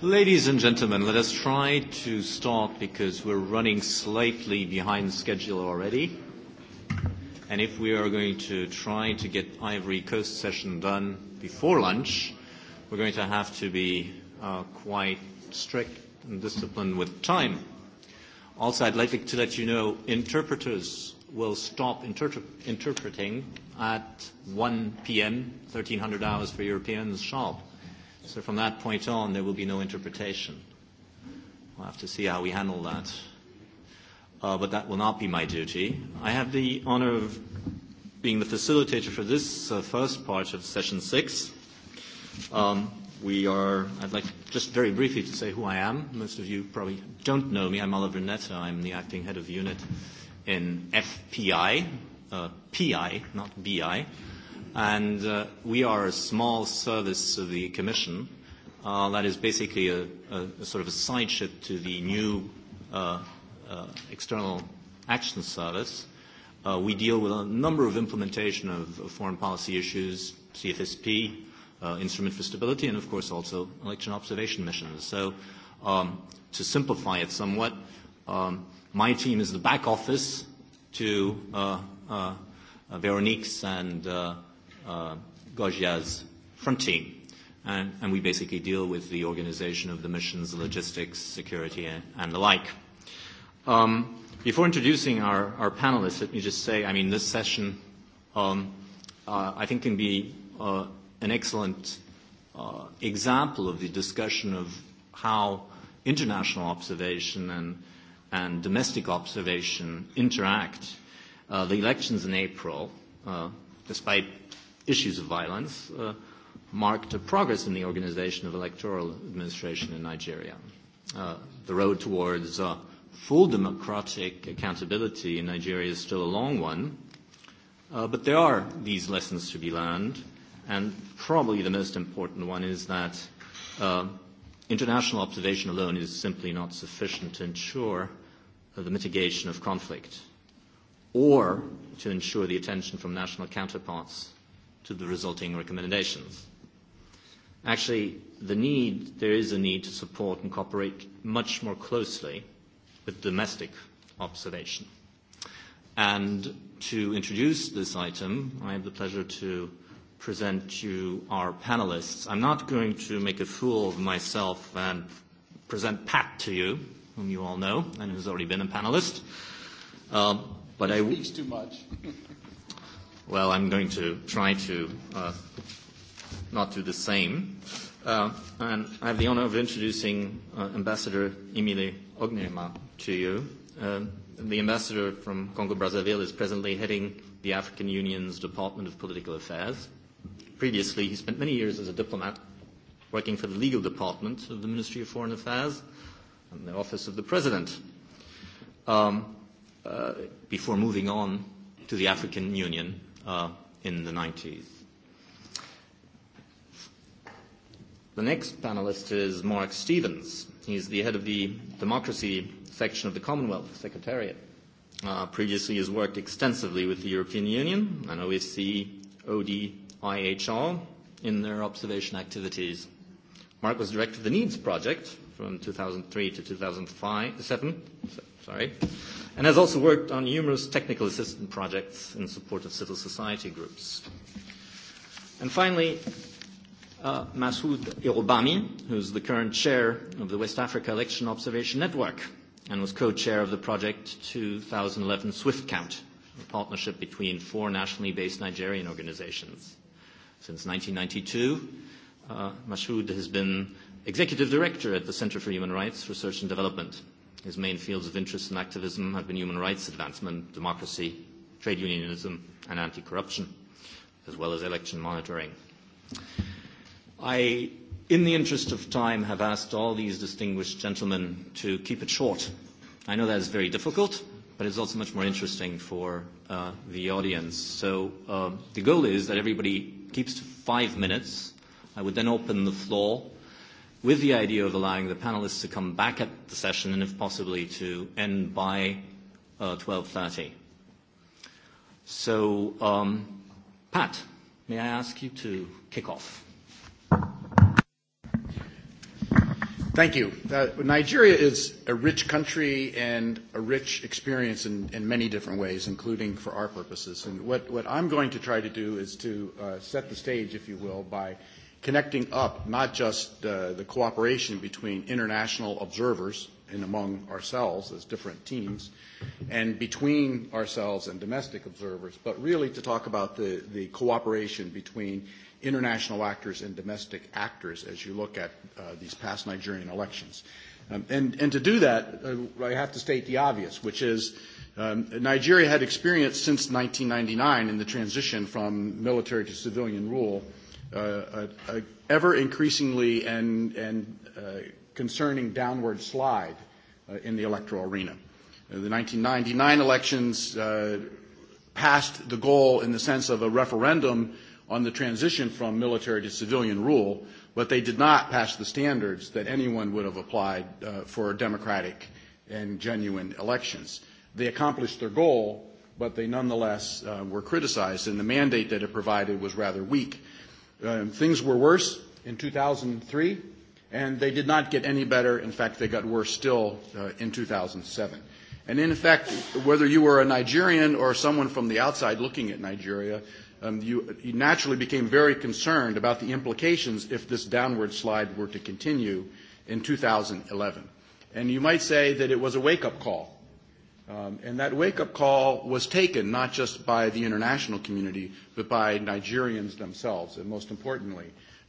Ladies and gentlemen, let us try to start because we're running slightly behind schedule already. And if we are going to try to get Ivory Coast session done before lunch, we're going to have to be uh, quite strict and disciplined with time. Also, I'd like to let you know interpreters will stop inter- interpreting at 1 p.m., 1300 hours for Europeans sharp. So from that point on, there will be no interpretation. We'll have to see how we handle that. Uh, but that will not be my duty. I have the honor of being the facilitator for this uh, first part of session six. Um, we are, I'd like just very briefly to say who I am. Most of you probably don't know me. I'm Oliver Netta. I'm the acting head of unit in FPI, uh, PI, not BI. And uh, we are a small service of the Commission uh, that is basically a, a, a sort of a side ship to the new uh, uh, External Action Service. Uh, we deal with a number of implementation of, of foreign policy issues, CFSP, uh, Instrument for Stability, and of course also election observation missions. So um, to simplify it somewhat, um, my team is the back office to uh, uh, uh Veronique's and uh, uh, Gojia's front team. And, and we basically deal with the organization of the missions, logistics, security, and, and the like. Um, before introducing our, our panelists, let me just say, I mean, this session, um, uh, I think, can be uh, an excellent uh, example of the discussion of how international observation and, and domestic observation interact. Uh, the elections in April, uh, despite issues of violence uh, marked a progress in the organization of electoral administration in Nigeria. Uh, the road towards uh, full democratic accountability in Nigeria is still a long one, uh, but there are these lessons to be learned, and probably the most important one is that uh, international observation alone is simply not sufficient to ensure uh, the mitigation of conflict or to ensure the attention from national counterparts to the resulting recommendations. Actually, the need, there is a need to support and cooperate much more closely with domestic observation. And to introduce this item, I have the pleasure to present you our panelists. I'm not going to make a fool of myself and present Pat to you, whom you all know and who's already been a panelist. Uh, but he I speaks too much. Well, I'm going to try to uh, not do the same. Uh, and I have the honor of introducing uh, Ambassador Emile Ognema to you. Uh, the ambassador from Congo-Brazzaville is presently heading the African Union's Department of Political Affairs. Previously, he spent many years as a diplomat working for the legal department of the Ministry of Foreign Affairs and the Office of the President um, uh, before moving on to the African Union uh, in the 90s. The next panelist is Mark Stevens. He's the head of the democracy section of the Commonwealth Secretariat. Uh, previously, has worked extensively with the European Union and OSCE, ODIHR in their observation activities. Mark was director of the NEEDS project, from 2003 to 2007, sorry, and has also worked on numerous technical assistance projects in support of civil society groups. And finally, uh, Masoud Irobami, who's the current chair of the West Africa Election Observation Network and was co-chair of the project 2011 Swift Count, a partnership between four nationally based Nigerian organizations. Since 1992, uh, Masoud has been Executive Director at the Center for Human Rights Research and Development. His main fields of interest and activism have been human rights advancement, democracy, trade unionism, and anti-corruption, as well as election monitoring. I, in the interest of time, have asked all these distinguished gentlemen to keep it short. I know that is very difficult, but it's also much more interesting for uh, the audience. So uh, the goal is that everybody keeps to five minutes. I would then open the floor with the idea of allowing the panelists to come back at the session and, if possibly, to end by uh, 12.30. So, um, Pat, may I ask you to kick off? Thank you. Uh, Nigeria is a rich country and a rich experience in, in many different ways, including for our purposes. And what, what I'm going to try to do is to uh, set the stage, if you will, by connecting up not just uh, the cooperation between international observers and among ourselves as different teams and between ourselves and domestic observers, but really to talk about the, the cooperation between international actors and domestic actors as you look at uh, these past Nigerian elections. Um, and, and to do that, uh, I have to state the obvious, which is um, Nigeria had experienced since 1999 in the transition from military to civilian rule uh, a, ever increasingly and, and uh, concerning downward slide uh, in the electoral arena. Uh, the 1999 elections uh, passed the goal in the sense of a referendum on the transition from military to civilian rule, but they did not pass the standards that anyone would have applied uh, for democratic and genuine elections. They accomplished their goal, but they nonetheless uh, were criticized, and the mandate that it provided was rather weak Um, things were worse in 2003, and they did not get any better. In fact, they got worse still uh, in 2007. And in fact, whether you were a Nigerian or someone from the outside looking at Nigeria, um, you, you naturally became very concerned about the implications if this downward slide were to continue in 2011. And you might say that it was a wake-up call Um, and that wake-up call was taken not just by the international community, but by Nigerians themselves, and most importantly,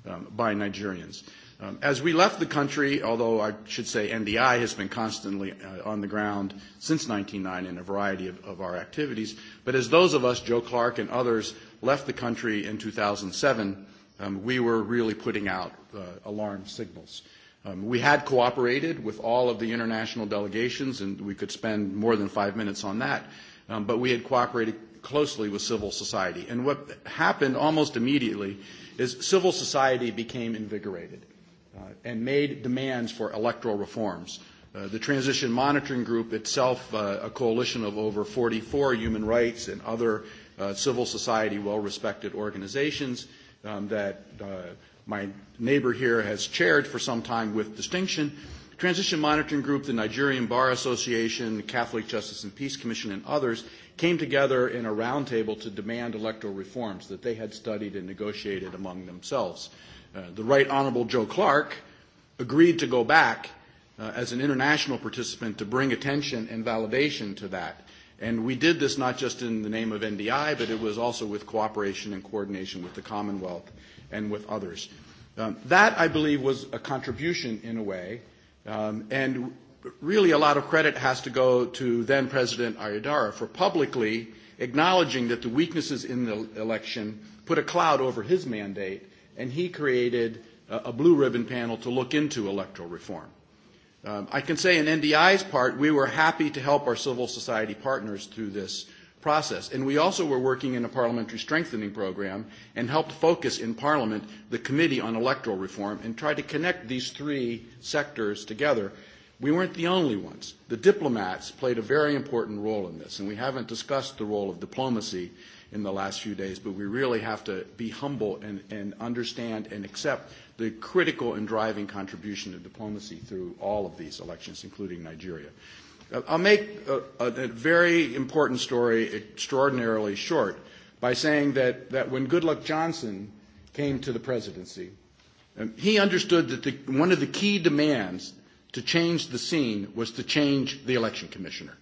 um, by Nigerians. Um, as we left the country, although I should say NDI has been constantly uh, on the ground since 1909 in a variety of, of our activities, but as those of us, Joe Clark and others, left the country in 2007, um, we were really putting out uh, alarm signals. Uh, Um, we had cooperated with all of the international delegations, and we could spend more than five minutes on that, um, but we had cooperated closely with civil society. And what happened almost immediately is civil society became invigorated uh, and made demands for electoral reforms. Uh, the Transition Monitoring Group itself, uh, a coalition of over 44 human rights and other uh, civil society well-respected organizations um, that uh, my neighbor here has chaired for some time with distinction. Transition Monitoring Group, the Nigerian Bar Association, the Catholic Justice and Peace Commission, and others came together in a roundtable to demand electoral reforms that they had studied and negotiated among themselves. Uh, the Right Honorable Joe Clark agreed to go back uh, as an international participant to bring attention and validation to that. And we did this not just in the name of NDI, but it was also with cooperation and coordination with the Commonwealth and with others. Um, that, I believe, was a contribution in a way, um, and really a lot of credit has to go to then President Ayadara for publicly acknowledging that the weaknesses in the election put a cloud over his mandate, and he created a, a blue ribbon panel to look into electoral reform. Um, I can say in NDI's part, we were happy to help our civil society partners through this process. And we also were working in a parliamentary strengthening program and helped focus in Parliament the Committee on Electoral Reform and tried to connect these three sectors together. We weren't the only ones. The diplomats played a very important role in this, and we haven't discussed the role of diplomacy in the last few days, but we really have to be humble and, and understand and accept the critical and driving contribution of diplomacy through all of these elections, including Nigeria. Uh, I'll make a, a, a very important story extraordinarily short by saying that, that when Goodluck Johnson came to the presidency, um, he understood that the, one of the key demands to change the scene was to change the election commissioner.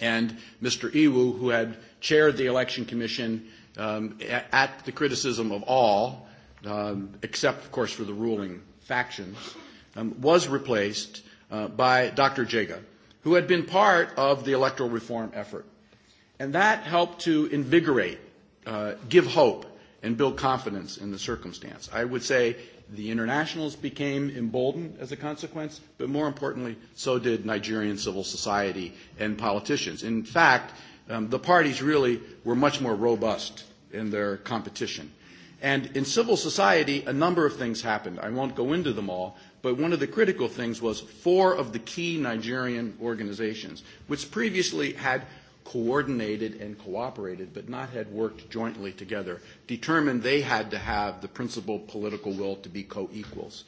And Mr. Iwu, who had chaired the election commission um, at, at the criticism of all, um, except, of course, for the ruling factions, um, was replaced uh, by Dr. Jaga who had been part of the electoral reform effort. And that helped to invigorate, uh, give hope, and build confidence in the circumstance. I would say the internationals became emboldened as a consequence, but more importantly, so did Nigerian civil society and politicians. In fact, um, the parties really were much more robust in their competition And in civil society, a number of things happened. I won't go into them all, but one of the critical things was four of the key Nigerian organizations, which previously had coordinated and cooperated, but not had worked jointly together, determined they had to have the principal political will to be co-equals.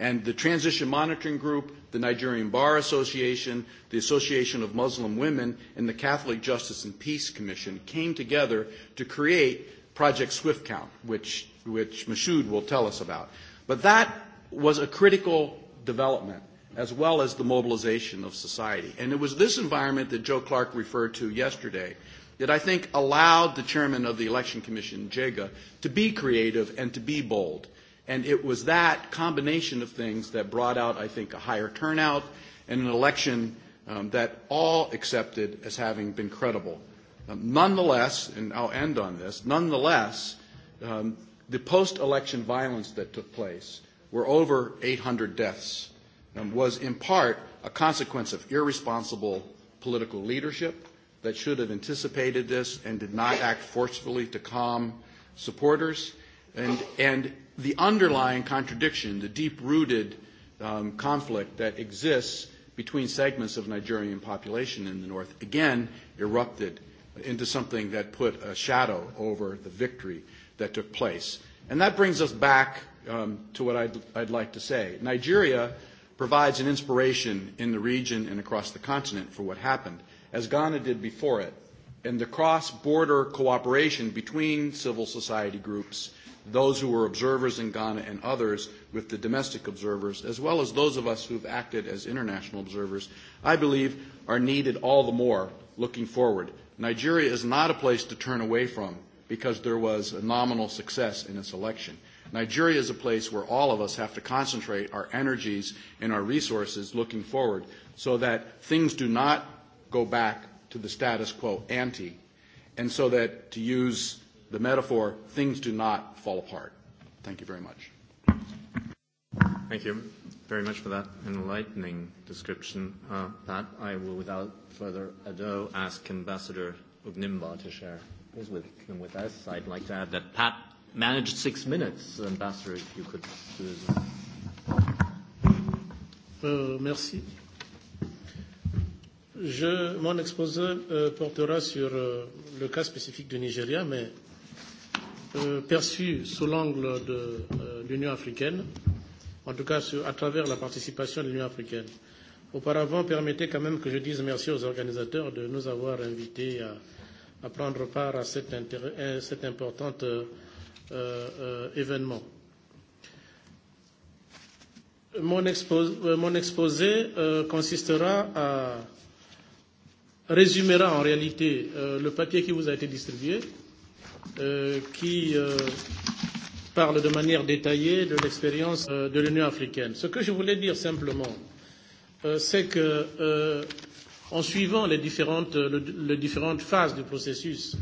And the Transition Monitoring Group, the Nigerian Bar Association, the Association of Muslim Women, and the Catholic Justice and Peace Commission came together to create Project Swift Count, which, which Mashoud will tell us about. But that was a critical development as well as the mobilization of society. And it was this environment that Joe Clark referred to yesterday that I think allowed the chairman of the election commission, Jega, to be creative and to be bold. And it was that combination of things that brought out, I think, a higher turnout and an election um, that all accepted as having been credible. Uh, nonetheless, and I'll end on this, nonetheless, um, the post-election violence that took place, where over 800 deaths, um, was in part a consequence of irresponsible political leadership that should have anticipated this and did not act forcefully to calm supporters. And, and the underlying contradiction, the deep-rooted um, conflict that exists between segments of Nigerian population in the north, again erupted into something that put a shadow over the victory that took place. And that brings us back um, to what I'd, I'd like to say. Nigeria provides an inspiration in the region and across the continent for what happened, as Ghana did before it. And the cross border cooperation between civil society groups, those who were observers in Ghana and others with the domestic observers, as well as those of us who've acted as international observers, I believe are needed all the more looking forward Nigeria is not a place to turn away from because there was a nominal success in its election. Nigeria is a place where all of us have to concentrate our energies and our resources looking forward so that things do not go back to the status quo ante, and so that, to use the metaphor, things do not fall apart. Thank you very much. Thank you very much for that enlightening description. Uh, Pat, I will, without further ado, ask Ambassador Ugnimba to share his with, with us. I'd like to add that Pat managed six minutes. Ambassador, if you could do as well. Euh, merci. Je, mon exposé euh, portera sur euh, le cas spécifique du Nigeria, mais euh, perçu sous l'angle de euh, l'Union africaine, euh, en tout cas à travers la participation de l'Union africaine. Auparavant, permettez quand même que je dise merci aux organisateurs de nous avoir invités à, à prendre part à cet, à euh, cet important euh, euh, événement. Mon, expos, euh, mon exposé euh, consistera à résumera en réalité euh, le papier qui vous a été distribué, euh, qui euh, parle de manière détaillée de l'expérience euh, de l'Union africaine. Ce que je voulais dire simplement, euh, c'est que, euh, en suivant les différentes, les différentes phases du processus,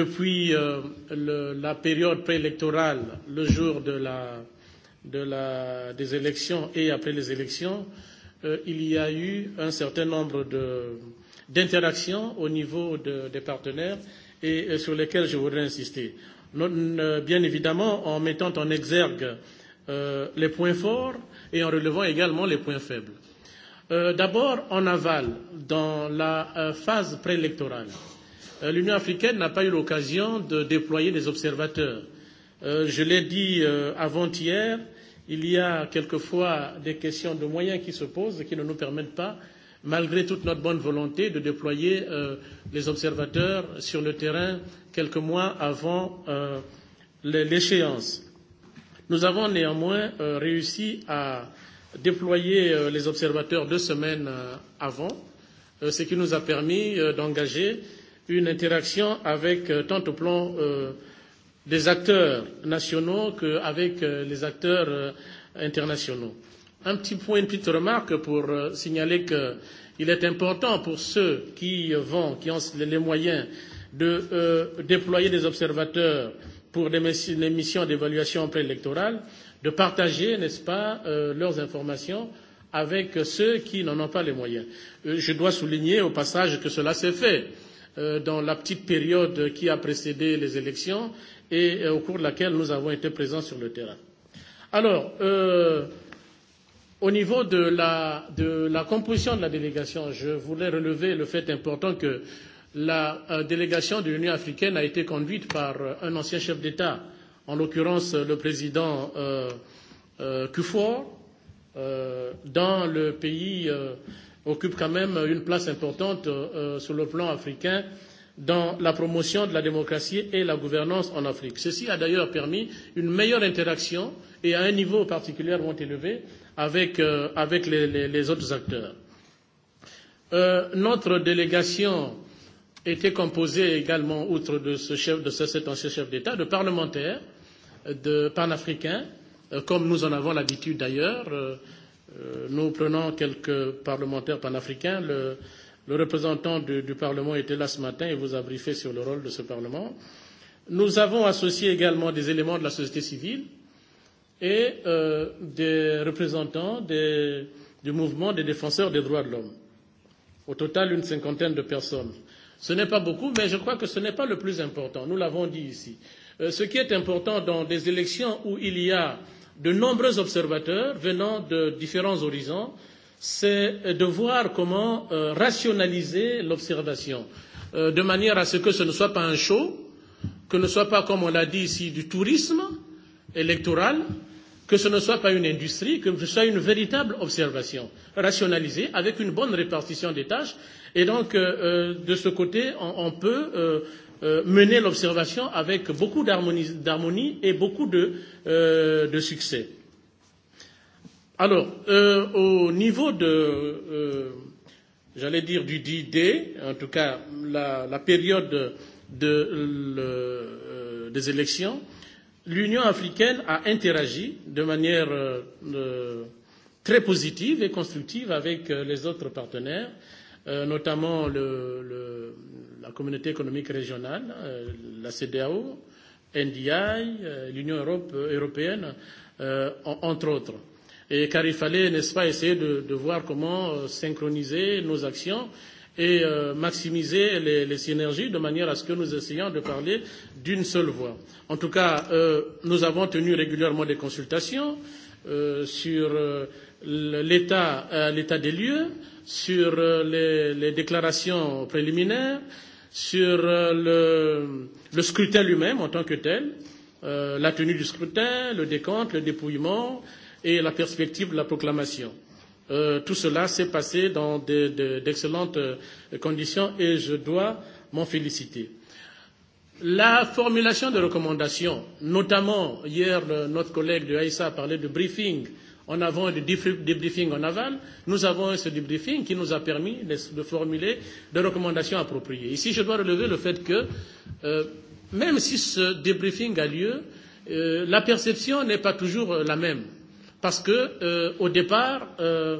depuis la période préélectorale, le jour de la, de la, des élections et après les élections, il y a eu un certain nombre d'interactions au niveau de, des partenaires et sur lesquels je voudrais insister. Euh, bien évidemment, en mettant en exergue euh, les points forts et en relevant également les points faibles. Euh, d'abord, en aval, dans la phase préélectorale, l'Union africaine n'a pas eu l'occasion de déployer des observateurs. je l'ai dit avant-hier, il y a quelquefois des questions de moyens qui se posent et qui ne nous permettent pas malgré toute notre bonne volonté de déployer euh, les observateurs sur le terrain quelques mois avant euh, l'échéance. Nous avons néanmoins euh, réussi à déployer euh, les observateurs deux semaines euh, avant, euh, ce qui nous a permis euh, d'engager une interaction avec euh, tant au plan euh, des acteurs nationaux qu'avec euh, les acteurs euh, internationaux un petit point, une petite remarque pour euh, signaler qu'il est important pour ceux qui euh, vont, qui ont les moyens de euh, déployer des observateurs pour des missions d'évaluation préélectorale, de partager, n'est-ce pas, euh, leurs informations avec ceux qui n'en ont pas les moyens. Euh, je dois souligner au passage que cela s'est fait euh, dans la petite période qui a précédé les élections et euh, au cours de laquelle nous avons été présents sur le terrain. Alors, euh, Au niveau de la, de la composition de la délégation, je voulais relever le fait important que la euh, délégation de l'Union africaine a été conduite par euh, un ancien chef d'État, en l'occurrence euh, le président euh, euh, euh, dans le pays euh, occupe quand même une place importante euh, sur le plan africain dans la promotion de la démocratie et la gouvernance en Afrique. Ceci a d'ailleurs permis une meilleure interaction et à un niveau particulièrement élevé avec, euh, avec les, les, les autres acteurs. Euh, notre délégation était composée également, outre de ce chef, de ce, cet ancien chef d'État, de parlementaires, de panafricains, euh, comme nous en avons l'habitude d'ailleurs. Euh, euh nous prenons quelques parlementaires panafricains. Le, le représentant du, du Parlement était là ce matin et vous a briefé sur le rôle de ce Parlement. Nous avons associé également des éléments de la société civile et euh, des représentants des, du mouvement des défenseurs des droits de l'homme. Au total, une cinquantaine de personnes. Ce n'est pas beaucoup, mais je crois que ce n'est pas le plus important. Nous l'avons dit ici. Euh, ce qui est important dans des élections où il y a de nombreux observateurs venant de différents horizons, c'est de voir comment euh, rationaliser l'observation, euh, de manière à ce que ce ne soit pas un show, que ne soit pas, comme on l'a dit ici, du tourisme, électorale, que ce ne soit pas une industrie, que ce soit une véritable observation rationalisée avec une bonne répartition des tâches. Et donc, euh, euh de ce côté, on, on peut euh, euh, mener l'observation avec beaucoup d'harmonie et beaucoup de, euh, de succès. Alors, euh, au niveau de, euh, j'allais dire du DID, en tout cas la, la période de, le, euh, des élections, l'Union africaine a interagi de manière euh, euh très positive et constructive avec euh, les autres partenaires, euh, notamment le, le, la communauté économique régionale, euh, la CDAO, NDI, euh, l'Union Europe, euh, européenne, euh, entre autres. Et car il fallait, n'est-ce pas, essayer de, de voir comment synchroniser nos actions et euh, maximiser les, les synergies de manière à ce que nous essayions de parler d'une seule voix. En tout cas, euh, nous avons tenu régulièrement des consultations euh, sur euh, l'état euh, des lieux, sur euh, les, les déclarations préliminaires, sur euh, le, le scrutin lui-même en tant que tel, euh, la tenue du scrutin, le décompte, le dépouillement et la perspective de la proclamation. Euh, tout cela s'est passé dans d'excellentes de, de, euh, conditions et je dois m'en féliciter. La formulation de recommandations, notamment hier notre collègue de a parlé de briefing en avant et de débriefing en aval, nous avons ce débriefing qui nous a permis de, de formuler des recommandations appropriées. Ici, je dois relever le fait que euh, même si ce débriefing a lieu, euh, la perception n'est pas toujours la même Parce que, euh, au départ, euh,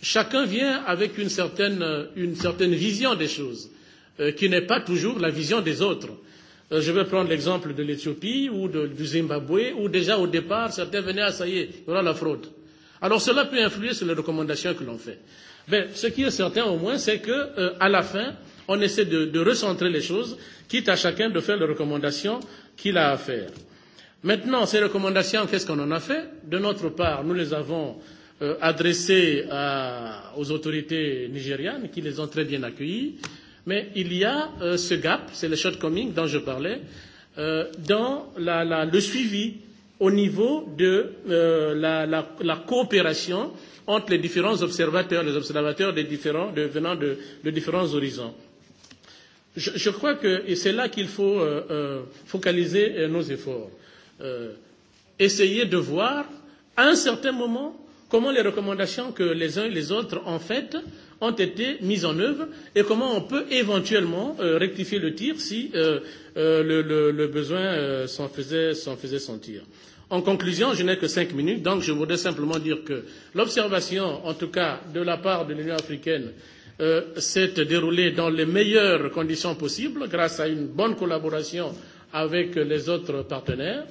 chacun vient avec une certaine, euh, une certaine vision des choses, euh, qui n'est pas toujours la vision des autres. Euh, je vais prendre l'exemple de l'Éthiopie ou de, du Zimbabwe, où déjà au départ, certains venaient à ça y est, il y aura la fraude. Alors cela peut influer sur les recommandations que l'on fait. Mais ce qui est certain au moins, c'est qu'à euh, la fin, on essaie de, de recentrer les choses, quitte à chacun de faire les recommandations qu'il a à faire. Euh, Maintenant, ces recommandations, qu'est-ce qu'on en a fait De notre part, nous les avons euh, adressées à, aux autorités nigérianes qui les ont très bien accueillies. Mais il y a euh, ce gap, c'est le shortcoming dont je parlais, euh, dans la, la, le suivi au niveau de euh, la, la, la coopération entre les différents observateurs, les observateurs des différents, de, venant de, de différents horizons. Je, je crois que c'est là qu'il faut euh, euh, focaliser euh, nos efforts euh, essayer de voir à un certain moment comment les recommandations que les uns et les autres ont faites ont été mises en œuvre et comment on peut éventuellement euh, rectifier le tir si euh, euh, le, le, le besoin euh, s'en faisait, faisait sentir. En conclusion, je n'ai que cinq minutes, donc je voudrais simplement dire que l'observation, en tout cas de la part de l'Union africaine, euh, s'est déroulée dans les meilleures conditions possibles grâce à une bonne collaboration avec les autres partenaires.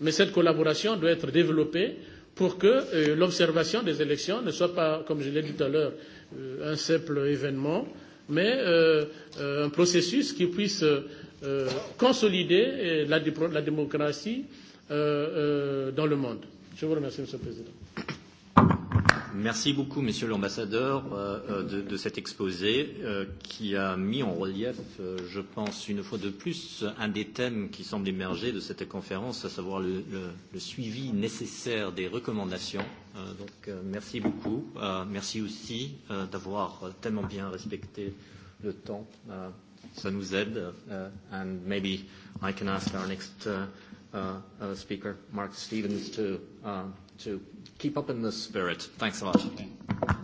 Mais cette collaboration doit être développée pour que euh, l'observation des élections ne soit pas, comme je l'ai dit tout à l'heure, euh, un simple événement, mais euh, euh, un processus qui puisse euh, euh consolider euh, la, la démocratie euh, euh, dans le monde. Je vous remercie, Monsieur le Président. Merci beaucoup, Monsieur l'ambassadeur, euh, euh, de, de cet exposé euh, qui a mis en relief, euh, je pense, une fois de plus, un des thèmes qui semble émerger de cette conférence, à savoir le, le, le suivi nécessaire des recommandations. Euh, donc, euh, merci beaucoup. Euh, merci aussi euh, d'avoir tellement bien respecté le temps. Euh, ça nous aide. Uh, and maybe I can ask our next euh, uh, uh, speaker, Mark Stevens, to. Uh, to keep up in the spirit. Thanks a lot.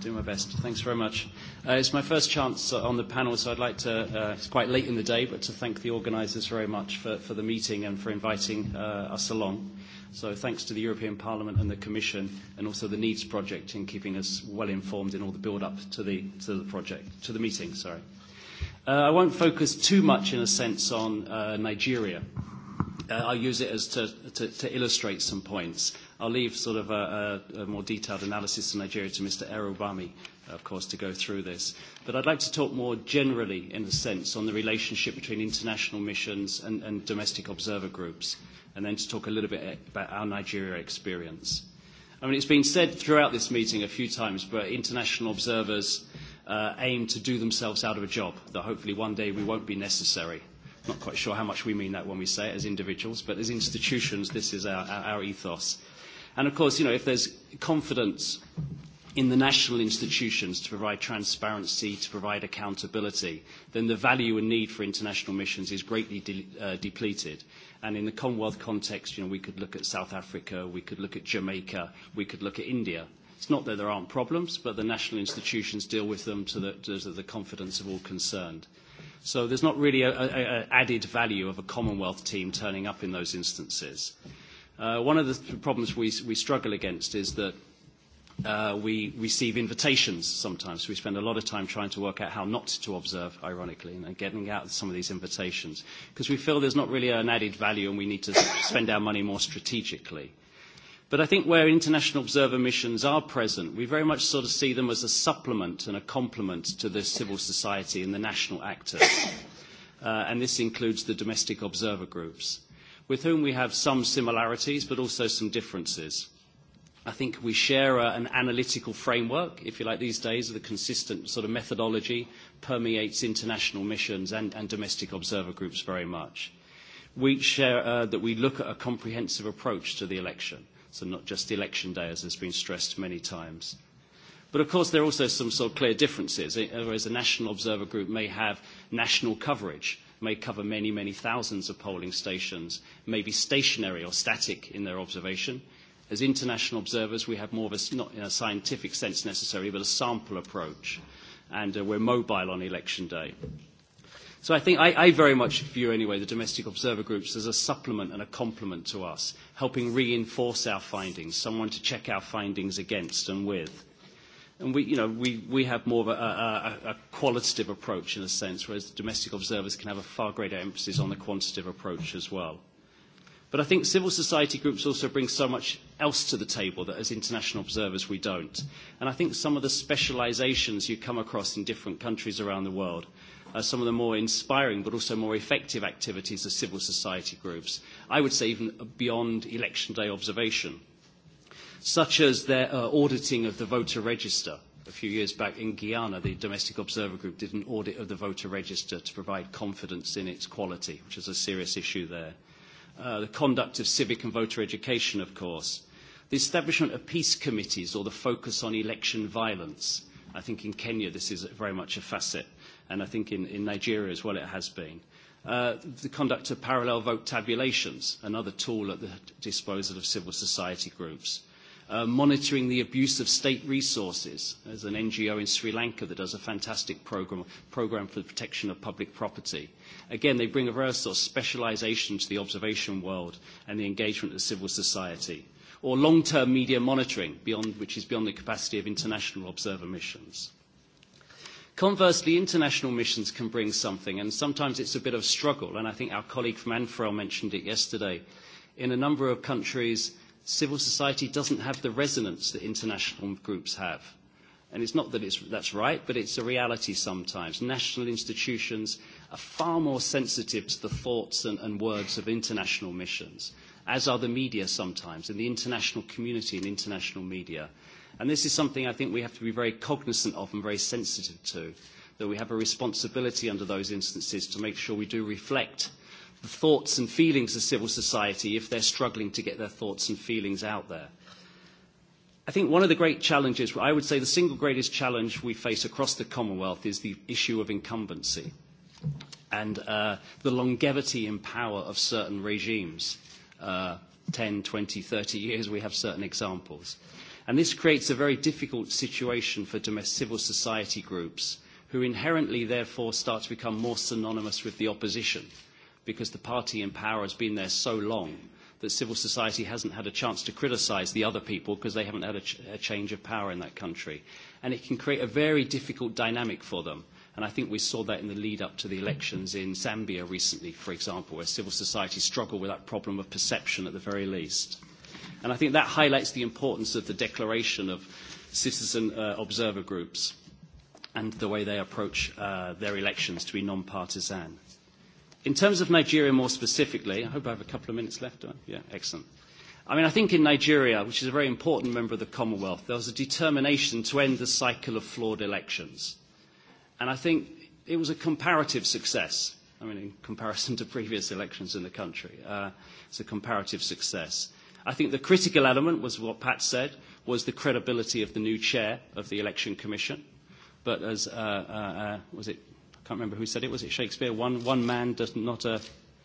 Do my best. Thanks very much. Uh, it's my first chance on the panel, so I'd like to, uh, it's quite late in the day, but to thank the organisers very much for, for the meeting and for inviting uh, us along. So thanks to the European Parliament and the Commission and also the Needs Project in keeping us well informed in all the build-up to the, to the project, to the meeting, sorry. Uh, I won't focus too much, in a sense, on uh, Nigeria Uh, I'll use it as to, to, to illustrate some points. I'll leave sort of a, a, a more detailed analysis of Nigeria to Mr. Erobami, of course, to go through this. But I'd like to talk more generally, in a sense, on the relationship between international missions and, and domestic observer groups, and then to talk a little bit about our Nigeria experience. I mean, it's been said throughout this meeting a few times, but international observers uh, aim to do themselves out of a job, that hopefully one day we won't be necessary not quite sure how much we mean that when we say it as individuals, but as institutions, this is our, our, our ethos. And of course, you know, if there's confidence in the national institutions to provide transparency, to provide accountability, then the value and need for international missions is greatly de uh, depleted. And in the Commonwealth context, you know, we could look at South Africa, we could look at Jamaica, we could look at India. It's not that there aren't problems, but the national institutions deal with them to the, to the confidence of all concerned. So there's not really an added value of a Commonwealth team turning up in those instances. Uh, one of the problems we, we struggle against is that uh, we receive invitations sometimes. We spend a lot of time trying to work out how not to observe, ironically, and getting out some of these invitations because we feel there's not really an added value and we need to spend our money more strategically. But I think where international observer missions are present, we very much sort of see them as a supplement and a complement to the civil society and the national actors. Uh, and this includes the domestic observer groups, with whom we have some similarities but also some differences. I think we share a, an analytical framework, if you like, these days, the consistent sort of methodology permeates international missions and, and domestic observer groups very much. We share uh, that we look at a comprehensive approach to the election so not just election day, as has been stressed many times. But of course, there are also some sort of clear differences. Eh, whereas a national observer group may have national coverage, may cover many, many thousands of polling stations, may be stationary or static in their observation. As international observers, we have more of a, not in a scientific sense necessarily, but a sample approach, and uh, we're mobile on election day. So I think I, I very much view, anyway, the domestic observer groups as a supplement and a complement to us, helping reinforce our findings, someone to check our findings against and with. And we, you know, we, we have more of a, a, a qualitative approach in a sense, whereas domestic observers can have a far greater emphasis on the quantitative approach as well. But I think civil society groups also bring so much else to the table that as international observers we don't. And I think some of the specializations you come across in different countries around the world uh, some of the more inspiring but also more effective activities of civil society groups. I would say even beyond election day observation, such as their uh, auditing of the voter register. A few years back in Guyana, the Domestic Observer Group did an audit of the voter register to provide confidence in its quality, which is a serious issue there. Uh, the conduct of civic and voter education, of course. The establishment of peace committees or the focus on election violence. I think in Kenya this is very much a facet and I think in, in Nigeria as well it has been. Uh, the conduct of parallel vote tabulations, another tool at the disposal of civil society groups. Uh, monitoring the abuse of state resources. There's an NGO in Sri Lanka that does a fantastic program, program for the protection of public property. Again, they bring a very sort of specialization to the observation world and the engagement of civil society. Or long-term media monitoring, beyond, which is beyond the capacity of international observer missions. Conversely, international missions can bring something, and sometimes it's a bit of a struggle, and I think our colleague from ANFREL mentioned it yesterday. In a number of countries, civil society doesn't have the resonance that international groups have. And it's not that it's, that's right, but it's a reality sometimes. National institutions are far more sensitive to the thoughts and, and words of international missions, as are the media sometimes, and the international community and international media. And this is something I think we have to be very cognizant of and very sensitive to, that we have a responsibility under those instances to make sure we do reflect the thoughts and feelings of civil society if they're struggling to get their thoughts and feelings out there. I think one of the great challenges, I would say the single greatest challenge we face across the Commonwealth is the issue of incumbency and uh, the longevity in power of certain regimes. Uh, 10, 20, 30 years, we have certain examples. Uh, And this creates a very difficult situation for domestic civil society groups, who inherently therefore start to become more synonymous with the opposition, because the party in power has been there so long that civil society hasn't had a chance to criticise the other people because they haven't had a, ch a change of power in that country. And it can create a very difficult dynamic for them. And I think we saw that in the lead up to the elections in Zambia recently, for example, where civil society struggled with that problem of perception at the very least. And I think that highlights the importance of the declaration of citizen uh, observer groups and the way they approach uh, their elections to be non-partisan. In terms of Nigeria more specifically, I hope I have a couple of minutes left. Don't I? Yeah, excellent. I mean, I think in Nigeria, which is a very important member of the Commonwealth, there was a determination to end the cycle of flawed elections. And I think it was a comparative success. I mean, in comparison to previous elections in the country, uh, it's a comparative success. I think the critical element was what Pat said, was the credibility of the new chair of the Election Commission. But as, uh, uh, uh, was it, I can't remember who said it, was it Shakespeare? One, one man does not a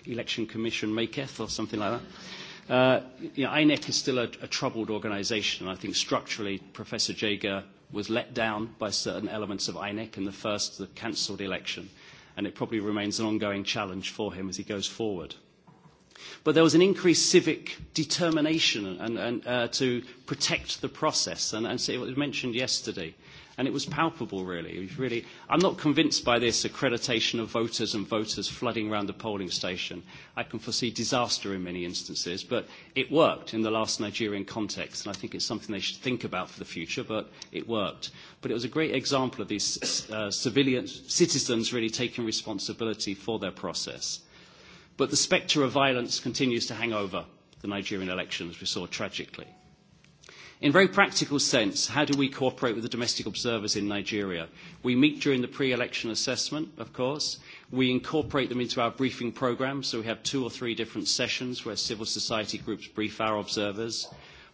election commission maketh, or something like that. Uh, you know, INEC is still a, a troubled organisation. I think structurally, Professor Jager was let down by certain elements of INEC in the first, the cancelled election, and it probably remains an ongoing challenge for him as he goes forward. But there was an increased civic determination and, and, uh, to protect the process, and, and so it was mentioned yesterday. And it was palpable, really. It was really. I'm not convinced by this accreditation of voters and voters flooding around the polling station. I can foresee disaster in many instances, but it worked in the last Nigerian context, and I think it's something they should think about for the future, but it worked. But it was a great example of these uh, civilian, citizens really taking responsibility for their process. But the spectre of violence continues to hang over the Nigerian elections we saw tragically. In a very practical sense, how do we cooperate with the domestic observers in Nigeria? We meet during the pre-election assessment, of course. We incorporate them into our briefing programme, so we have two or three different sessions where civil society groups brief our observers.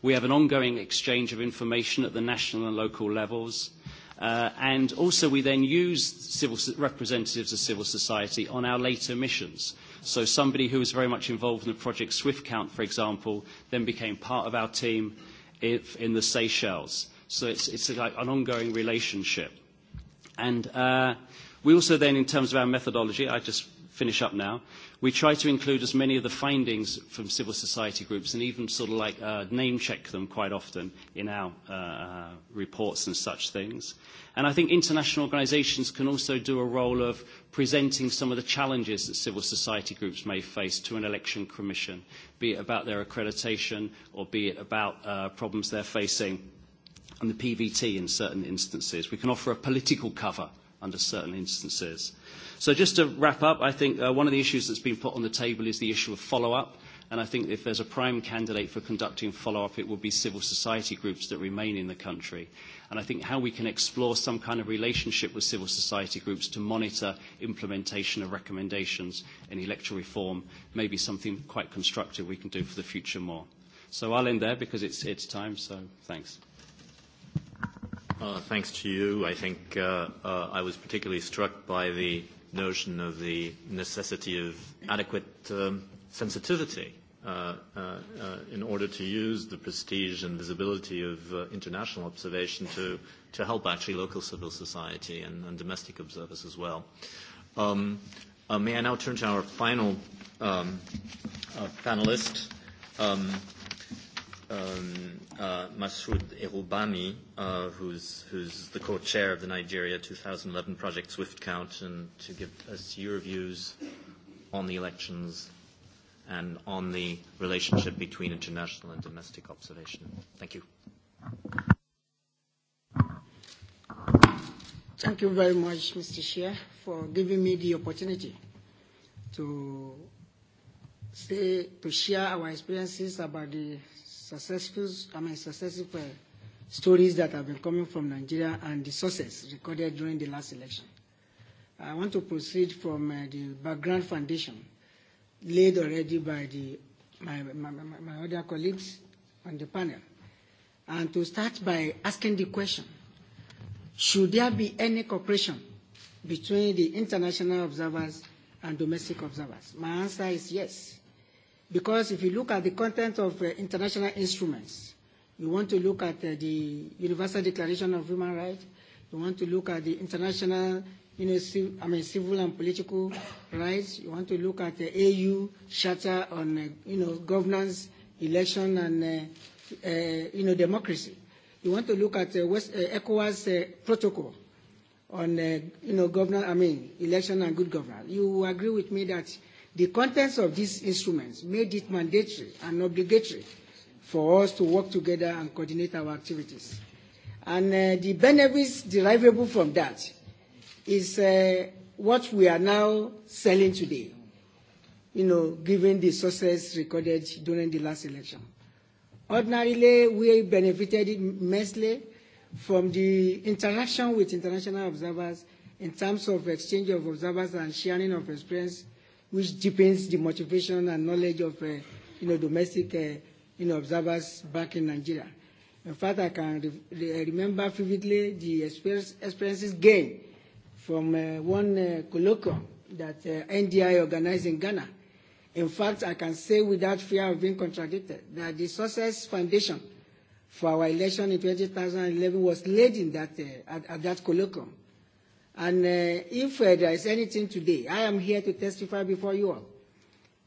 We have an ongoing exchange of information at the national and local levels. Uh, and also we then use civil representatives of civil society on our later missions. So somebody who was very much involved in the project SwiftCount, for example, then became part of our team if, in the Seychelles. So it's, it's like an ongoing relationship. And uh, we also then, in terms of our methodology, I just finish up now, we try to include as many of the findings from civil society groups and even sort of like uh, name check them quite often in our uh, uh reports and such things. And I think international organisations can also do a role of presenting some of the challenges that civil society groups may face to an election commission, be it about their accreditation or be it about uh, problems they're facing and the PVT in certain instances. We can offer a political cover under certain instances. So just to wrap up, I think uh, one of the issues that's been put on the table is the issue of follow-up. And I think if there's a prime candidate for conducting follow-up, it will be civil society groups that remain in the country. And I think how we can explore some kind of relationship with civil society groups to monitor implementation of recommendations in electoral reform may be something quite constructive we can do for the future more. So I'll end there because it's, it's time, so thanks. Uh, thanks to you. I think uh, uh, I was particularly struck by the notion of the necessity of adequate um, sensitivity uh, uh, uh, in order to use the prestige and visibility of uh, international observation to, to help actually local civil society and, and domestic observers as well. Um, uh, may I now turn to our final um, uh, panelist? Um, um, uh, Masoud Erubami, uh, who's, who's the co-chair of the Nigeria 2011 Project Swift Count, and to give us your views on the elections and on the relationship between international and domestic observation. Thank you. Thank you very much, Mr. Chair, for giving me the opportunity to say, to share our experiences about the successful, I mean, successful uh, stories that have been coming from Nigeria and the sources recorded during the last election. I want to proceed from uh, the background foundation laid already by the, my, my, my, my other colleagues on the panel, and to start by asking the question, should there be any cooperation between the international observers and domestic observers? My answer is yes. Because if you look at the content of uh, international instruments, you want to look at uh, the Universal Declaration of Human Rights, you want to look at the international you know, civ- I mean, civil and political rights, you want to look at the AU Charter on uh, you know, governance, election, and uh, uh, you know, democracy. You want to look at uh, West, uh, ECOWAS uh, protocol on uh, you know, governance, I mean, election and good governance. You agree with me that The contents of these instruments made it mandatory and obligatory for us to work together and coordinate our activities. And uh, the benefits derivable from that is uh, what we are now selling today, you know, given the success recorded during the last election. Ordinarily, we benefited immensely from the interaction with international observers in terms of exchange of observers and sharing of experience which deepens the motivation and knowledge of uh, you know, domestic uh, you know, observers back in Nigeria. In fact, I can re re uh, remember vividly the experience, experiences gained from uh, one uh, colloquium that uh, NDI organized in Ghana. In fact, I can say without fear of being contradicted that the success foundation for our election in 2011 was laid in that, uh, at, at that colloquium. And uh, if uh, there is anything today, I am here to testify before you all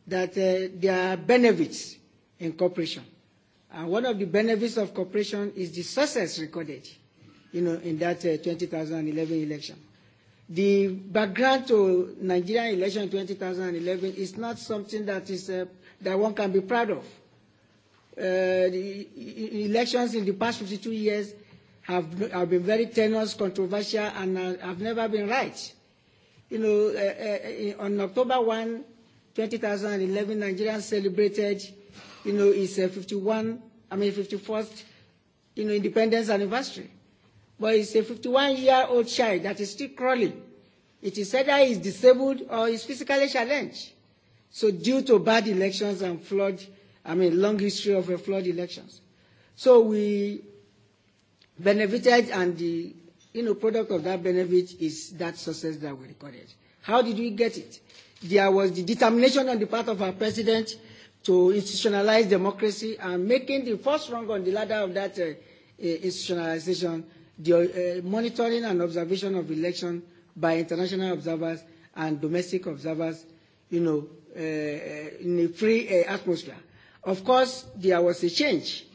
that uh, there are benefits in cooperation. And one of the benefits of cooperation is the success recorded you know, in that uh, 2011 election. The background to Nigerian election in 2011 is not something that, is, uh, that one can be proud of. Uh, the e-, e-, elections in the past 52 years I've, I've been very tenuous, controversial, and I, I've never been right. You know, uh, uh, on October 1, 2011, Nigeria celebrated, you know, its uh, 51, I mean, 51st, you know, independence anniversary. But it's a 51-year-old child that is still crawling. It is either he's disabled or is physically challenged. So due to bad elections and flood, I mean, long history of a flood elections. So we benefited and the you know, product of that benefit is that success that we recorded. How did we get it? There was the determination on the part of our president to institutionalize democracy and making the first rung on the ladder of that uh, uh, institutionalization the uh, monitoring and observation of election by international observers and domestic observers, you know, uh, uh in a free uh, atmosphere. Of course, there was a change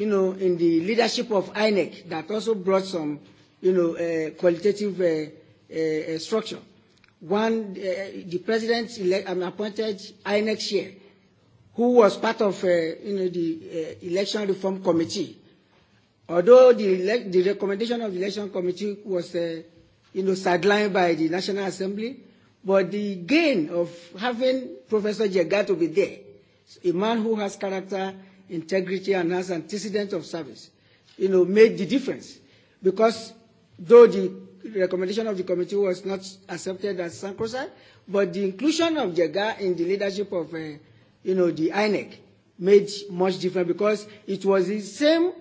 you know, in the leadership of INEC that also brought some, you know, uh, qualitative uh, uh, uh, structure. One, uh, the president elect, um, appointed INEC chair, who was part of, uh, you know, the uh, election reform committee. Although the, the recommendation of the election committee was, uh, you know, sidelined by the National Assembly, but the gain of having Professor Jega to be there, a man who has character integrity and as antecedent of service, you know, made the difference. Because though the recommendation of the committee was not accepted as sacrosanct, but the inclusion of JEGA in the leadership of, uh, you know, the INEC made much difference because it was the same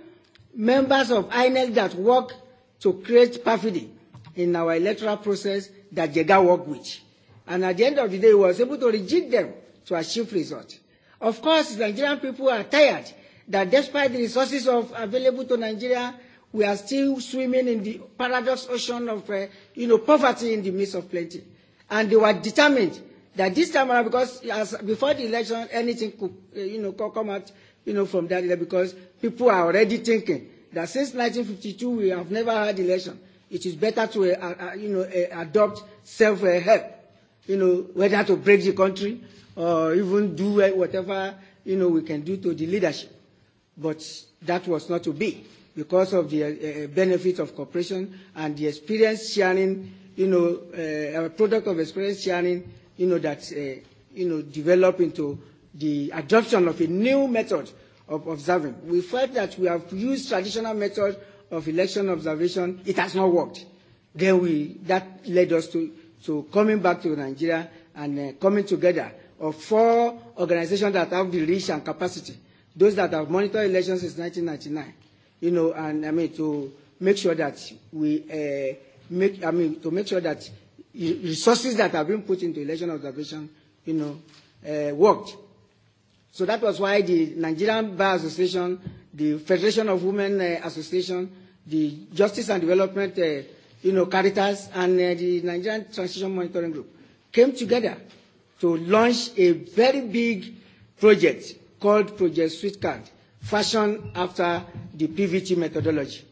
members of INEC that worked to create perfidy in our electoral process that JEGA worked with. And at the end of the day, he was able to reject them to achieve results. Of course, the Nigerian people are tired that despite the resources of, available to Nigeria, we are still swimming in the paradox ocean of uh, you know, poverty in the midst of plenty. And they were determined that this time around, because as before the election, anything could uh, you know, could come out you know, from that, because people are already thinking that since 1952 we have never had election. It is better to uh, uh, uh you know, uh, adopt self-help uh, you know, whether to break the country or even do whatever, you know, we can do to the leadership. But that was not to be because of the uh, uh, benefit of cooperation and the experience sharing, you know, uh, a product of experience sharing, you know, that, uh, you know, develop into the adoption of a new method of observing. We felt that we have used traditional method of election observation. It has not worked. Then we, that led us to to coming back to Nigeria and uh, coming together of four organizations that have the reach and capacity, those that have monitored elections since 1999, you know, and I mean to make sure that we uh, make, I mean to make sure that resources that have been put into election observation, you know, uh, worked. So that was why the Nigerian Bar Association, the Federation of Women uh, Association, the Justice and Development uh, you know, Caritas and uh, the Nigerian Transition Monitoring Group came together to launch a very big project called Project Sweet Card, fashioned after the PVT methodology.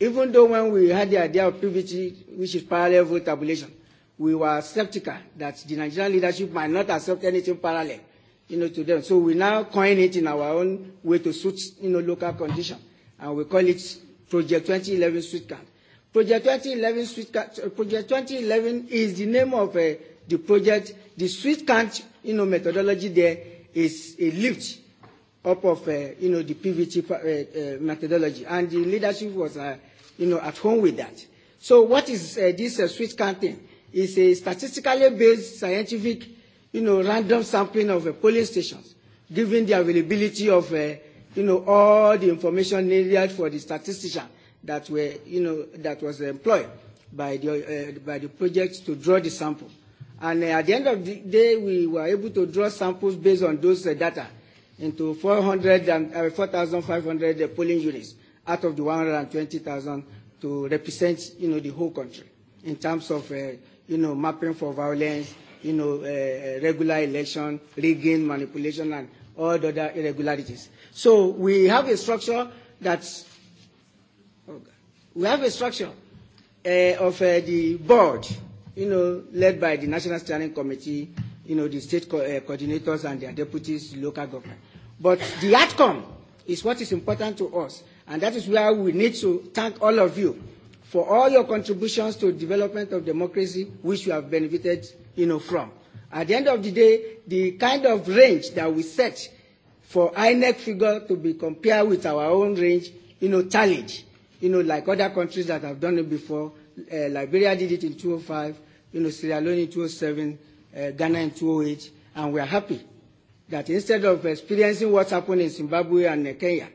Even though when we had the idea of PVT, which is parallel vote tabulation, we were skeptical that the Nigerian leadership might not accept anything parallel, you know, to them. So we now coin it in our own way to suit, you know, local condition, and we call it Project 2011 Sweet Card. Project 2011, Swiss, uh, Project 2011 is the name of uh, the project. The Sweet count you know, methodology there is a lift up of uh, you know, the PVT uh, uh, methodology, and the leadership was uh, you know, at home with that. So what is uh, this uh, Swiss thing? It's a statistically based scientific you know, random sampling of uh, polling stations, given the availability of uh, you know, all the information needed for the statistician that were, you know, that was employed by the, uh, by the project to draw the sample. And uh, at the end of the day, we were able to draw samples based on those uh, data into 400 and, uh, 4,500 uh, polling units out of the 120,000 to represent, you know, the whole country in terms of, uh, you know, mapping for violence, you know, uh, regular election, rigging, manipulation, and all the other irregularities. So we have a structure that We have a structure uh, of uh, the board, you know, led by the National Steering Committee, you know, the state co- uh, coordinators and their deputies, local government. But the outcome is what is important to us, and that is where we need to thank all of you for all your contributions to development of democracy, which you have benefited, you know, from. At the end of the day, the kind of range that we set for INEC figure to be compared with our own range, you know, challenge you know, like other countries that have done it before, uh, Liberia did it in 2005, you know, Sierra Leone in 2007, uh, Ghana in 2008, and we are happy that instead of experiencing what happened in Zimbabwe and uh, Kenya,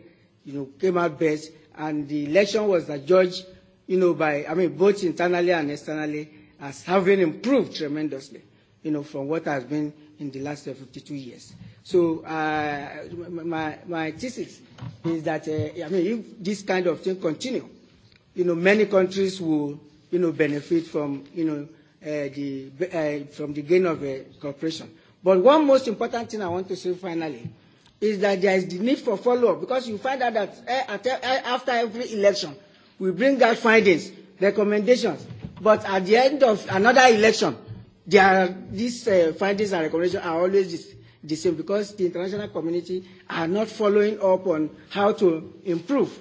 you know, came out best, and the election was judged, you know, by, I mean, both internally and externally, as having improved tremendously, you know, from what has been in the last uh, 52 years. So uh, my, my thesis is that, uh, I mean, if this kind of thing continue, you know, many countries will, you know, benefit from, you know, uh, the, uh, from the gain of uh, cooperation. But one most important thing I want to say finally is that there is the need for follow-up because you find out that uh, at, uh, after every election, we bring out findings, recommendations, but at the end of another election, there are, these uh, findings and recommendations are always the same because the international community are not following up on how to improve,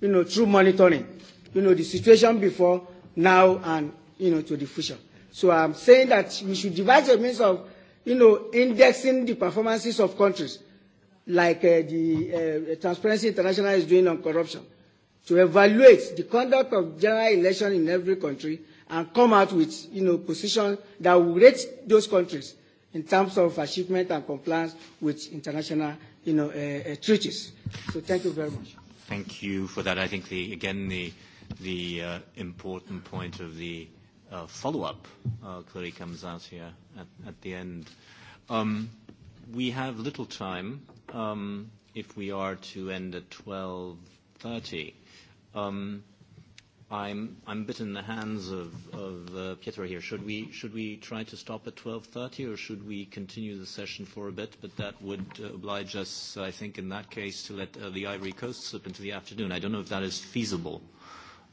you know, through monitoring, you know, the situation before, now, and, you know, to the future. So I'm saying that we should devise a means of, you know, indexing the performances of countries, like uh, the uh, Transparency International is doing on corruption, to evaluate the conduct of general election in every country and come out with, you know, position that will rate those countries in terms of achievement and compliance with international you know, uh, uh, treaties. So thank you very much. Thank you for that. I think, the, again, the, the uh, important point of the uh, follow-up uh, clearly comes out here at, at the end. Um, we have little time um, if we are to end at 12.30. Um, I'm I'm a bit in the hands of of uh, Pietro here. Should we should we try to stop at 12:30, or should we continue the session for a bit? But that would uh, oblige us, I think, in that case, to let uh, the Ivory Coast slip into the afternoon. I don't know if that is feasible.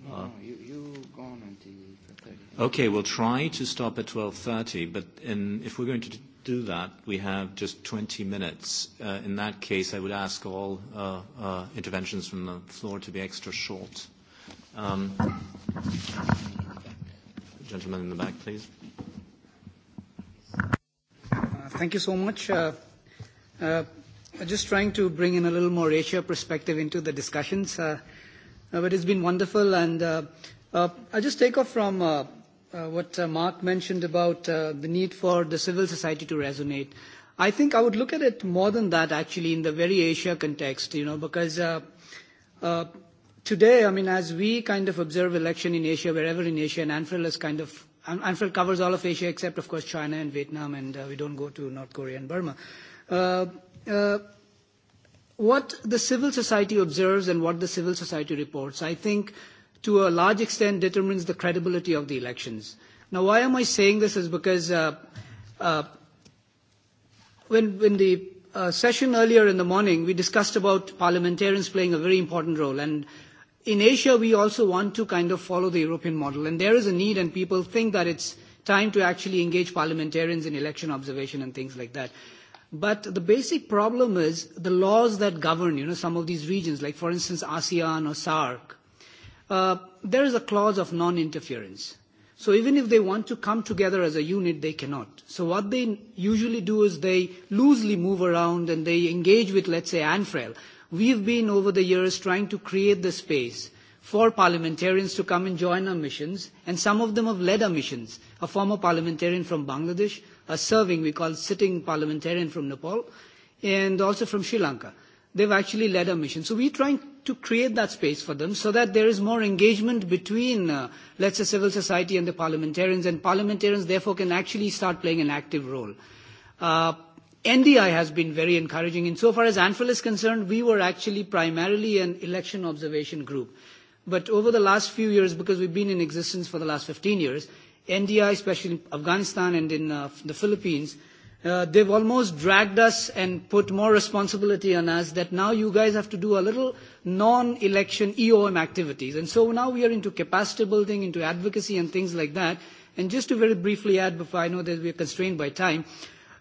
No, uh, no, you you go on until 12:30. Okay, we'll try to stop at 12:30, but in, if we're going to do that, we have just 20 minutes. Uh, in that case, I would ask all uh, uh, interventions from the floor to be extra short. Um, gentleman in the back, please. Uh, thank you so much. Uh, uh, just trying to bring in a little more Asia perspective into the discussions. Uh, but it's been wonderful. And uh, uh, I'll just take off from uh, uh, what uh, Mark mentioned about uh, the need for the civil society to resonate. I think I would look at it more than that, actually, in the very Asia context, you know, because uh, uh, today, I mean, as we kind of observe election in Asia, wherever in Asia, and ANFRIL is kind of, ANFRIL covers all of Asia except, of course, China and Vietnam, and uh, we don't go to North Korea and Burma. Uh, uh, what the civil society observes and what the civil society reports, I think, to a large extent, determines the credibility of the elections. Now, why am I saying this is because uh, uh, when, when the uh, session earlier in the morning, we discussed about parliamentarians playing a very important role. And in Asia, we also want to kind of follow the European model, and there is a need, and people think that it's time to actually engage parliamentarians in election observation and things like that. But the basic problem is the laws that govern, you know, some of these regions, like for instance ASEAN or SARC. Uh, there is a clause of non-interference. So even if they want to come together as a unit, they cannot. So what they usually do is they loosely move around and they engage with, let's say, ANFREL We've been over the years trying to create the space for parliamentarians to come and join our missions, and some of them have led our missions. A former parliamentarian from Bangladesh, a serving, we call sitting parliamentarian from Nepal, and also from Sri Lanka. They've actually led our mission. So we're trying to create that space for them so that there is more engagement between, uh, let's say, civil society and the parliamentarians, and parliamentarians therefore can actually start playing an active role. Uh, NDI has been very encouraging. Insofar as ANFIL is concerned, we were actually primarily an election observation group. But over the last few years, because we've been in existence for the last 15 years, NDI, especially in Afghanistan and in uh, the Philippines, uh, they've almost dragged us and put more responsibility on us that now you guys have to do a little non-election EOM activities. And so now we are into capacity building, into advocacy and things like that. And just to very briefly add, before I know that we are constrained by time, uh,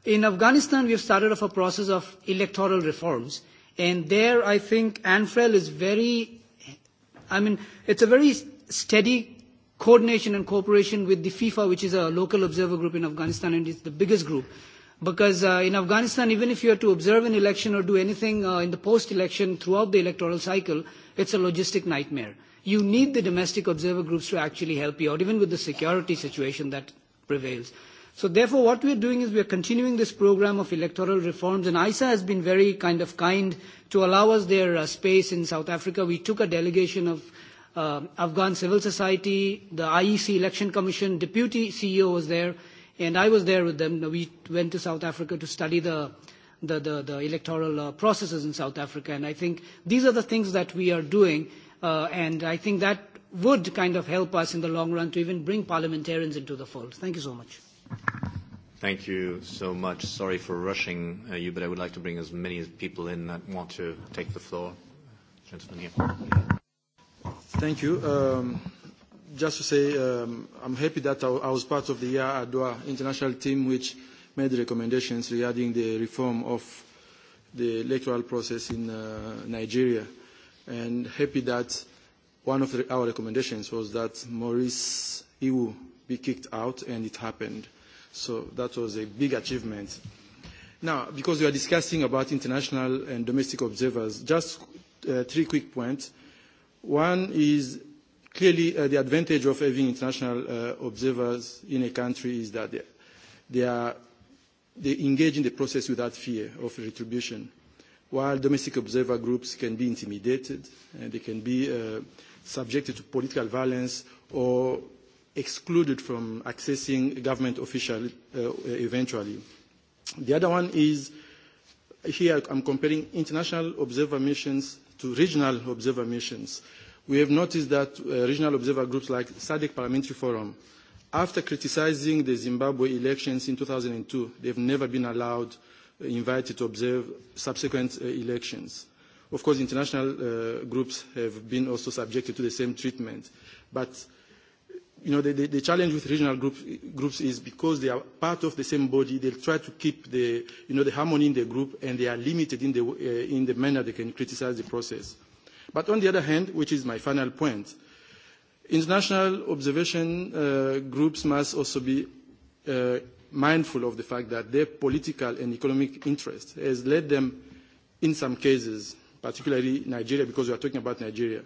In Afghanistan, we have started off a process of electoral reforms. And there, I think ANFREL is very, I mean, it's a very steady coordination and cooperation with the FIFA, which is a local observer group in Afghanistan, and it's the biggest group. Because uh, in Afghanistan, even if you are to observe an election or do anything uh, in the post-election throughout the electoral cycle, it's a logistic nightmare. You need the domestic observer groups to actually help you out, even with the security situation that prevails. So therefore, what we are doing is we are continuing this program of electoral reforms, and ISA has been very kind of kind to allow us their uh, space in South Africa. We took a delegation of uh, Afghan civil society, the IEC Election Commission, deputy CEO was there, and I was there with them. We went to South Africa to study the the, the, the electoral uh, processes in South Africa, and I think these are the things that we are doing, uh, and I think that would kind of help us in the long run to even bring parliamentarians into the fold. Thank you so much. Thank you so much. Sorry for rushing uh, you, but I would like to bring as many people in that want to take the floor. Gentleman here. Thank you. Um, just to say, um, I'm happy that I, I was part of the year Adwa international team, which made recommendations regarding the reform of the electoral process in uh, Nigeria. And happy that one of the, our recommendations was that Maurice Iwu be kicked out, and it happened. So that was a big achievement. Now, because we are discussing about international and domestic observers, just uh, three quick points. One is clearly uh, the advantage of having international uh, observers in a country is that they, they, are, they engage in the process without fear of retribution. While domestic observer groups can be intimidated, and uh, they can be uh, subjected to political violence or excluded from accessing government official uh, eventually. The other one is here I'm comparing international observer missions to regional observer missions. We have noticed that uh, regional observer groups like SADC Parliamentary Forum, after criticizing the Zimbabwe elections in 2002, they've never been allowed, uh, invited to observe subsequent uh, elections. Of course, international uh, groups have been also subjected to the same treatment. But you know, the, the, the challenge with regional group, groups is because they are part of the same body, they try to keep the, you know, the harmony in the group and they are limited in the, uh, in the manner they can criticize the process. But on the other hand, which is my final point, international observation uh, groups must also be uh, mindful of the fact that their political and economic interest has led them, in some cases, particularly Nigeria, because we are talking about Nigeria,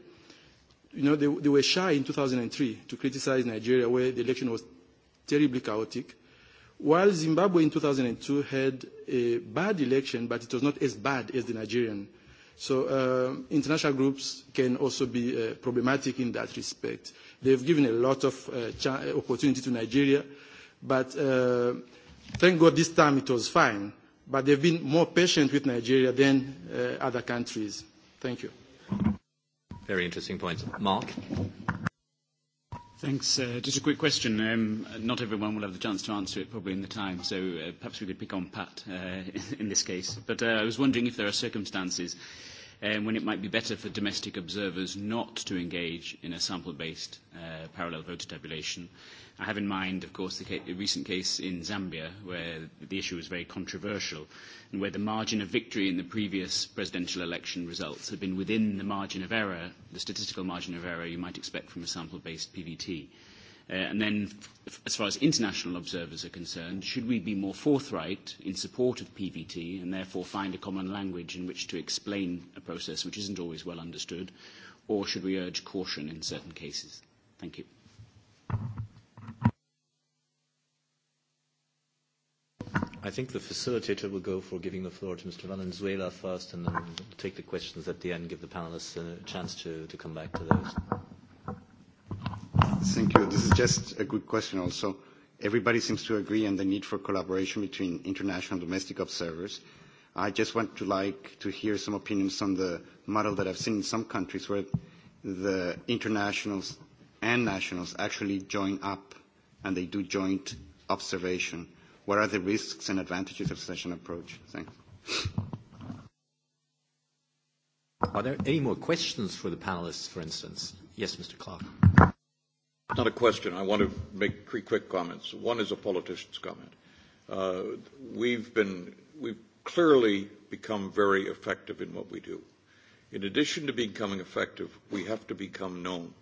you know, they, they were shy in 2003 to criticize Nigeria where the election was terribly chaotic, while Zimbabwe in 2002 had a bad election, but it was not as bad as the Nigerian. So uh, international groups can also be uh, problematic in that respect. They've given a lot of uh, cha- uh, opportunity to Nigeria, but uh, thank God this time it was fine. But they've been more patient with Nigeria than uh, other countries. Thank you very interesting points. Mark? Thanks. Uh, just a quick question. Um, not everyone will have the chance to answer it probably in the time, so uh, perhaps we could pick on Pat uh, in this case. But uh, I was wondering if there are circumstances um, when it might be better for domestic observers not to engage in a sample-based uh, parallel voter tabulation. I have in mind, of course, the, ca- recent case in Zambia, where the issue was very controversial, and where the margin of victory in the previous presidential election results had been within the margin of error, the statistical margin of error you might expect from a sample-based PVT. Uh, and then, as far as international observers are concerned, should we be more forthright in support of PVT and therefore find a common language in which to explain a process which isn't always well understood, or should we urge caution in certain cases? Thank you. I think the facilitator will go for giving the floor to Mr. Valenzuela first, and then take the questions at the end, give the panelists a chance to, to come back to those. Thank you. This is just a good question also. Everybody seems to agree on the need for collaboration between international and domestic observers. I just want to like to hear some opinions on the model that I've seen in some countries where the internationals and nationals actually join up and they do joint observation. What are the risks and advantages of such an approach? Thanks. Are there any more questions for the panelists, for instance? Yes, Mr. Clark. Not a question. I want to make three quick comments. One is a politician's comment. Uh, we've been, we've clearly become very effective in what we do. In addition to becoming effective, we have to become known.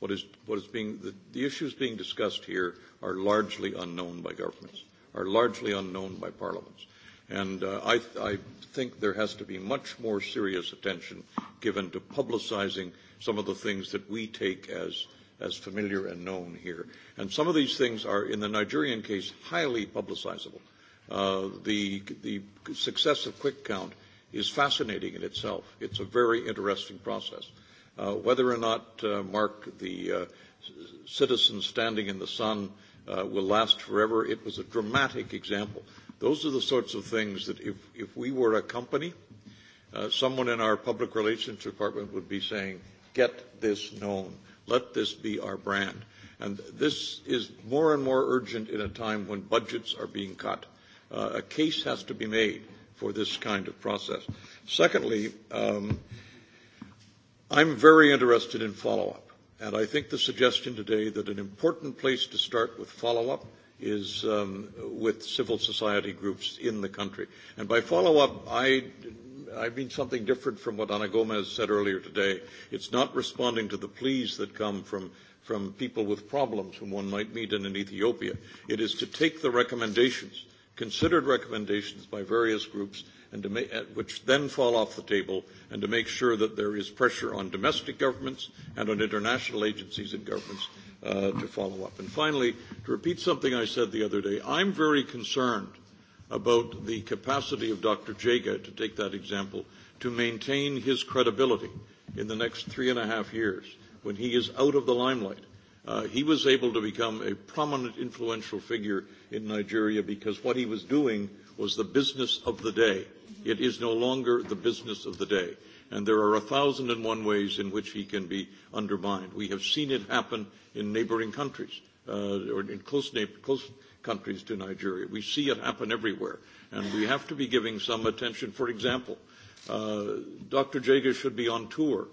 What is, what is being, the, the issues being discussed here are largely unknown by governments, are largely unknown by parliaments. And uh, I, I think there has to be much more serious attention given to publicizing some of the things that we take as as familiar and known here. And some of these things are, in the Nigerian case, highly publicizable. Uh, the, the success of quick count is fascinating in itself. It's a very interesting process. Uh, whether or not, uh, Mark, the uh, citizen standing in the sun uh, will last forever, it was a dramatic example. Those are the sorts of things that if, if we were a company, uh, someone in our public relations department would be saying, get this known. Let this be our brand. And this is more and more urgent in a time when budgets are being cut. Uh, a case has to be made for this kind of process. Secondly, um, I'm very interested in follow-up. And I think the suggestion today that an important place to start with follow-up is um, with civil society groups in the country. And by follow-up, I i mean something different from what Ana Gomez said earlier today. It's not responding to the pleas that come from, from people with problems whom one might meet in an Ethiopia. It is to take the recommendations, considered recommendations by various groups, and to make, which then fall off the table, and to make sure that there is pressure on domestic governments and on international agencies and governments uh, to follow up. And finally, to repeat something I said the other day, I'm very concerned – about the capacity of Dr. Jaga, to take that example, to maintain his credibility in the next three and a half years when he is out of the limelight. Uh, he was able to become a prominent, influential figure in Nigeria because what he was doing was the business of the day. It is no longer the business of the day. And there are a thousand and one ways in which he can be undermined. We have seen it happen in neighboring countries, uh, or in close, neighbor, close countries to Nigeria. We see it happen everywhere, and we have to be giving some attention. For example, uh, Dr. Jager should be on tour.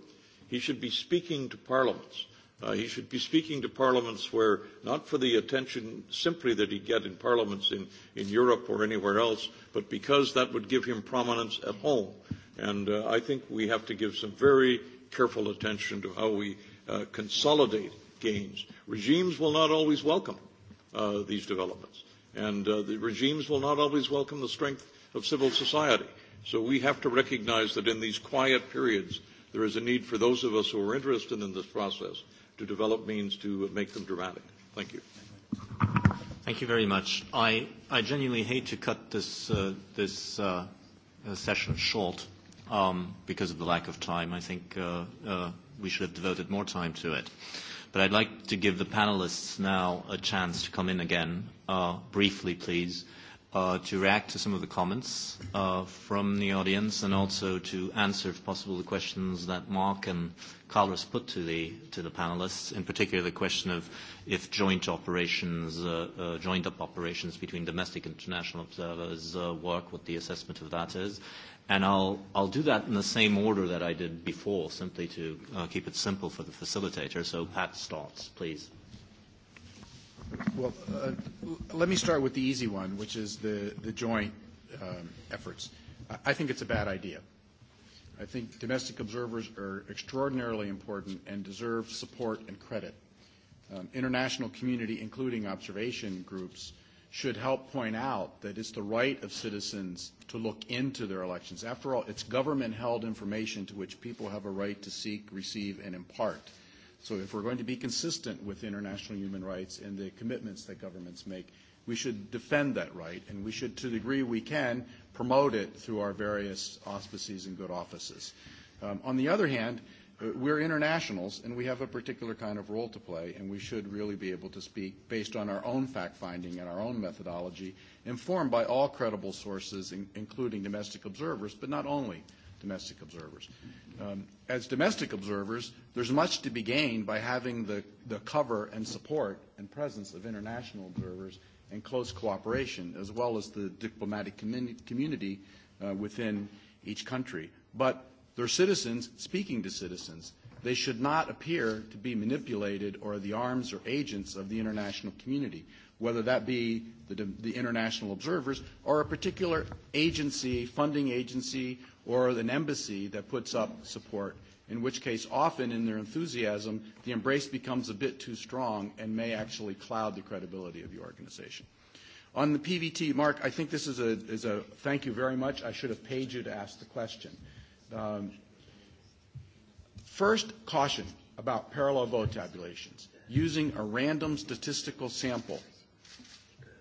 He should be speaking to parliaments. Uh, he should be speaking to parliaments where, not for the attention simply that he'd get in parliaments in, in Europe or anywhere else, but because that would give him prominence at home. And uh, I think we have to give some very careful attention to how we uh, consolidate gains. Regimes will not always welcome uh, these developments. And uh, the regimes will not always welcome the strength of civil society. So we have to recognize that in these quiet periods, there is a need for those of us who are interested in this process to develop means to make them dramatic. Thank you. Thank you very much. I, I genuinely hate to cut this, uh, this uh, uh session short um, because of the lack of time. I think uh, uh, we should have devoted more time to it. But I'd like to give the panelists now a chance to come in again, uh, briefly, please uh, to react to some of the comments uh, from the audience and also to answer, if possible, the questions that Mark and Carlos put to the, to the panelists, in particular the question of if joint operations, uh, uh, joined up operations between domestic and international observers uh, work, what the assessment of that is. And I'll, I'll do that in the same order that I did before, simply to uh, keep it simple for the facilitator. So Pat starts, please. Well, uh, let me start with the easy one, which is the, the joint um, efforts. I think it's a bad idea. I think domestic observers are extraordinarily important and deserve support and credit. Um, international community, including observation groups, should help point out that it's the right of citizens to look into their elections. After all, it's government-held information to which people have a right to seek, receive, and impart. So if we're going to be consistent with international human rights and the commitments that governments make, we should defend that right, and we should, to the degree we can, promote it through our various auspices and good offices. Um, on the other hand, uh, we're internationals, and we have a particular kind of role to play, and we should really be able to speak based on our own fact-finding and our own methodology, informed by all credible sources, in, including domestic observers, but not only domestic observers. Um, as domestic observers, there's much to be gained by having the, the cover and support and presence of international observers and close cooperation, as well as the diplomatic commun- community uh, within each country. But they're citizens speaking to citizens. They should not appear to be manipulated or the arms or agents of the international community, whether that be the, the international observers or a particular agency, funding agency, or an embassy that puts up support, in which case often in their enthusiasm, the embrace becomes a bit too strong and may actually cloud the credibility of the organization. On the PVT, Mark, I think this is a, is a thank you very much. I should have paid you to ask the question. Um, first, caution about parallel vote tabulations. Using a random statistical sample,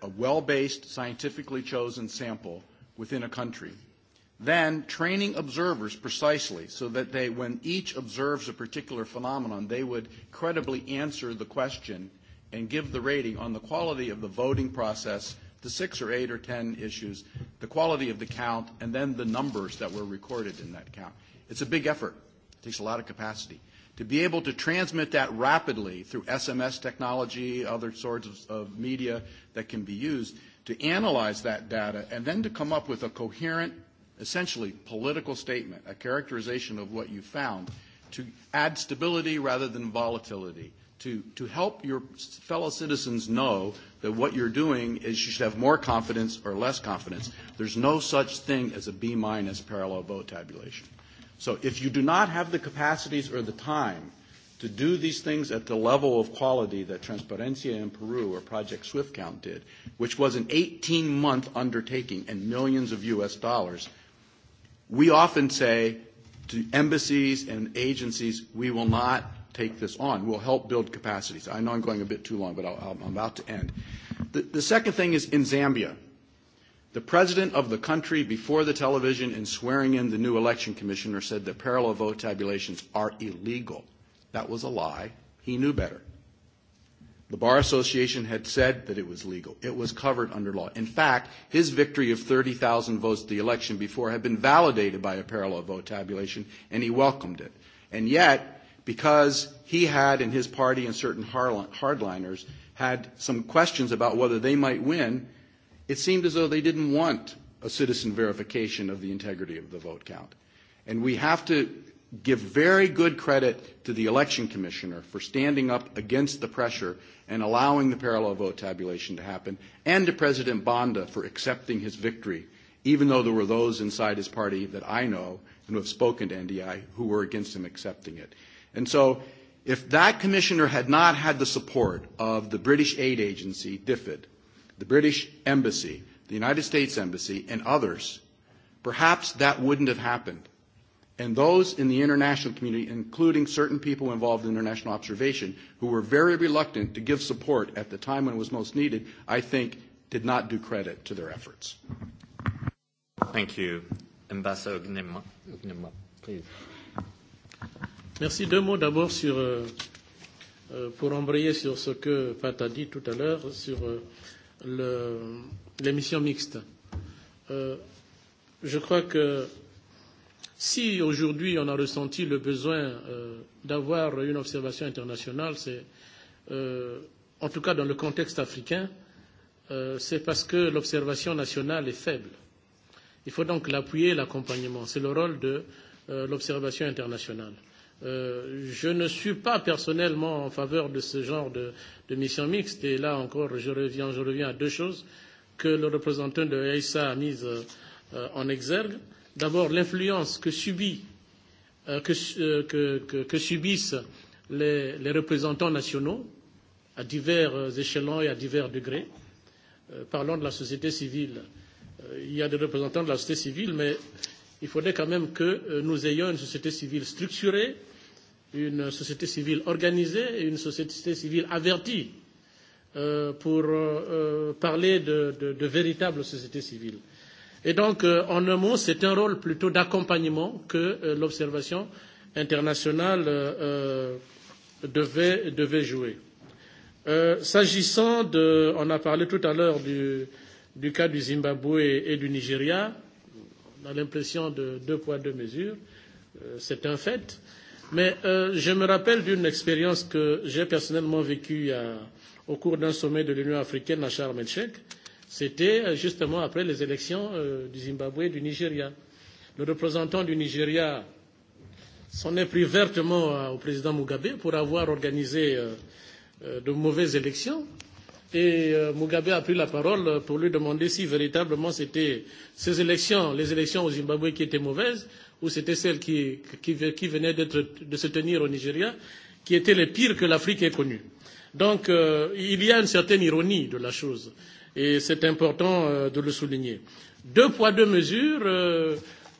a well-based, scientifically chosen sample within a country Then training observers precisely so that they, when each observes a particular phenomenon, they would credibly answer the question and give the rating on the quality of the voting process, the six or eight or ten issues, the quality of the count, and then the numbers that were recorded in that count. It's a big effort. It takes a lot of capacity. To be able to transmit that rapidly through SMS technology, other sorts of, of media that can be used, to analyze that data, and then to come up with a coherent essentially political statement, a characterization of what you found, to add stability rather than volatility, to, to help your fellow citizens know that what you're doing is you should have more confidence or less confidence. There's no such thing as a B minus parallel vote tabulation. So if you do not have the capacities or the time to do these things at the level of quality that Transparencia in Peru or Project SwiftCount did, which was an 18 month undertaking and millions of US dollars, We often say to embassies and agencies, we will not take this on. We'll help build capacities. I know I'm going a bit too long, but I'll, I'm about to end. The, the second thing is in Zambia. The president of the country, before the television and swearing in the new election commissioner, said that parallel vote tabulations are illegal. That was a lie. He knew better. The Bar Association had said that it was legal. It was covered under law. In fact, his victory of 30,000 votes the election before had been validated by a parallel vote tabulation, and he welcomed it. And yet, because he had and his party and certain hardliners had some questions about whether they might win, it seemed as though they didn't want a citizen verification of the integrity of the vote count. And we have to give very good credit to the election commissioner for standing up against the pressure and allowing the parallel vote tabulation to happen, and to President Bonda for accepting his victory, even though there were those inside his party that I know and who have spoken to NDI who were against him accepting it. And so if that commissioner had not had the support of the British aid agency, DFID, the British embassy, the United States embassy, and others, perhaps that wouldn't have happened and those in the international community, including certain people involved in international observation, who were very reluctant to give support at the time when it was most needed, I think did not do credit to their efforts. Thank you. Ambassador Ognema, Ognema please. Merci. Deux mots d'abord sur, euh, euh, pour embrayer sur ce que Pat a dit tout à l'heure sur euh, le, les missions mixtes. Euh, je crois que si aujourd'hui on a ressenti le besoin euh, d'avoir une observation internationale, c'est euh, en tout cas dans le contexte africain, euh, c'est parce que l'observation nationale est faible. Il faut donc l'appuyer et l'accompagnement. C'est le rôle de euh, l'observation internationale. Euh, je ne suis pas personnellement en faveur de ce genre de, de mission mixte et là encore je reviens, je reviens à deux choses que le représentant de EISA a mises euh, en exergue. Euh, d'abord l'influence que, subit, euh, que, euh, que, que, que subissent les, les représentants nationaux à divers euh, échelons et à divers degrés. Euh, parlons de la société civile. Euh, il y a des représentants de la société civile, mais il faudrait quand même que euh, nous ayons une société civile structurée, une société civile organisée et une société civile avertie euh, pour euh, euh parler de, de, de véritable société civile. Et donc, euh, en un mot, c'est un rôle plutôt d'accompagnement que euh, l'observation internationale euh, devait, devait jouer. Euh, S'agissant de, on a parlé tout à l'heure du, du cas du Zimbabwe et, et du Nigeria, on a l'impression de deux poids deux mesures, euh, c'est un fait. Mais euh, je me rappelle d'une expérience que j'ai personnellement vécue à, euh, au cours d'un sommet de l'Union africaine à Sharm el-Sheikh, euh, C'était euh, justement après les élections euh, du Zimbabwe et du Nigeria. Le représentant du Nigeria s'en est pris vertement au président Mugabe pour avoir organisé euh, de mauvaises élections. Et Mugabe a pris la parole pour lui demander si véritablement c'était ces élections, les élections au Zimbabwe qui étaient mauvaises, ou c'était celles qui, qui, qui venaient de se tenir au Nigeria, qui étaient les pires que l'Afrique ait connues. Donc euh, il y a une certaine ironie de la chose. Euh, et c'est important euh, de le souligner. Deux poids, deux mesures euh,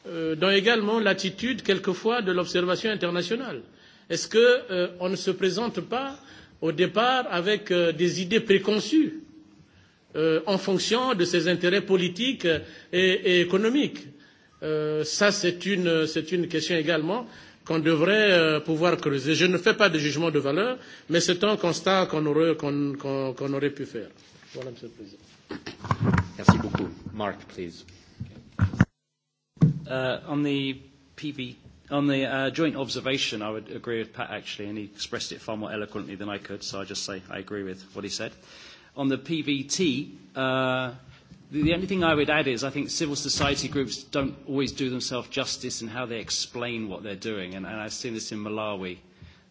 euh, dans également l'attitude quelquefois de l'observation internationale. Est-ce qu'on euh, ne se présente pas au départ avec euh, des idées préconçues euh, en fonction de ses intérêts politiques et, et économiques euh, Ça, c'est une, une question également qu'on devrait euh, pouvoir creuser. Je ne fais pas de jugement de valeur, mais c'est un constat qu'on aurait, qu qu qu aurait pu faire. Voilà, Monsieur le Président. Merci beaucoup. Mark, please. Uh, on the PV, on the uh, joint observation, I would agree with Pat actually, and he expressed it far more eloquently than I could, so I just say I agree with what he said. On the PVT, uh, The, the only thing I would add is I think civil society groups don't always do themselves justice in how they explain what they're doing. And, and I've seen this in Malawi.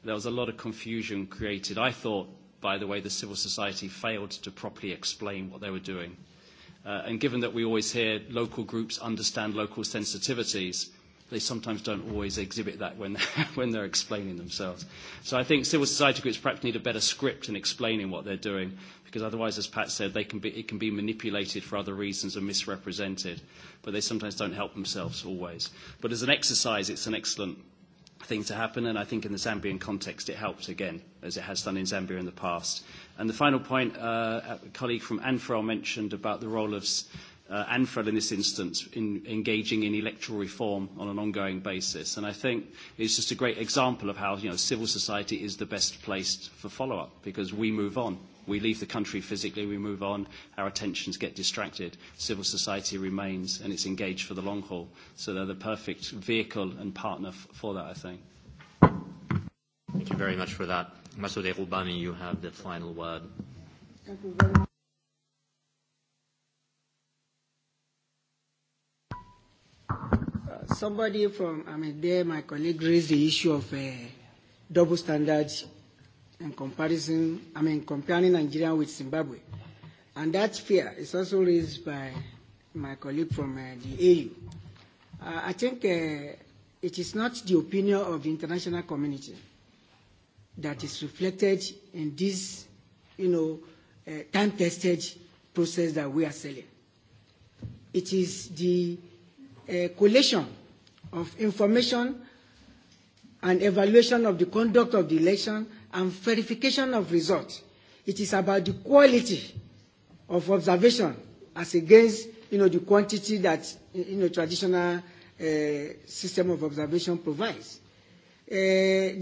There was a lot of confusion created. I thought, by the way, the civil society failed to properly explain what they were doing. Uh, and given that we always hear local groups understand local sensitivities, uh, they sometimes don't always exhibit that when, when they're explaining themselves. So I think civil society groups perhaps need a better script in explaining what they're doing, because otherwise, as Pat said, they can be, it can be manipulated for other reasons and misrepresented, but they sometimes don't help themselves always. But as an exercise, it's an excellent thing to happen, and I think in the Zambian context it helps again, as it has done in Zambia in the past. And the final point, uh, a colleague from ANFREL mentioned about the role of uh, ANFREL in this instance, in engaging in electoral reform on an ongoing basis. And I think it's just a great example of how you know, civil society is the best place for follow-up because we move on. We leave the country physically, we move on, our attentions get distracted. Civil society remains and it's engaged for the long haul. So they're the perfect vehicle and partner f- for that, I think. Thank you very much for that. Masoud Roubani, you have the final word. Thank you very much. Somebody from, I mean, there, my colleague raised the issue of uh, double standards and comparison, I mean, comparing Nigeria with Zimbabwe. And that fear is also raised by my colleague from uh, the AU. Uh, I think uh, it is not the opinion of the international community that is reflected in this, you know, uh, time-tested process that we are selling. It is the uh, coalition of information and evaluation of the conduct of the election and verification of results. It is about the quality of observation as against you know, the quantity that you know, traditional uh, system of observation provides. Uh,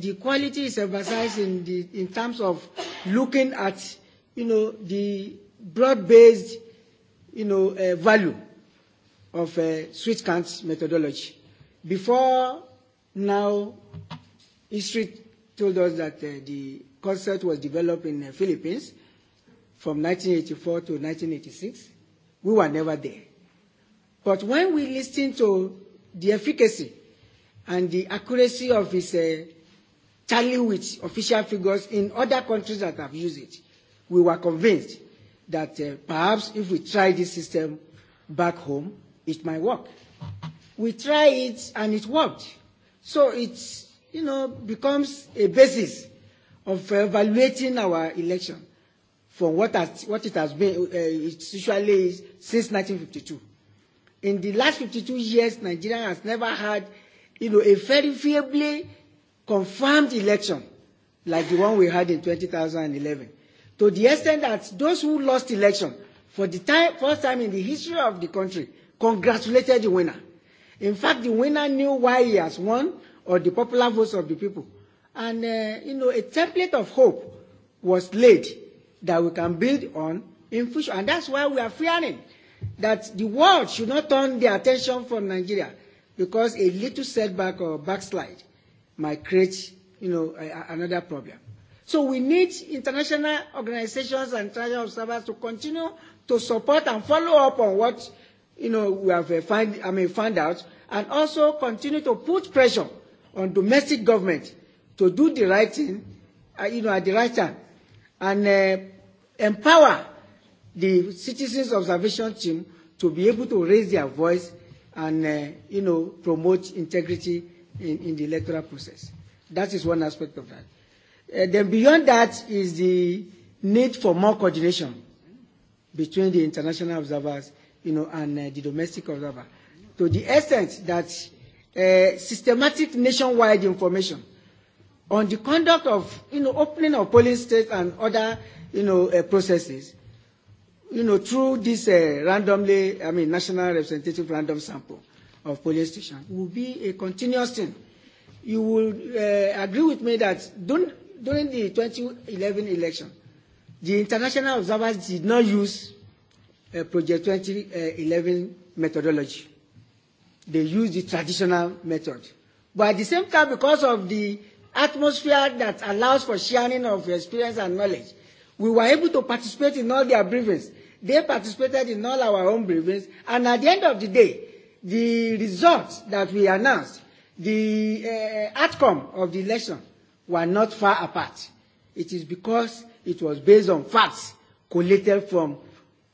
the quality is emphasized in, the, in terms of looking at you know, the broad-based you know, uh, value of uh, switch count methodology. Before now, history told us that uh, the concept was developed in the uh, Philippines from 1984 to 1986. We were never there. But when we listen to the efficacy and the accuracy of his uh, tally with official figures in other countries that have used it, we were convinced that uh, perhaps if we try this system back home, it might work. We try it and it worked. So it, you know, becomes a basis of evaluating our election for what, has, what it has been, uh, it usually is since 1952. In the last 52 years, Nigeria has never had, you know, a verifiably confirmed election like the one we had in 2011. To the extent that those who lost election for the time, first time in the history of the country congratulated the winner. In fact, the winner knew why he has won or the popular votes of the people. And, uh, you know, a template of hope was laid that we can build on in future. And that's why we are fearing that the world should not turn their attention from Nigeria because a little setback or backslide might create, you know, a, a, another problem. So we need international organizations and international observers to continue to support and follow up on what you know, we have uh, find, I mean, found out, and also continue to put pressure on domestic government to do the right thing, uh, you know, at the right time, and uh, empower the citizens observation team to be able to raise their voice and, uh, you know, promote integrity in, in the electoral process. That is one aspect of that. Uh, then beyond that is the need for more coordination between the international observers you know, and uh, the domestic observer. To the extent that uh, systematic nationwide information on the conduct of, you know, opening of polling states and other, you know, uh, processes, you know, through this uh, randomly, I mean, national representative random sample of polling stations will be a continuous thing. You will uh, agree with me that during, during the 2011 election, the international observers did not use Uh, Project 2011 uh, methodology. They use the traditional method. But at the same time, because of the atmosphere that allows for sharing of experience and knowledge, we were able to participate in all their briefings. They participated in all our own briefings. And at the end of the day, the results that we announced, the uh, outcome of the election, were not far apart. It is because it was based on facts collated from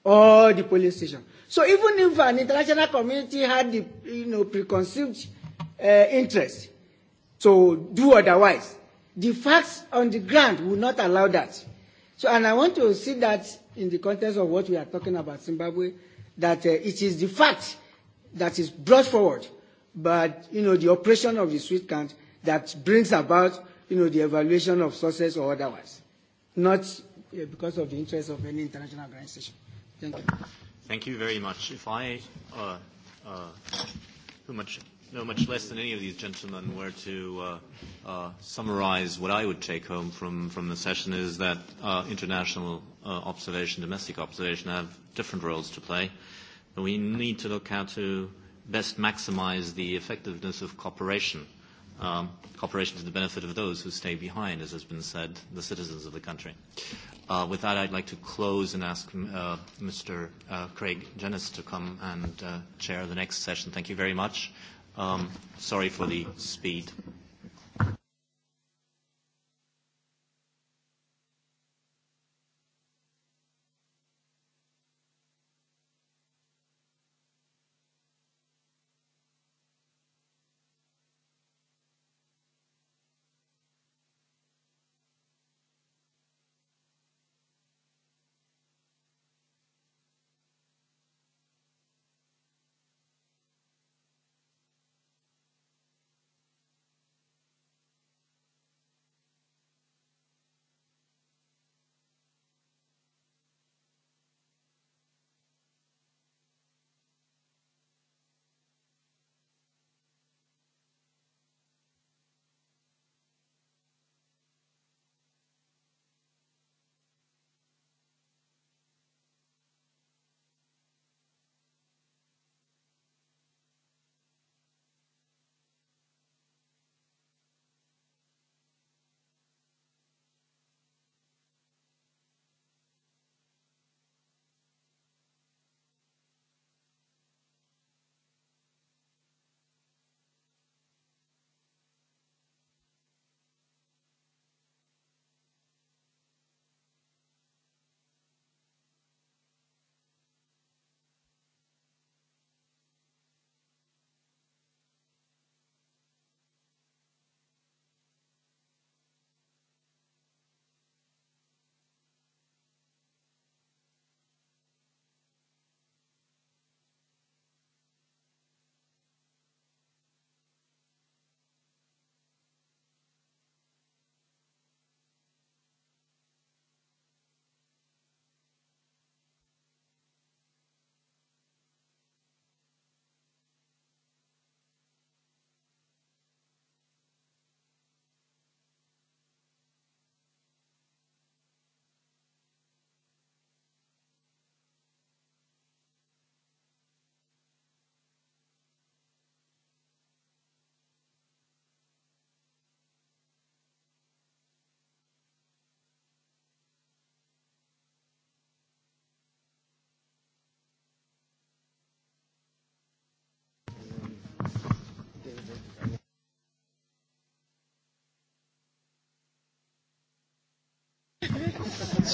all the police stations. So even if an international community had the you know, preconceived uh, interest to do otherwise, the facts on the ground will not allow that. So, and I want to see that in the context of what we are talking about Zimbabwe, that uh, it is the fact that is brought forward, but you know the operation of the sweet count that brings about you know the evaluation of sources or otherwise, not uh, because of the interest of any international organization. Thank you. Thank you very much. If I, uh, uh, who much, no much less than any of these gentlemen, were to uh, uh, summarize what I would take home from, from the session is that uh, international uh, observation, domestic observation have different roles to play. But we need to look how to best maximize the effectiveness of cooperation um, cooperation to the benefit of those who stay behind, as has been said, the citizens of the country. Uh, with that, I'd like to close and ask uh, Mr. Uh, Craig Jennis to come and uh, chair the next session. Thank you very much. Um, sorry for the speed.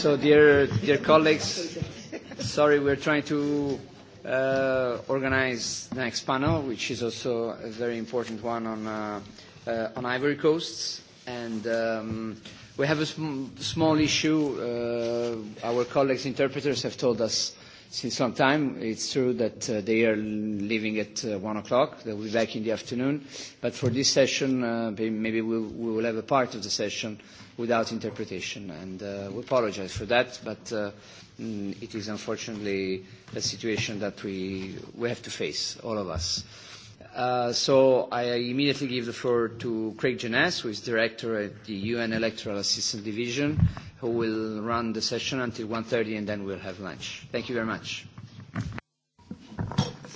So, dear, dear colleagues, sorry, we're trying to uh, organize the next panel, which is also a very important one on, uh, uh, on Ivory Coast. And um, we have a sm small issue. Uh, our colleagues interpreters have told us since some time. It's true that uh, they are leaving at uh, one o'clock. They will be back in the afternoon. But for this session, uh, maybe we'll, we will have a part of the session without interpretation. And uh, we apologize for that, but uh, mm, it is unfortunately a situation that we, we have to face, all of us. Uh, so I immediately give the floor to Craig Jeunesse, who is director at the UN Electoral Assistance Division, who will run the session until 1.30 and then we'll have lunch. Thank you very much.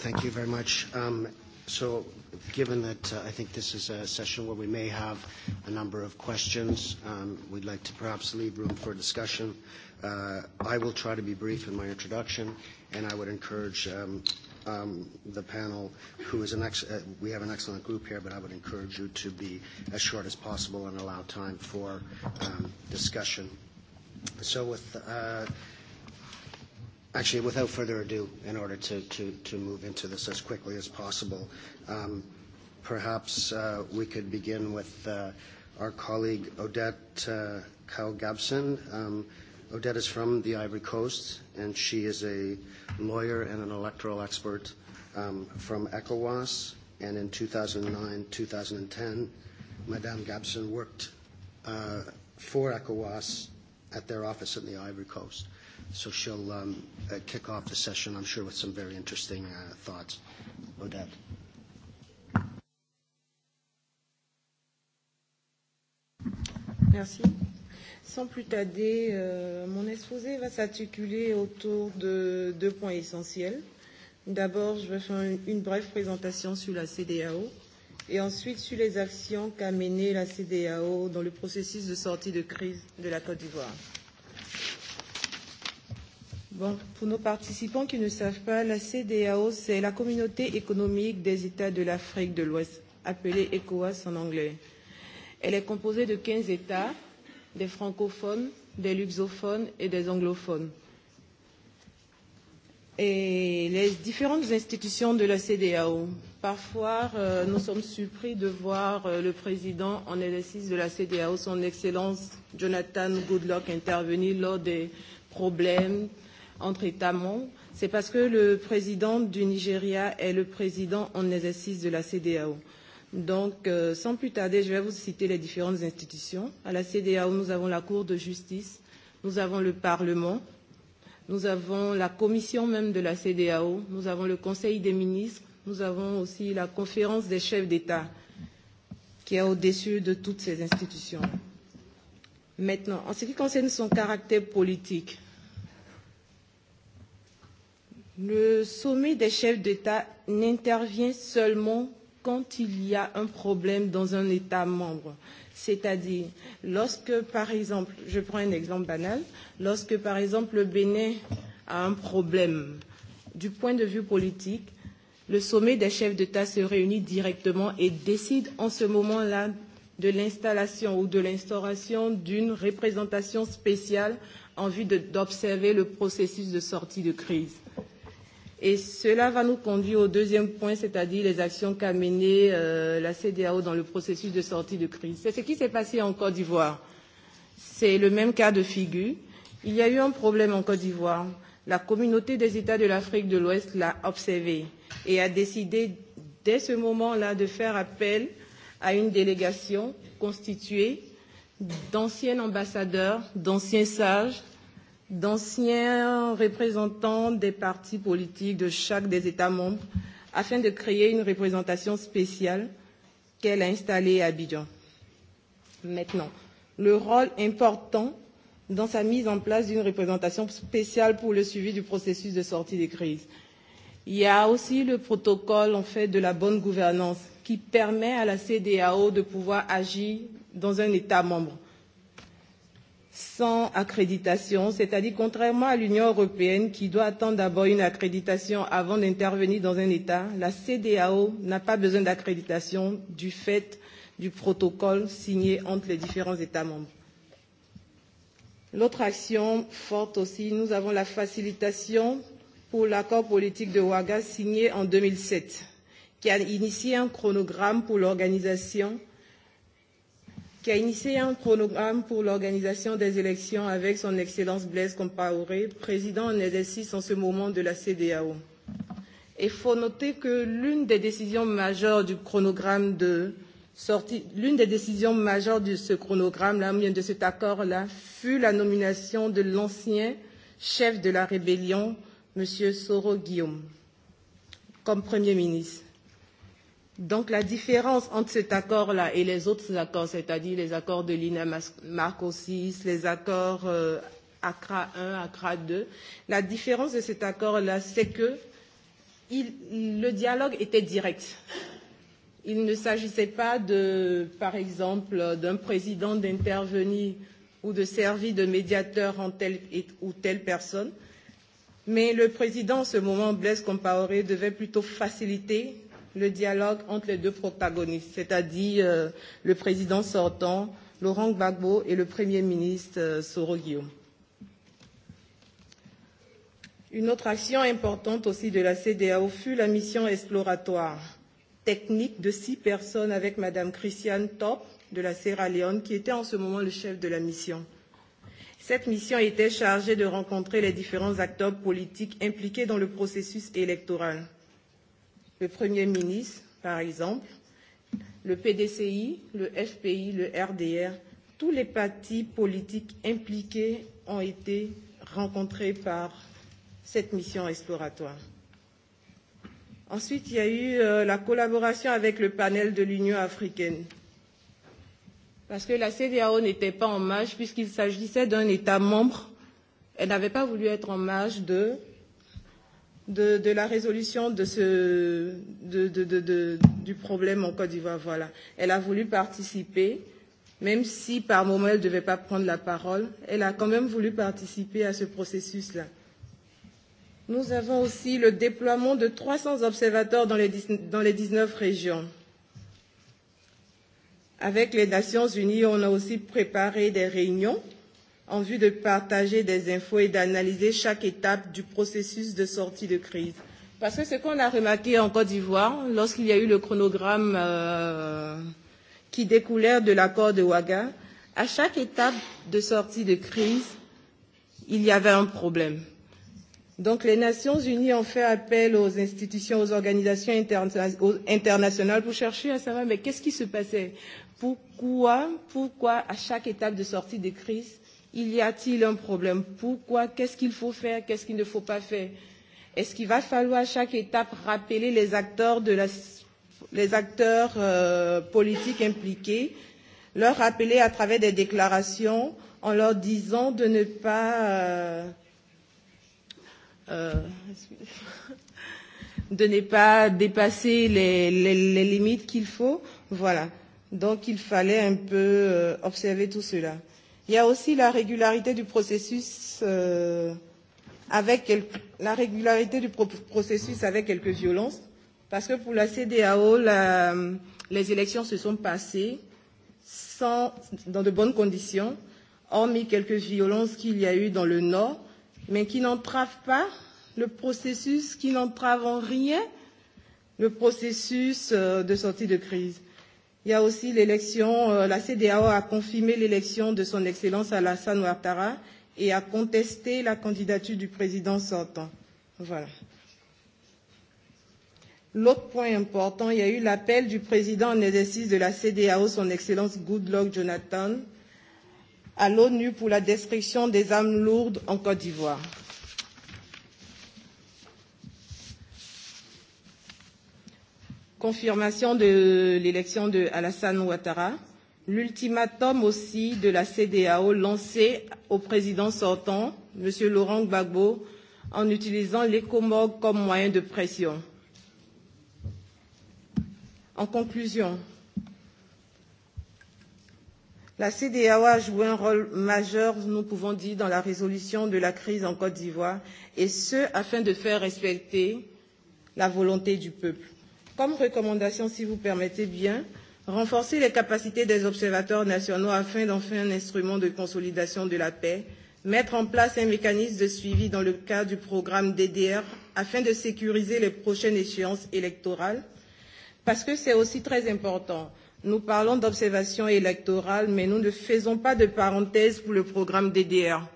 Thank you very much. Um, so given that uh, I think this is a session where we may have a number of questions, um, we'd like to perhaps leave room for discussion. Uh, I will try to be brief in my introduction, and I would encourage um, um, the panel, who is an ex- uh, we have an excellent group here, but I would encourage you to be as short as possible and allow time for um, discussion. So with uh, actually without further ado, in order to, to, to move into this as quickly as possible, um, perhaps uh, we could begin with uh, our colleague Odette uh, Kyle Gabson. Um, Odette is from the Ivory Coast, and she is a lawyer and an electoral expert um, from ECOWAS. And in 2009 2010, Madame Gabson worked uh, for ECOWAS at their office in the Ivory Coast. So she'll um, uh, kick off the session, I'm sure, with some very interesting uh, thoughts. Odette. Merci sans plus tarder, euh, mon exposé va s'articuler autour de deux points essentiels. D'abord, je vais faire une, une brève présentation sur la CDAO et ensuite sur les actions qu'a menées la CDAO dans le processus de sortie de crise de la Côte d'Ivoire. Bon, pour nos participants qui ne savent pas, la CDAO, c'est la communauté économique des États de l'Afrique de l'Ouest, appelée ECOWAS en anglais. Elle est composée de 15 États des francophones, des luxophones et des anglophones. Et les différentes institutions de la CDAO. Parfois, euh, nous sommes surpris de voir euh, le président en exercice de la CDAO, son Excellence Jonathan Goodlock, intervenir lors des problèmes entre États membres. C'est parce que le président du Nigeria est le président en exercice de la CDAO. Donc, euh, sans plus tarder, je vais vous citer les différentes institutions. À la CDAO, nous avons la Cour de justice, nous avons le Parlement, nous avons la commission même de la CDAO, nous avons le Conseil des ministres, nous avons aussi la conférence des chefs d'État qui est au-dessus de toutes ces institutions. Maintenant, en ce qui concerne son caractère politique, le sommet des chefs d'État n'intervient seulement quand il y a un problème dans un État membre. C'est-à-dire, lorsque, par exemple, je prends un exemple banal, lorsque, par exemple, le Bénin a un problème du point de vue politique, le sommet des chefs d'État se réunit directement et décide en ce moment-là de l'installation ou de l'instauration d'une représentation spéciale en vue d'observer le processus de sortie de crise. Et cela va nous conduire au deuxième point, c'est-à-dire les actions qu'a menées euh, la CDAO dans le processus de sortie de crise. C'est ce qui s'est passé en Côte d'Ivoire. C'est le même cas de figure. Il y a eu un problème en Côte d'Ivoire. La communauté des États de l'Afrique de l'Ouest l'a observé et a décidé dès ce moment-là de faire appel à une délégation constituée d'anciens ambassadeurs, d'anciens sages, d'anciens représentants des partis politiques de chaque des États membres afin de créer une représentation spéciale qu'elle a installée à Abidjan. Maintenant, le rôle important dans sa mise en place d'une représentation spéciale pour le suivi du processus de sortie des crises. Il y a aussi le protocole en fait de la bonne gouvernance qui permet à la CDAO de pouvoir agir dans un État membre sans accréditation, c'est-à-dire contrairement à l'Union européenne qui doit attendre d'abord une accréditation avant d'intervenir dans un État, la CDAO n'a pas besoin d'accréditation du fait du protocole signé entre les différents États membres. L'autre action forte aussi, nous avons la facilitation pour l'accord politique de Ouaga signé en deux mille sept, qui a initié un chronogramme pour l'organisation qui a initié un chronogramme pour l'organisation des élections avec son Excellence Blaise Compaoré, président en exercice en ce moment de la CDAO. Il faut noter que l'une des décisions majeures du chronogramme de sortie, l'une des décisions majeures de ce chronogramme-là, de cet accord-là, fut la nomination de l'ancien chef de la rébellion, M. Soro Guillaume, comme Premier ministre. Donc la différence entre cet accord-là et les autres accords, c'est-à-dire les accords de l'INA Marco 6, les accords euh, ACRA 1, ACRA 2, la différence de cet accord-là, c'est que il, le dialogue était direct. Il ne s'agissait pas, de, par exemple, d'un président d'intervenir ou de servir de médiateur en telle et, ou telle personne, mais le président, en ce moment, Blaise Compaoré, devait plutôt faciliter le dialogue entre les deux protagonistes, c'est-à-dire euh, le président sortant, Laurent Gbagbo, et le Premier ministre euh, Soro Guillaume. Une autre action importante aussi de la CDAO fut la mission exploratoire technique de six personnes avec Madame Christiane Top de la Sierra Leone, qui était en ce moment le chef de la mission. Cette mission était chargée de rencontrer les différents acteurs politiques impliqués dans le processus électoral le Premier ministre, par exemple, le PDCI, le FPI, le RDR, tous les partis politiques impliqués ont été rencontrés par cette mission exploratoire. Ensuite, il y a eu euh, la collaboration avec le panel de l'Union africaine. Parce que la CDAO n'était pas en marge puisqu'il s'agissait d'un État membre. Elle n'avait pas voulu être en marge de de, de la résolution de ce, de, de, de, de, du problème en Côte d'Ivoire. Voilà. Elle a voulu participer, même si par moment elle ne devait pas prendre la parole, elle a quand même voulu participer à ce processus-là. Nous avons aussi le déploiement de 300 observateurs dans les, dans les 19 régions. Avec les Nations Unies, on a aussi préparé des réunions en vue de partager des infos et d'analyser chaque étape du processus de sortie de crise. Parce que ce qu'on a remarqué en Côte d'Ivoire, lorsqu'il y a eu le chronogramme euh, qui découlait de l'accord de Ouaga, à chaque étape de sortie de crise, il y avait un problème. Donc les Nations Unies ont fait appel aux institutions, aux organisations interna aux internationales pour chercher à savoir mais qu'est-ce qui se passait Pourquoi, pourquoi à chaque étape de sortie de crise, Il y a-t-il un problème Pourquoi Qu'est-ce qu'il faut faire Qu'est-ce qu'il ne faut pas faire Est-ce qu'il va falloir à chaque étape rappeler les acteurs, de la, les acteurs euh, politiques impliqués, leur rappeler à travers des déclarations en leur disant de ne pas. Euh, euh, de ne pas dépasser les, les, les limites qu'il faut. Voilà. Donc il fallait un peu euh, observer tout cela. Il y a aussi la régularité du processus euh, avec la régularité du processus avec quelques violences, parce que pour la CDAO, la, les élections se sont passées sans, dans de bonnes conditions, hormis quelques violences qu'il y a eu dans le Nord, mais qui n'entravent pas le processus, qui n'entravent en rien le processus euh, de sortie de crise. Il y a aussi l'élection, euh, la CDAO a confirmé l'élection de son Excellence Alassane Ouattara et a contesté la candidature du président sortant. Voilà. L'autre point important, il y a eu l'appel du président en exercice de la CDAO, son Excellence Goodluck Jonathan, à l'ONU pour la destruction des armes lourdes en Côte d'Ivoire. confirmation de l'élection de Alassane Ouattara, l'ultimatum aussi de la CDAO lancé au président sortant, M. Laurent Gbagbo, en utilisant l'écomog comme moyen de pression. En conclusion, la CDAO a joué un rôle majeur, nous pouvons dire, dans la résolution de la crise en Côte d'Ivoire, et ce, afin de faire respecter la volonté du peuple comme recommandation, si vous permettez bien, renforcer les capacités des observateurs nationaux afin d'en faire un instrument de consolidation de la paix, mettre en place un mécanisme de suivi dans le cadre du programme DDR afin de sécuriser les prochaines échéances électorales, parce que c'est aussi très important. Nous parlons d'observation électorale, mais nous ne faisons pas de parenthèse pour le programme DDR.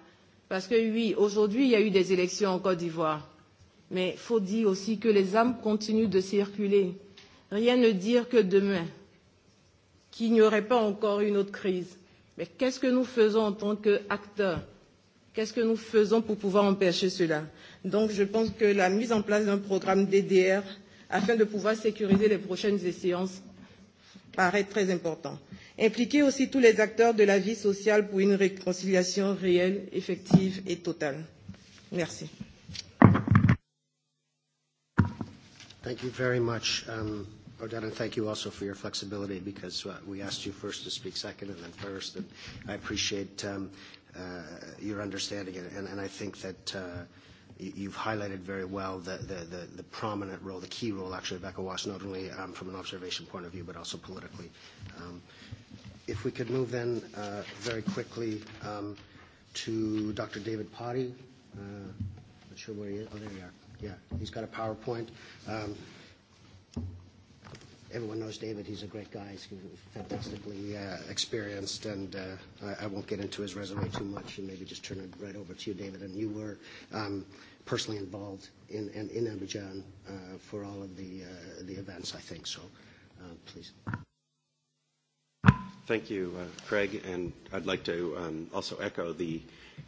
Parce que oui, aujourd'hui, il y a eu des élections en Côte d'Ivoire. Mais il faut dire aussi que les âmes continuent de circuler. Rien ne dire que demain, qu'il n'y aurait pas encore une autre crise. Mais qu'est-ce que nous faisons en tant qu'acteurs Qu'est-ce que nous faisons pour pouvoir empêcher cela Donc je pense que la mise en place d'un programme DDR afin de pouvoir sécuriser les prochaines séances paraît très important. Impliquer aussi tous les acteurs de la vie sociale pour une réconciliation réelle, effective et totale. Merci. Thank you very much, um, Odette, and thank you also for your flexibility because uh, we asked you first to speak second and then first, and I appreciate um, uh, your understanding, and, and I think that uh, you've highlighted very well the, the, the, the prominent role, the key role actually of ECOWAS, not only um, from an observation point of view, but also politically. Um, if we could move then uh, very quickly um, to Dr. David Potty. Uh, not sure where he is. Oh, there you are. Yeah, he's got a PowerPoint. Um, everyone knows David. He's a great guy. He's fantastically uh, experienced, and uh, I, I won't get into his resume too much, and maybe just turn it right over to you, David. And you were um, personally involved in, in, in Abidjan uh, for all of the, uh, the events, I think. So, uh, please. Thank you, uh, Craig, and I'd like to um, also echo the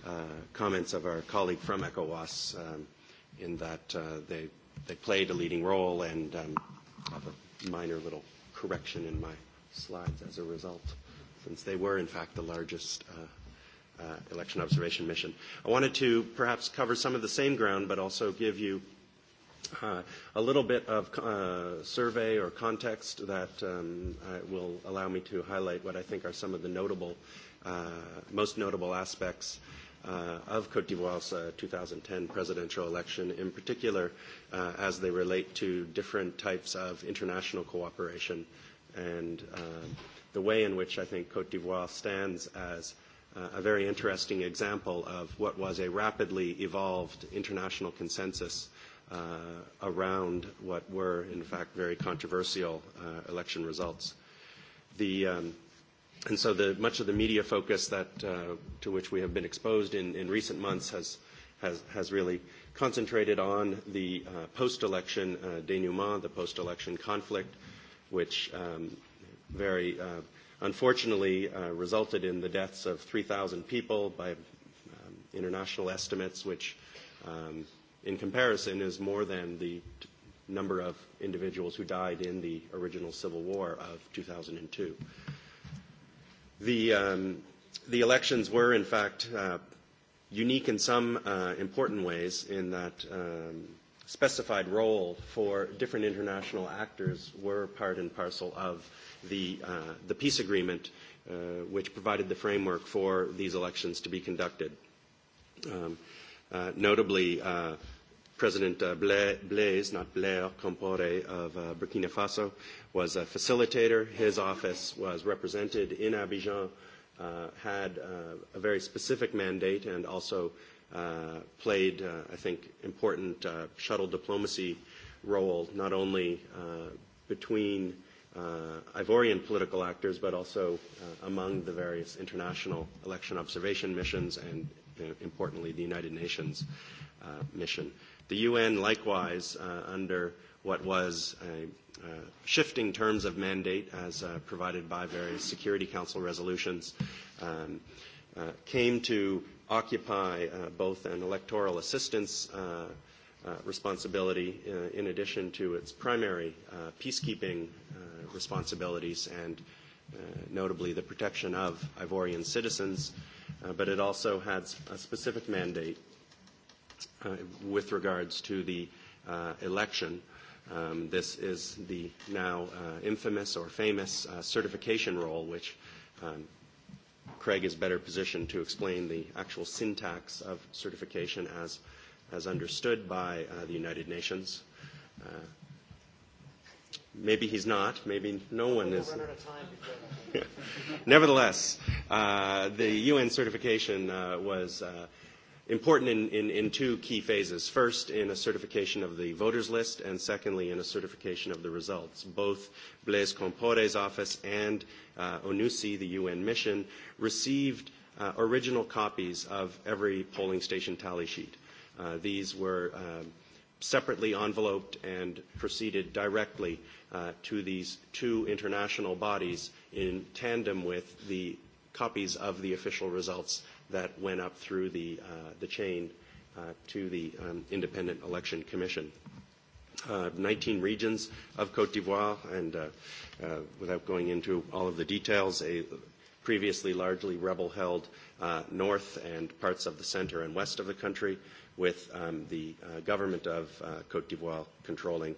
uh, comments of our colleague from ECOWAS. Um, in that uh, they, they played a leading role and um, have a minor little correction in my slides as a result, since they were, in fact, the largest uh, uh, election observation mission. I wanted to perhaps cover some of the same ground, but also give you uh, a little bit of uh, survey or context that um, uh, will allow me to highlight what I think are some of the notable, uh, most notable aspects uh, of Cote d'Ivoire's uh, 2010 presidential election, in particular uh, as they relate to different types of international cooperation and uh, the way in which I think Cote d'Ivoire stands as uh, a very interesting example of what was a rapidly evolved international consensus uh, around what were, in fact, very controversial uh, election results. The um, And so the, much of the media focus that, uh, to which we have been exposed in, in recent months has, has, has really concentrated on the uh, post-election uh, denouement, the post-election conflict, which um, very uh, unfortunately uh, resulted in the deaths of 3,000 people by um, international estimates, which um, in comparison is more than the t- number of individuals who died in the original civil war of 2002. The, um, the elections were, in fact, uh, unique in some uh, important ways in that um, specified role for different international actors were part and parcel of the, uh, the peace agreement, uh, which provided the framework for these elections to be conducted. Um, uh, notably, uh, President uh, Blaise, not Blair Compaoré of uh, Burkina Faso, was a facilitator. His office was represented in Abidjan, uh, had uh, a very specific mandate, and also uh, played, uh, I think, important uh, shuttle diplomacy role, not only uh, between uh, Ivorian political actors, but also uh, among the various international election observation missions and, uh, importantly, the United Nations uh, mission. The UN, likewise, uh, under what was a, uh, shifting terms of mandate as uh, provided by various Security Council resolutions, um, uh, came to occupy uh, both an electoral assistance uh, uh, responsibility uh, in addition to its primary uh, peacekeeping uh, responsibilities and uh, notably the protection of Ivorian citizens, uh, but it also had a specific mandate uh, with regards to the uh, election. Um, this is the now uh, infamous or famous uh, certification role, which um, Craig is better positioned to explain the actual syntax of certification as, as understood by uh, the United Nations. Uh, maybe he's not. Maybe no one is. Nevertheless, uh, the UN certification uh, was. Uh, important in, in, in two key phases. First, in a certification of the voters list, and secondly, in a certification of the results. Both Blaise Compore's office and uh, ONUSI, the UN mission, received uh, original copies of every polling station tally sheet. Uh, these were uh separately enveloped and proceeded directly uh, to these two international bodies in tandem with the copies of the official results that went up through the, uh, the chain uh, to the um, Independent Election Commission. Uh, 19 regions of Cote d'Ivoire, and uh, uh, without going into all of the details, a previously largely rebel-held uh, north and parts of the center and west of the country, with um, the uh, government of uh, Cote d'Ivoire controlling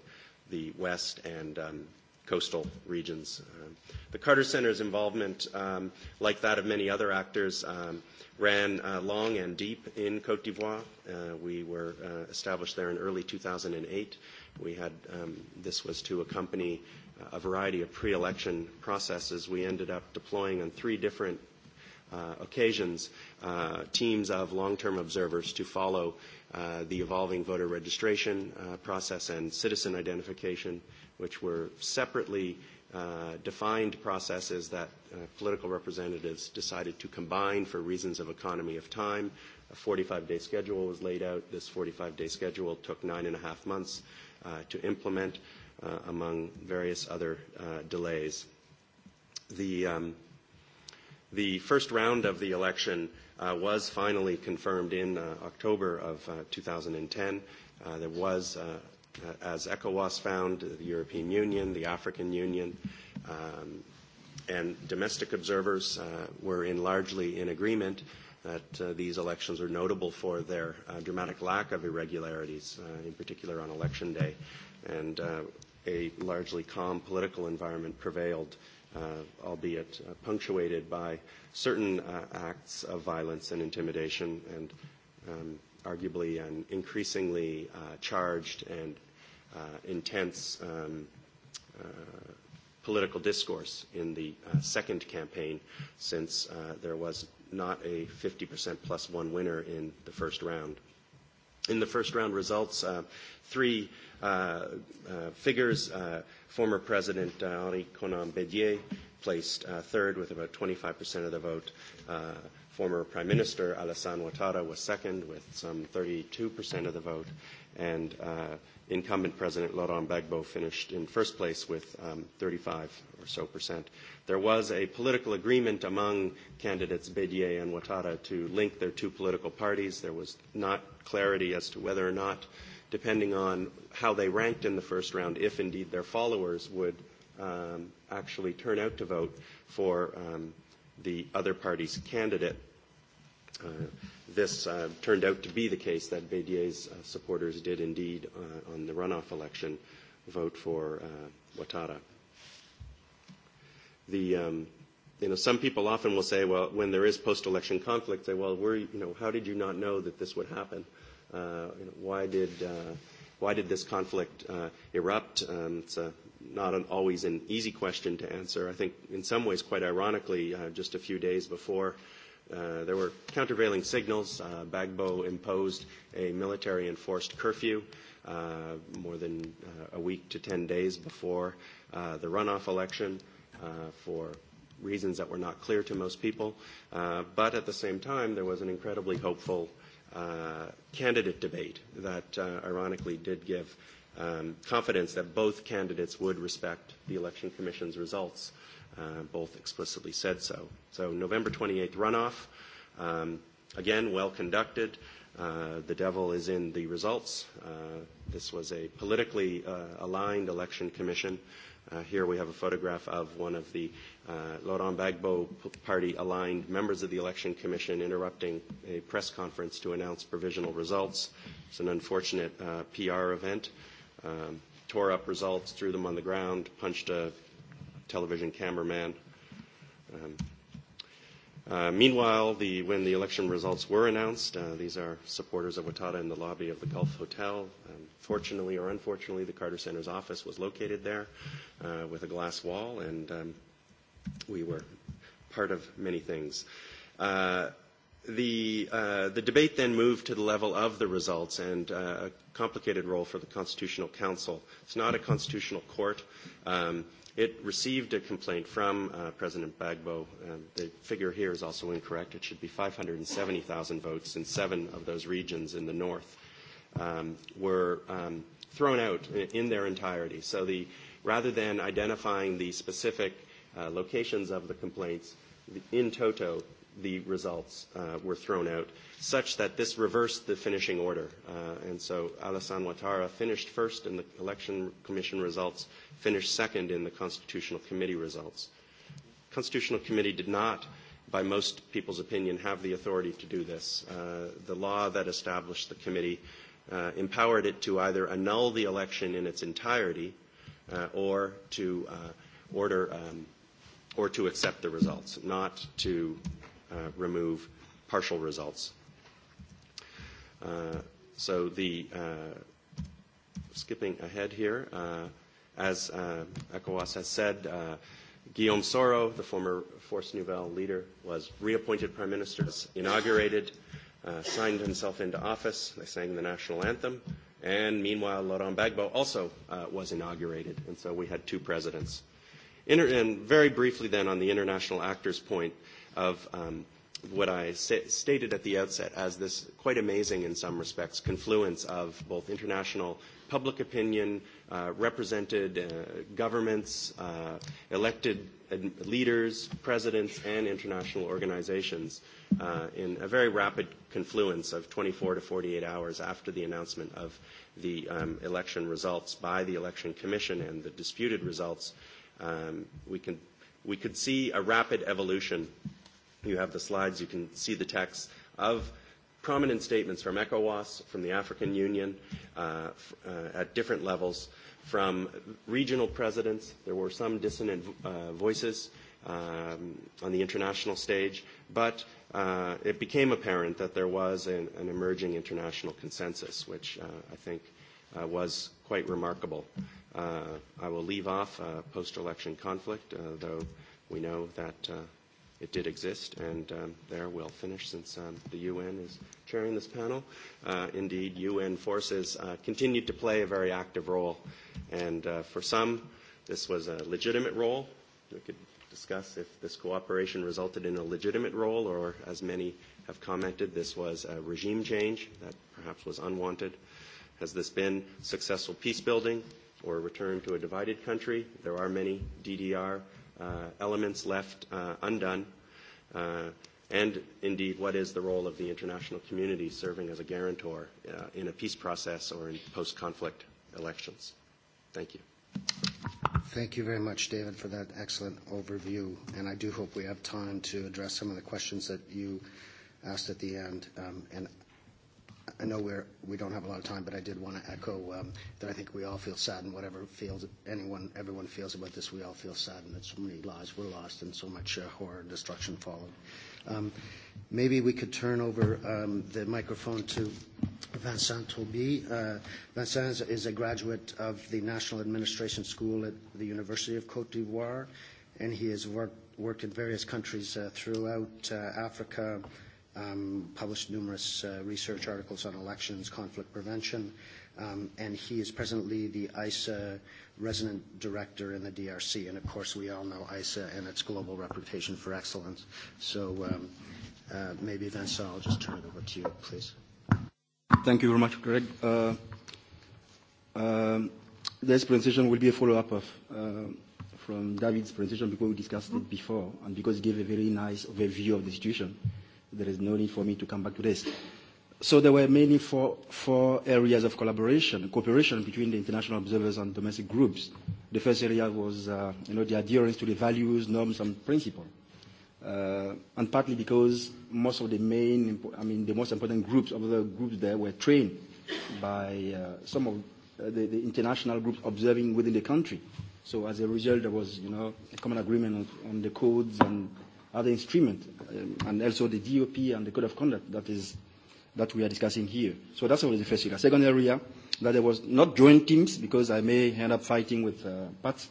the west and um, coastal regions. Um, the Carter Center's involvement, um, like that of many other actors, um, ran uh, long and deep in Cote d'Ivoire. Uh, we were uh, established there in early 2008. We had, um, this was to accompany uh, a variety of pre-election processes. We ended up deploying on three different uh, occasions uh, teams of long-term observers to follow uh, the evolving voter registration uh, process and citizen identification uh, which were separately uh, defined processes that uh, political representatives decided to combine for reasons of economy of time. A 45-day schedule was laid out. This 45-day schedule took nine and a half months uh, to implement, uh, among various other uh, delays. The, um, the first round of the election uh, was finally confirmed in uh, October of uh, 2010. Uh, there was uh, uh, as ECOWAS found, the European Union, the African Union, um, and domestic observers uh, were in largely in agreement that uh, these elections are notable for their uh, dramatic lack of irregularities, uh, in particular on election day, and uh, a largely calm political environment prevailed, uh, albeit uh, punctuated by certain uh, acts of violence and intimidation and um, arguably an increasingly uh, charged and uh, intense um, uh, political discourse in the uh, second campaign since uh, there was not a 50% plus one winner in the first round. In the first round results, uh, three uh, uh, figures, uh, former President uh, Henri Conan Bédier placed uh, third with about 25% of the vote. Uh, former Prime Minister Alassane Ouattara was second with some 32% of the vote. And uh, incumbent President Laurent Gbagbo finished in first place with um, 35 or so percent. There was a political agreement among candidates Bédier and Ouattara to link their two political parties. There was not clarity as to whether or not, depending on how they ranked in the first round, if indeed their followers would um, actually turn out to vote for um, the other party's candidate. Uh, this uh, turned out to be the case that Bédier's uh, supporters did indeed, uh, on the runoff election, vote for uh, Ouattara. The, um, you know, some people often will say, well, when there is post-election conflict, say, well, we're, you know, how did you not know that this would happen? Uh, you know, why did uh, why did this conflict uh, erupt? Um, it's a, uh, not an, always an easy question to answer. I think, in some ways, quite ironically, uh, just a few days before Uh, there were countervailing signals. Uh, Bagbo imposed a military enforced curfew uh, more than uh, a week to 10 days before uh, the runoff election uh, for reasons that were not clear to most people. Uh, but at the same time, there was an incredibly hopeful uh, candidate debate that uh, ironically did give um, confidence that both candidates would respect the Election Commission's results. Uh, Uh, both explicitly said so. So November 28th runoff, um, again, well conducted. Uh, the devil is in the results. Uh, this was a politically uh, aligned election commission. Uh, here we have a photograph of one of the uh, Laurent Bagbo party aligned members of the election commission interrupting a press conference to announce provisional results. It's an unfortunate uh, PR event. Um, tore up results, threw them on the ground, punched a television cameraman. Um, uh, meanwhile, the, when the election results were announced, uh, these are supporters of Watada in the lobby of the Gulf Hotel. Um, fortunately or unfortunately, the Carter Center's office was located there uh, with a glass wall, and um, we were part of many things. Uh, the, uh, the debate then moved to the level of the results and uh, a complicated role for the Constitutional Council. It's not a constitutional court. Um, It received a complaint from uh, President Bagbo. Um, the figure here is also incorrect. It should be 570,000 votes in seven of those regions in the north um, were um, thrown out in, in their entirety. So the, rather than identifying the specific uh, locations of the complaints, in toto, the results uh, were thrown out, such that this reversed the finishing order. Uh, and so Alassane Ouattara finished first in the election commission results, finished second in the constitutional committee results. Constitutional committee did not, by most people's opinion, have the authority to do this. Uh, the law that established the committee uh, empowered it to either annul the election in its entirety uh, or to uh, order um, or to accept the results, not to uh, remove partial results. Uh, so the uh, skipping ahead here, uh, as uh, ECOWAS has said, uh, Guillaume Soro, the former Force Nouvelle leader, was reappointed prime minister, was inaugurated, uh, signed himself into office. They sang the national anthem. And meanwhile, Laurent Bagbo also uh, was inaugurated. And so we had two presidents. Inter- and very briefly then on the international actors point, uh, of um, what I stated at the outset as this quite amazing, in some respects, confluence of both international public opinion, uh, represented uh, governments, uh, elected leaders, presidents, and international organizations uh, in a very rapid confluence of 24 to 48 hours after the announcement of the um, election results by the Election Commission and the disputed results. Um, we, can, we could see a rapid evolution You have the slides. You can see the text of prominent statements from ECOWAS, from the African Union, uh, uh, at different levels, from regional presidents. There were some dissonant uh, voices um, on the international stage, but uh, it became apparent that there was an, an emerging international consensus, which uh, I think uh, was quite remarkable. Uh, I will leave off uh, post-election conflict, uh, though we know that uh, it did exist, and um, there we'll finish since um, the UN is chairing this panel. Uh, indeed, UN forces uh, continued to play a very active role, and uh, for some, this was a legitimate role. We could discuss if this cooperation resulted in a legitimate role, or as many have commented, this was a regime change that perhaps was unwanted. Has this been successful peace building or a return to a divided country? There are many DDR uh, elements left uh, undone, uh, and indeed what is the role of the international community serving as a guarantor uh, in a peace process or in post-conflict elections. Thank you. Thank you very much, David, for that excellent overview. And I do hope we have time to address some of the questions that you asked at the end. Um, and i know we're, we don't have a lot of time, but I did want to echo um, that I think we all feel sad, and whatever feels anyone, everyone feels about this, we all feel saddened that so many lives were lost and so much uh, horror and destruction followed. Um, maybe we could turn over um, the microphone to Vincent Tolby. Uh, Vincent is a graduate of the National Administration School at the University of Cote d'Ivoire, and he has worked, worked in various countries uh, throughout uh, Africa um, published numerous uh, research articles on elections, conflict prevention, um, and he is presently the ISA resident director in the DRC. And of course, we all know ISA and its global reputation for excellence. So um, uh, maybe, Vincent, I'll just turn it over to you, please. Thank you very much, Greg. Uh, um, this presentation will be a follow-up of uh, from David's presentation because we discussed it mm-hmm. before and because it gave a very nice overview of the situation. Uh, there is no need for me to come back to this. So there were mainly four, four areas of collaboration, cooperation between the international observers and domestic groups. The first area was uh, you know, the adherence to the values, norms, and principles. Uh, and partly because most of the main, I mean, the most important groups of the groups there were trained by uh, some of uh, the, the international groups observing within the country. So as a result, there was, you know, a common agreement on, on the codes and other instrument um, and also the DOP and the code of conduct that is that we are discussing here. So that's already the first area. Second area, that there was not joint teams because I may end up fighting with uh, Pat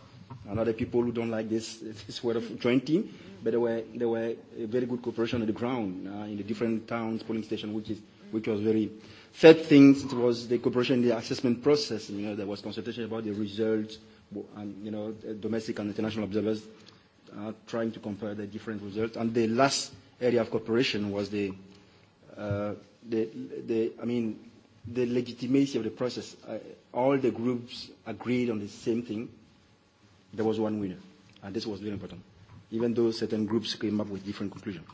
and other people who don't like this, this word of joint team, but there were, there were a very good cooperation on the ground uh, in the different towns, polling stations, which, is, which was very... Third thing was the cooperation in the assessment process. You know, there was consultation about the results, and you know, domestic and international observers uh, trying to compare the different results. And the last area of cooperation was the, uh, the, the I mean, the legitimacy of the process. Uh, all the groups agreed on the same thing. There was one winner, and this was very important, even though certain groups came up with different conclusions.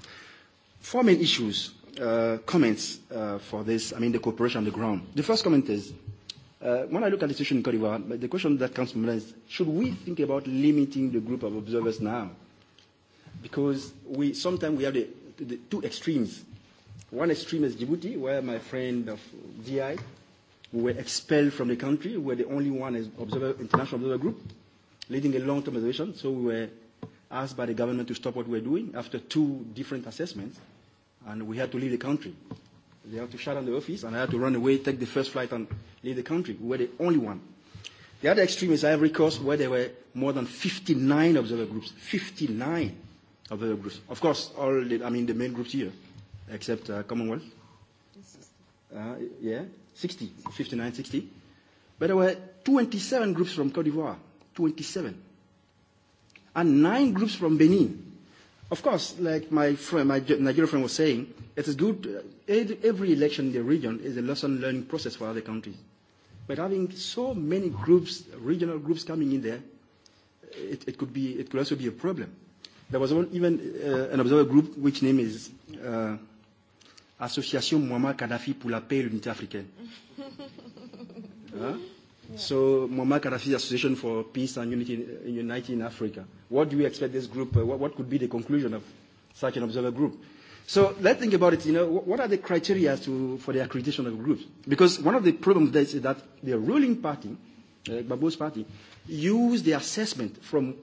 Four main issues, uh, comments uh, for this, I mean, the cooperation on the ground. The first comment is Uh, when I look at the situation in Cote d'Ivoire, the question that comes to mind is, should we think about limiting the group of observers now? Because we, sometimes we have the, the two extremes. One extreme is Djibouti, where my friend of DI, we were expelled from the country. We were the only one as observer, international observer group leading a long-term observation. So we were asked by the government to stop what we were doing after two different assessments, and we had to leave the country. They had to shut down the office, and I had to run away, take the first flight, and leave the country. We were the only one. The other extreme is Ivory Coast, where there were more than 59 observer groups. 59 observer groups. Of course, all the, I mean the main groups here, except uh, Commonwealth. Uh, yeah, 60, 59, 60. But there were 27 groups from Cote d'Ivoire, 27, and nine groups from Benin. Of course, like my friend, my Nigerian friend was saying, it is good. Uh, every election in the region is a lesson learning process for other countries. But having so many groups, regional groups coming in there, uh, it, it could be, it could also be a problem. There was one, even uh, an observer group which name is uh, Association Muammar Gaddafi pour la paix l'unité africaine. huh? So Muammar Karafi Association for Peace and Unity in United in Africa. What do you expect this group, uh, what, what could be the conclusion of such an observer group? So let's think about it, you know, what are the criteria to, for the accreditation of groups? Because one of the problems there is that the ruling party, uh, Babu's party, used the assessment from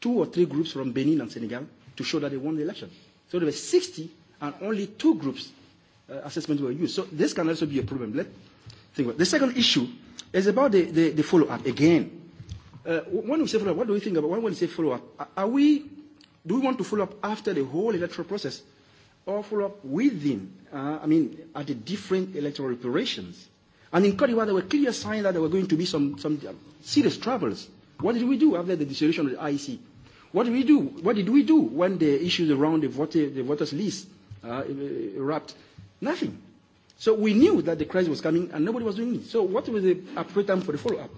two or three groups from Benin and Senegal to show that they won the election. So there were 60 and only two groups uh, assessment were used. So this can also be a problem. Let's think about it. The second issue It's about the, the, the follow-up again. Uh, when we say follow-up, what do we think about when we say follow-up? Are we, do we want to follow up after the whole electoral process or follow up within, uh, I mean, at the different electoral operations? And in Cote d'Ivoire, there were clear signs that there were going to be some, some uh, serious troubles. What did we do after the dissolution of the IEC? What did we do? What did we do when the issues around the, voter, the voters list uh, erupted? Uh, Nothing. So we knew that the crisis was coming and nobody was doing it. So what was the appropriate time for the follow-up?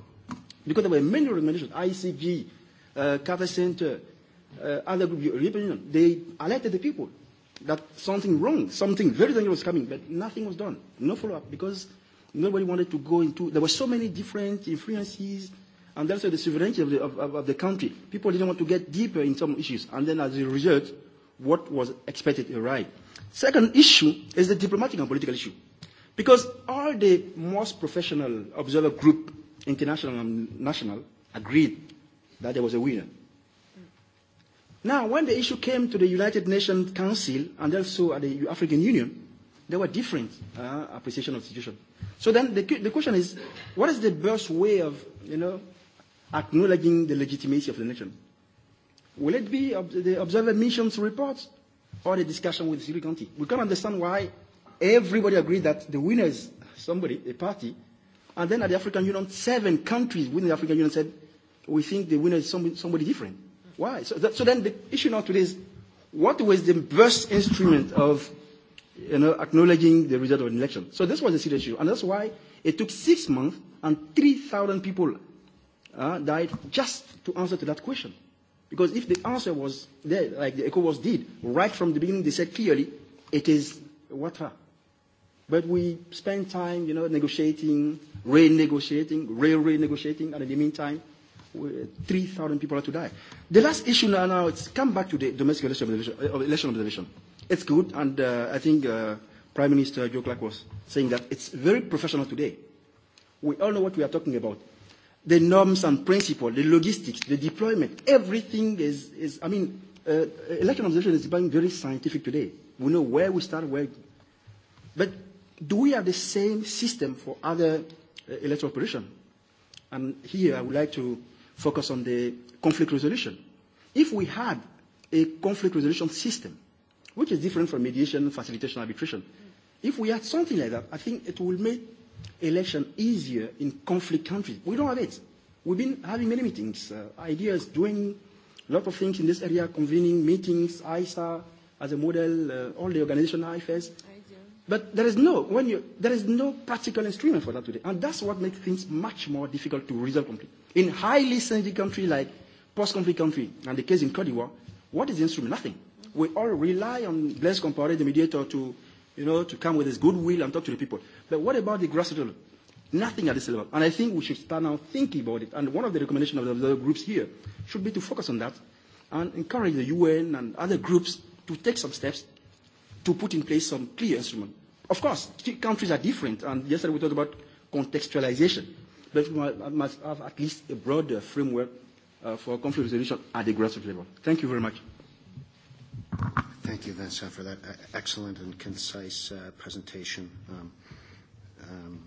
Because there were many recommendations, ICG, uh, Cafe Center, uh, other groups, European Union, they alerted the people that something wrong, something very dangerous was coming, but nothing was done. No follow-up because nobody wanted to go into, there were so many different influences and also the sovereignty of the, of, of, of the country. People didn't want to get deeper in some issues. And then as a result, what was expected arrived. Second issue is the diplomatic and political issue. Because all the most professional observer group, international and national, agreed that there was a winner. Now, when the issue came to the United Nations Council and also at the African Union, there were different uh, appreciation of the situation. So then the, the question is, what is the best way of, you know, acknowledging the legitimacy of the nation? Will it be ob- the observer missions report or the discussion with the city County? We can't understand why Everybody agreed that the winner is somebody, a party. And then at the African Union, seven countries within the African Union said, we think the winner is somebody, somebody different. Why? So, that, so then the issue now today is, what was the best instrument of you know, acknowledging the result of an election? So this was a serious issue. And that's why it took six months and 3,000 people uh, died just to answer to that question. Because if the answer was there, like the ECOWAS did, right from the beginning, they said clearly, it is water. But we spend time, you know, negotiating, renegotiating, re-renegotiating, and in the meantime, 3,000 people are to die. The last issue now, now it's come back to the domestic election observation. Election observation. It's good, and uh, I think uh, Prime Minister Joe Clark was saying that it's very professional today. We all know what we are talking about. The norms and principles, the logistics, the deployment, everything is, is I mean, uh, election observation is becoming very scientific today. We know where we start, where. But do we have the same system for other uh, electoral opposition? And here I would like to focus on the conflict resolution. If we had a conflict resolution system, which is different from mediation, facilitation, arbitration, if we had something like that, I think it will make election easier in conflict countries. We don't have it. We've been having many meetings, uh, ideas, doing a lot of things in this area, convening meetings, ISA as a model, uh, all the organization IFS. But there is no, when you, there is no practical instrument for that today. And that's what makes things much more difficult to resolve conflict. In highly sensitive country like post-conflict country, and the case in Cote d'Ivoire, what is the instrument? Nothing. We all rely on Blaise Compaoré, the mediator, to, you know, to come with his goodwill and talk to the people. But what about the grassroots level? Nothing at this level. And I think we should start now thinking about it. And one of the recommendations of the other groups here should be to focus on that and encourage the UN and other groups to take some steps to put in place some clear instrument. Of course, countries are different, and yesterday we talked about contextualization, but we must have at least a broader framework uh, for conflict resolution at the grassroots level. Thank you very much. Thank you, Vincent, for that uh, excellent and concise uh, presentation. Um, um,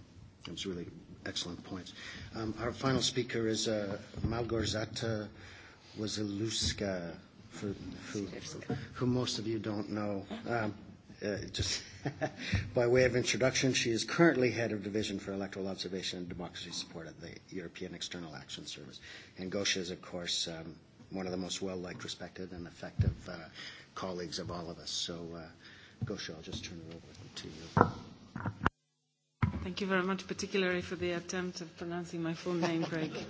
it was really excellent points. Um, our final speaker is uh, Malgorzata Wazeluska, who, who, who most of you don't know. Um, uh, just by way of introduction, she is currently head of division for electoral observation and democracy support at the European External Action Service. And Gosha is, of course, um, one of the most well-liked, respected, and effective uh, colleagues of all of us. So, uh, Gosha, I'll just turn it over to you. Thank you very much, particularly for the attempt of pronouncing my full name, Greg.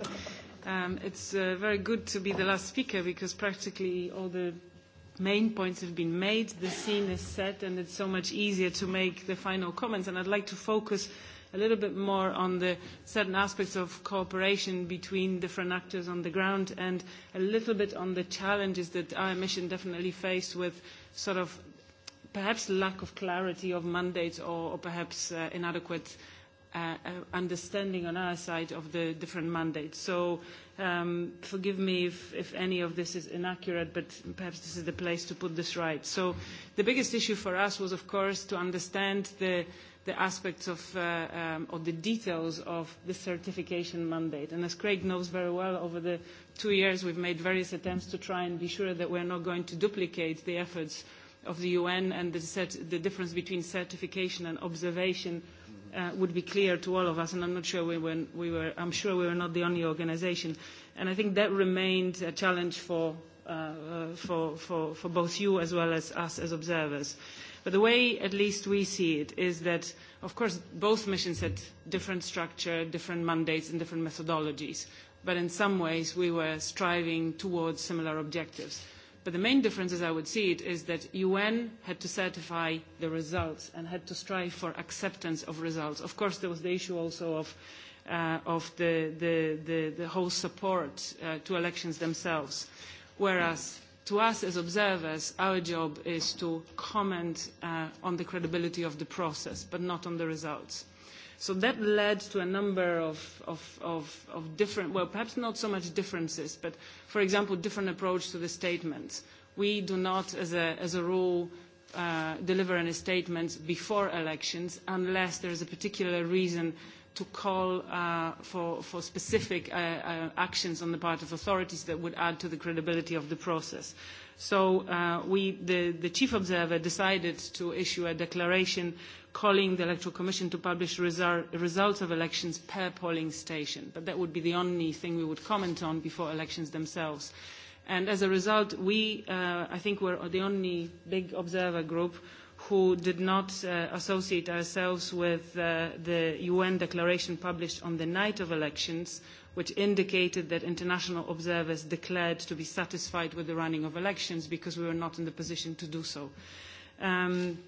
Um, it's uh, very good to be the last speaker because practically all the main points have been made, the scene is set, and it's so much easier to make the final comments. And I'd like to focus a little bit more on the certain aspects of cooperation between different actors on the ground and a little bit on the challenges that our mission definitely faced with sort of perhaps lack of clarity of mandates or, or perhaps uh, inadequate Uh, uh, understanding on our side of the different mandates. So um, forgive me if, if any of this is inaccurate, but perhaps this is the place to put this right. So the biggest issue for us was, of course, to understand the, the aspects of, uh, um, or the details of the certification mandate. And as Craig knows very well, over the two years we've made various attempts to try and be sure that we're not going to duplicate the efforts of the UN and the, cert- the difference between certification and observation – uh, would be clear to all of us, and I'm not sure we were, we were, I'm sure we were not the only organisation. And I think that remained a challenge for, uh, uh, for, for, for both you as well as us as observers. But the way at least we see it is that, of course, both missions had different structure, different mandates, and different methodologies. But in some ways, we were striving towards similar objectives. But the main difference, as I would see it, is that UN had to certify the results and had to strive for acceptance of results. Of course, there was the issue also of, uh, of the, the, the, the whole support uh, to elections themselves, whereas to us as observers, our job is to comment uh, on the credibility of the process, but not on the results. So that led to a number of, of, of, of different, well, perhaps not so much differences, but for example, different approach to the statements. We do not, as a, as a rule, uh, deliver any statements before elections unless there is a particular reason to call uh, for, for specific uh, uh, actions on the part of authorities that would add to the credibility of the process. So uh, we, the, the chief observer decided to issue a declaration calling the Electoral Commission to publish result, results of elections per polling station. But that would be the only thing we would comment on before elections themselves. And as a result, we, uh, I think, were the only big observer group who did not uh, associate ourselves with uh, the UN declaration published on the night of elections, which indicated that international observers declared to be satisfied with the running of elections because we were not in the position to do so. Um,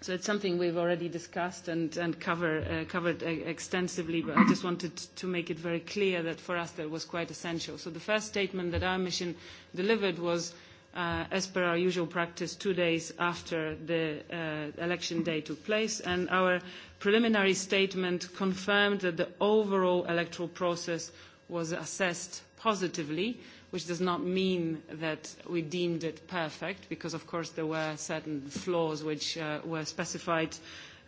so it's something we've already discussed and, and cover, uh, covered uh, extensively, but I just wanted to make it very clear that for us that was quite essential. So the first statement that our mission delivered was Uh, as per our usual practice, two days after the uh, election day took place, and our preliminary statement confirmed that the overall electoral process was assessed positively, which does not mean that we deemed it perfect, because of course there were certain flaws which uh, were specified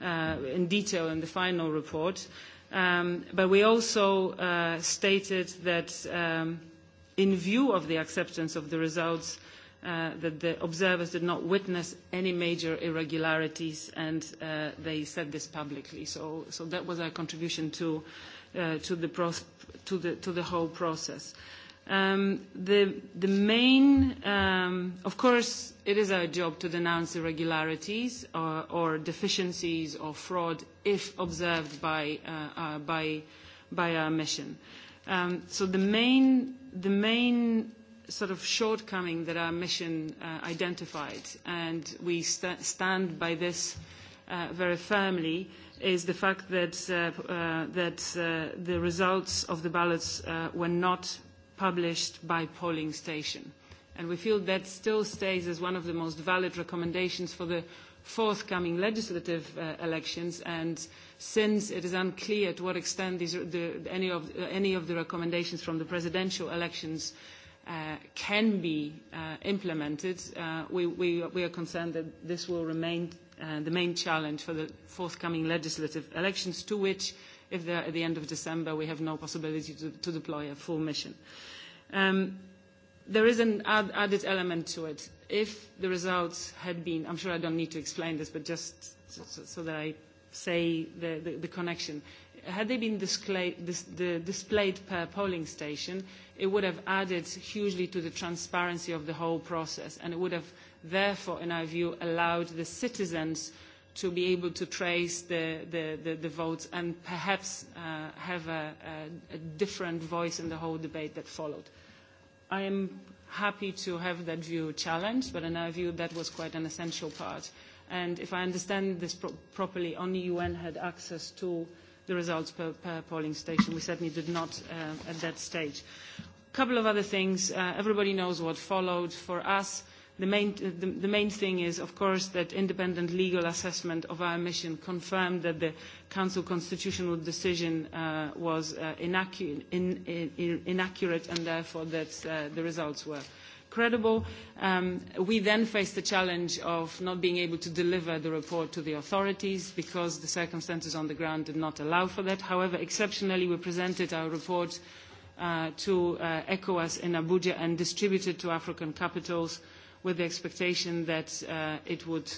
uh, in detail in the final report. Um, but we also uh, stated that um, in view of the acceptance of the results, uh, that the observers did not witness any major irregularities, and uh, they said this publicly. So, so that was our contribution to, uh, to, the, pro- to, the, to the whole process. Um, the, the main, um, of course, it is our job to denounce irregularities or, or deficiencies or fraud if observed by, uh, uh, by, by our mission. Um, so the main, the main sort of shortcoming that our mission uh, identified, and we st- stand by this uh, very firmly, is the fact that, uh, uh, that uh, the results of the ballots uh, were not published by polling station. And we feel that still stays as one of the most valid recommendations for the forthcoming legislative uh, elections and since it is unclear to what extent these, the, any, of, uh, any of the recommendations from the presidential elections uh, can be uh, implemented, uh, we, we, we are concerned that this will remain uh, the main challenge for the forthcoming legislative elections, to which, if they're at the end of December, we have no possibility to, to deploy a full mission. Um, there is an ad added element to it. If the results had been, I'm sure I don't need to explain this, but just so, so that I say the, the, the connection had they been display, dis, the, displayed per polling station, it would have added hugely to the transparency of the whole process, and it would have therefore, in our view, allowed the citizens to be able to trace the, the, the, the votes and perhaps uh, have a, a, a different voice in the whole debate that followed. I am happy to have that view challenged, but in our view, that was quite an essential part. And if I understand this pro properly, only UN had access to uh, the results per, per polling station. We certainly did not uh, at that stage. A couple of other things. Uh, everybody knows what followed. For us, uh, the main, thing is, of course, that independent legal assessment of our mission confirmed that the Council constitutional decision was inaccurate, and therefore that the results were credible. Um, we then faced the challenge of not being able to deliver the report to the authorities because the circumstances on the ground did not allow for that. However, exceptionally, we presented our report uh, to uh, ECOWAS in Abuja and distributed to African capitals with the expectation that uh, it would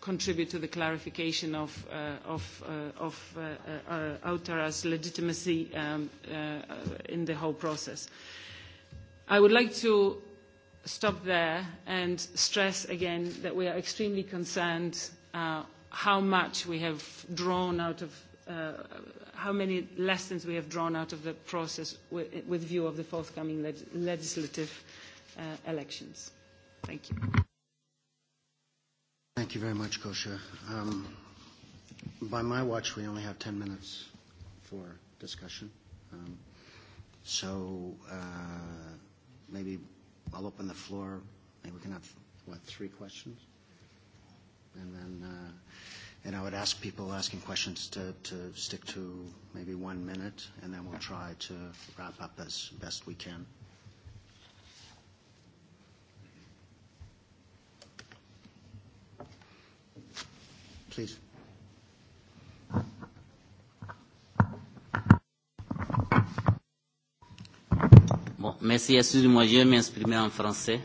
contribute to the clarification of, uh, of, uh, of uh, uh, uh legitimacy um, uh, in the whole process. I would like to stop there and stress again that we are extremely concerned uh, how much we have drawn out of uh, how many lessons we have drawn out of the process with, with view of the forthcoming leg legislative uh, elections. Thank you. Thank you very much, Kosha. Um, by my watch, we only have 10 minutes for discussion. Um, so uh, maybe I'll open the floor. Maybe we can have, what, three questions? And then, uh, and I would ask people asking questions to, to stick to maybe one minute, and then we'll try to wrap up as best we can. Please. Bon, merci, excusez-moi, je vais m'exprimer en français.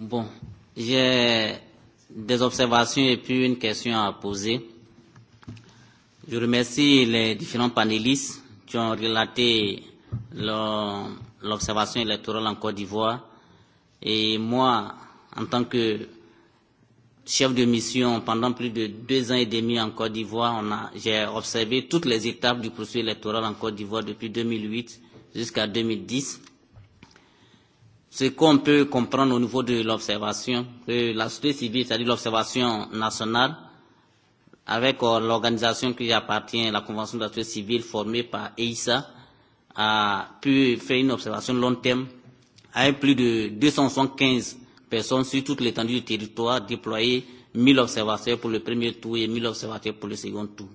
Bon, j'ai des observations et puis une question à poser. Je remercie les différents panélistes qui ont relaté l'observation électorale en Côte d'Ivoire. Et moi, en tant que chef de mission pendant plus de deux ans et demi en Côte d'Ivoire. J'ai observé toutes les étapes du processus électoral en Côte d'Ivoire depuis 2008 jusqu'à 2010. Ce qu'on peut comprendre au niveau de l'observation, que la société civile, c'est-à-dire l'observation nationale, avec euh, l'organisation qui appartient, la Convention de la société civile formée par EISA, a pu faire une observation long terme avec plus de 275 personnes sur toute l'étendue du territoire, déployer 1000 observateurs pour le premier tour et 1000 observateurs pour le second tour.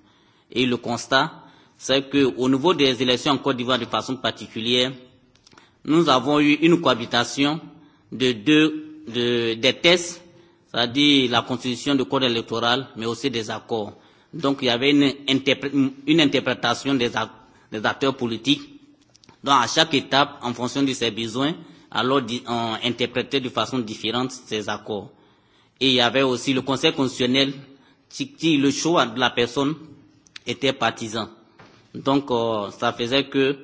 Et le constat, c'est qu'au niveau des élections en Côte d'Ivoire de façon particulière, nous avons eu une cohabitation de deux de, des tests, c'est-à-dire la constitution du code électoral, mais aussi des accords. Donc il y avait une, interpré une interprétation des, des acteurs politiques. Donc à chaque étape, en fonction de ses besoins, alors ont interprété de façon différente ces accords. Et il y avait aussi le Conseil constitutionnel qui, le choix de la personne était partisan. Donc, euh, ça faisait que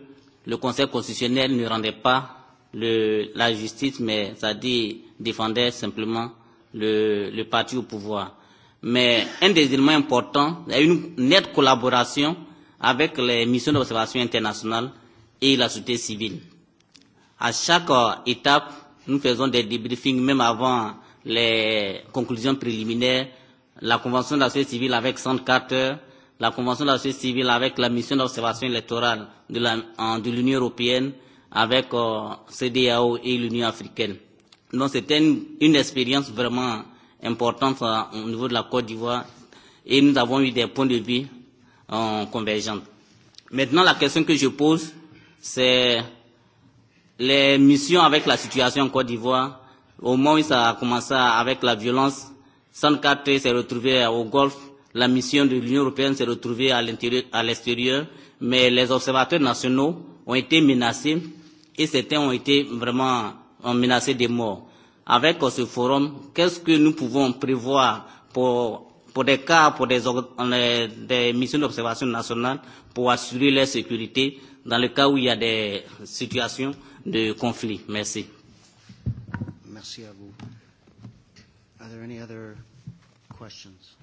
le Conseil constitutionnel ne rendait pas le, la justice, mais ça dit défendait simplement le, le parti au pouvoir. Mais un des éléments importants, il y a une nette collaboration avec les missions d'observation internationale et la société civile. À chaque euh, étape, nous faisons des débriefings, même avant les conclusions préliminaires, la Convention de la société civile avec 104 heures, la Convention de la société civile avec la mission d'observation électorale de l'Union européenne, avec euh, CDAO et l'Union africaine. Donc c'était une, une expérience vraiment importante euh, au niveau de la Côte d'Ivoire et nous avons eu des points de vue euh, convergents. Maintenant, la question que je pose, c'est les missions avec la situation en Côte d'Ivoire, au moment où ça a commencé avec la violence, 104 s'est retrouvé au Golfe, la mission de l'Union européenne s'est retrouvée à l'extérieur, mais les observateurs nationaux ont été menacés et certains ont été vraiment menacés de mort. Avec ce forum, qu'est-ce que nous pouvons prévoir pour, pour des cas, pour des, euh, des missions d'observation nationale, pour assurer leur sécurité dans le cas où il y a des situations de conflit. Merci. Merci à vous. Are there any other questions?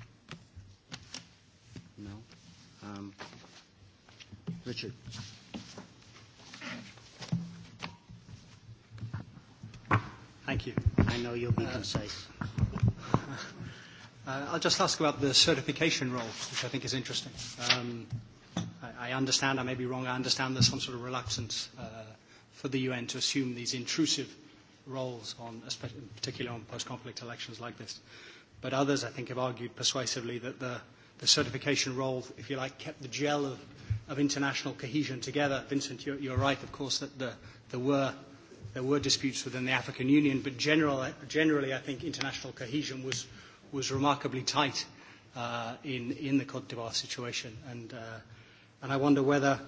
No? Um, Richard. Thank you. I know you'll be uh, concise. Uh, I'll just ask about the certification role, which I think is interesting. Um, I, I understand, I may be wrong, I understand there's some sort of reluctance uh, for the UN to assume these intrusive roles, on, especially, particularly on post-conflict elections like this. But others, I think, have argued persuasively that the, the certification role, if you like, kept the gel of, of international cohesion together. Vincent, you're, you're right, of course, that the, there, were, there were disputes within the African Union, but general, generally, I think international cohesion was, was remarkably tight uh, in, in the Cote d'Ivoire situation. And, uh, and I wonder whether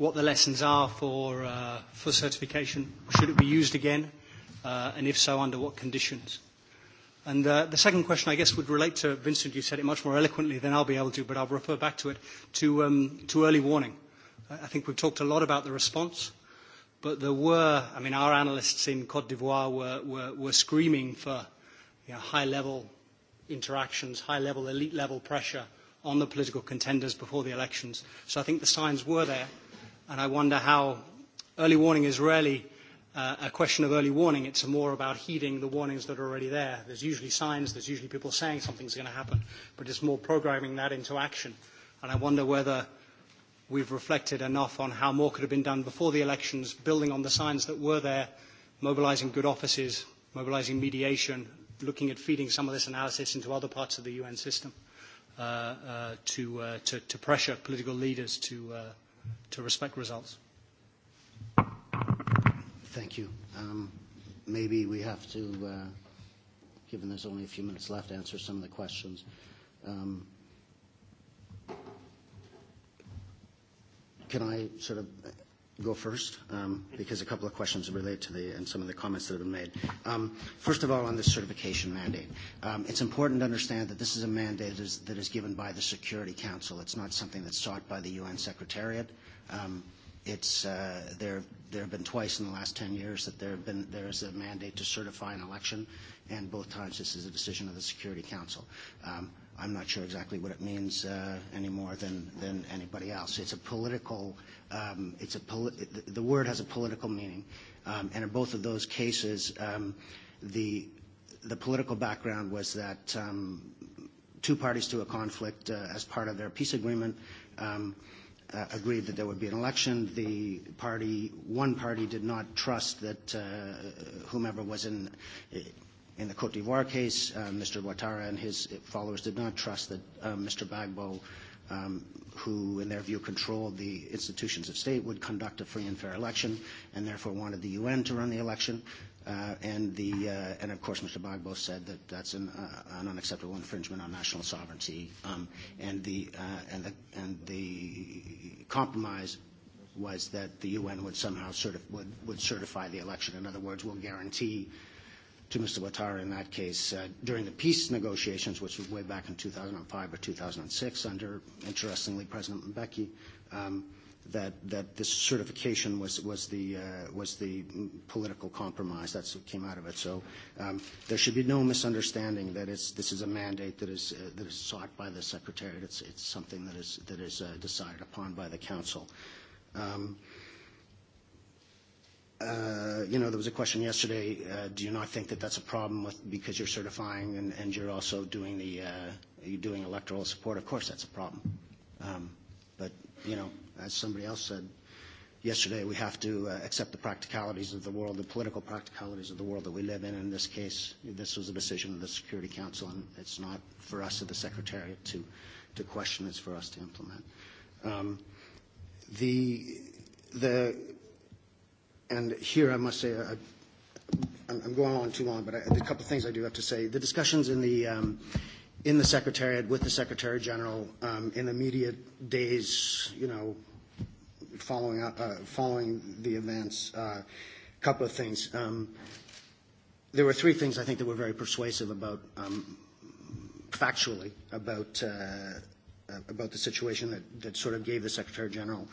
what the lessons are for, uh, for certification. Should it be used again? Uh, and if so, under what conditions? And uh, the second question, I guess, would relate to Vincent. You said it much more eloquently than I'll be able to, but I'll refer back to it, to, um, to early warning. I think we've talked a lot about the response, but there were, I mean, our analysts in Côte d'Ivoire were, were, were screaming for you know, high-level interactions, high-level, elite-level pressure on the political contenders before the elections. So I think the signs were there And I wonder how early warning is rarely uh, a question of early warning. It's more about heeding the warnings that are already there. There's usually signs, there's usually people saying something's going to happen, but it's more programming that into action. And I wonder whether we've reflected enough on how more could have been done before the elections, building on the signs that were there, mobilising good offices, mobilising mediation, looking at feeding some of this analysis into other parts of the UN system uh, uh, to, uh, to, to pressure political leaders to, uh, to respect results. Thank you. Um, maybe we have to, uh, given there's only a few minutes left, answer some of the questions. Um, can I sort of go first um, because a couple of questions relate to the and some of the comments that have been made. Um, first of all, on the certification mandate, um, it's important to understand that this is a mandate that is, that is given by the Security Council. It's not something that's sought by the UN Secretariat. Um, it's uh, there. There have been twice in the last 10 years that there have been there is a mandate to certify an election, and both times this is a decision of the Security Council. Um, I'm not sure exactly what it means uh, any more than, than anybody else. It's a political, um, it's a poli- the, the word has a political meaning. Um, and in both of those cases, um, the, the political background was that um, two parties to a conflict, uh, as part of their peace agreement, um, uh, agreed that there would be an election. The party, one party did not trust that uh, whomever was in, In the Cote d'Ivoire case, uh, Mr. Ouattara and his followers did not trust that uh, Mr. Bagbo, um, who in their view controlled the institutions of state, would conduct a free and fair election and therefore wanted the UN to run the election. Uh, and, the, uh, and of course, Mr. Bagbo said that that's an, uh, an unacceptable infringement on national sovereignty. Um, and, the, uh, and, the, and the compromise was that the UN would somehow certif- would, would certify the election. In other words, will guarantee to Mr. Ouattara in that case uh, during the peace negotiations, which was way back in 2005 or 2006 under, interestingly, President Mbeki, um, that, that this certification was, was, the, uh, was the political compromise. That's what came out of it. So um, there should be no misunderstanding that it's, this is a mandate that is, uh, that is sought by the Secretariat. It's, it's something that is, that is uh, decided upon by the Council. Um, uh, you know, there was a question yesterday, uh, do you not think that that's a problem with, because you're certifying and, and you're also doing the, uh, you're doing electoral support? Of course that's a problem. Um, but, you know, as somebody else said yesterday, we have to uh, accept the practicalities of the world, the political practicalities of the world that we live in. In this case, this was a decision of the Security Council, and it's not for us at the Secretariat to, to question, it's for us to implement. Um, the, the and here I must say, I, I'm, I'm going on too long, but I, a couple of things I do have to say. The discussions in the um, in the Secretariat with the Secretary General um, in the immediate days, you know, following up, uh, following the events. Uh, couple of things. Um, there were three things I think that were very persuasive about um, factually about uh, about the situation that, that sort of gave the Secretary General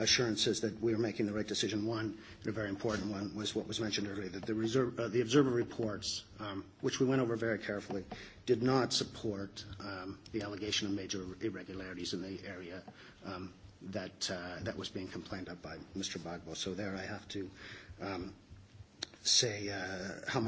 assurances that we were making the right decision. One, and a very important one, was what was mentioned earlier, that the, reserve, uh, the observer reports, um, which we went over very carefully, did not support um, the allegation of major irregularities in the area um, that, uh, that was being complained of by Mr. Bagbo. So there I have to um, say uh, how much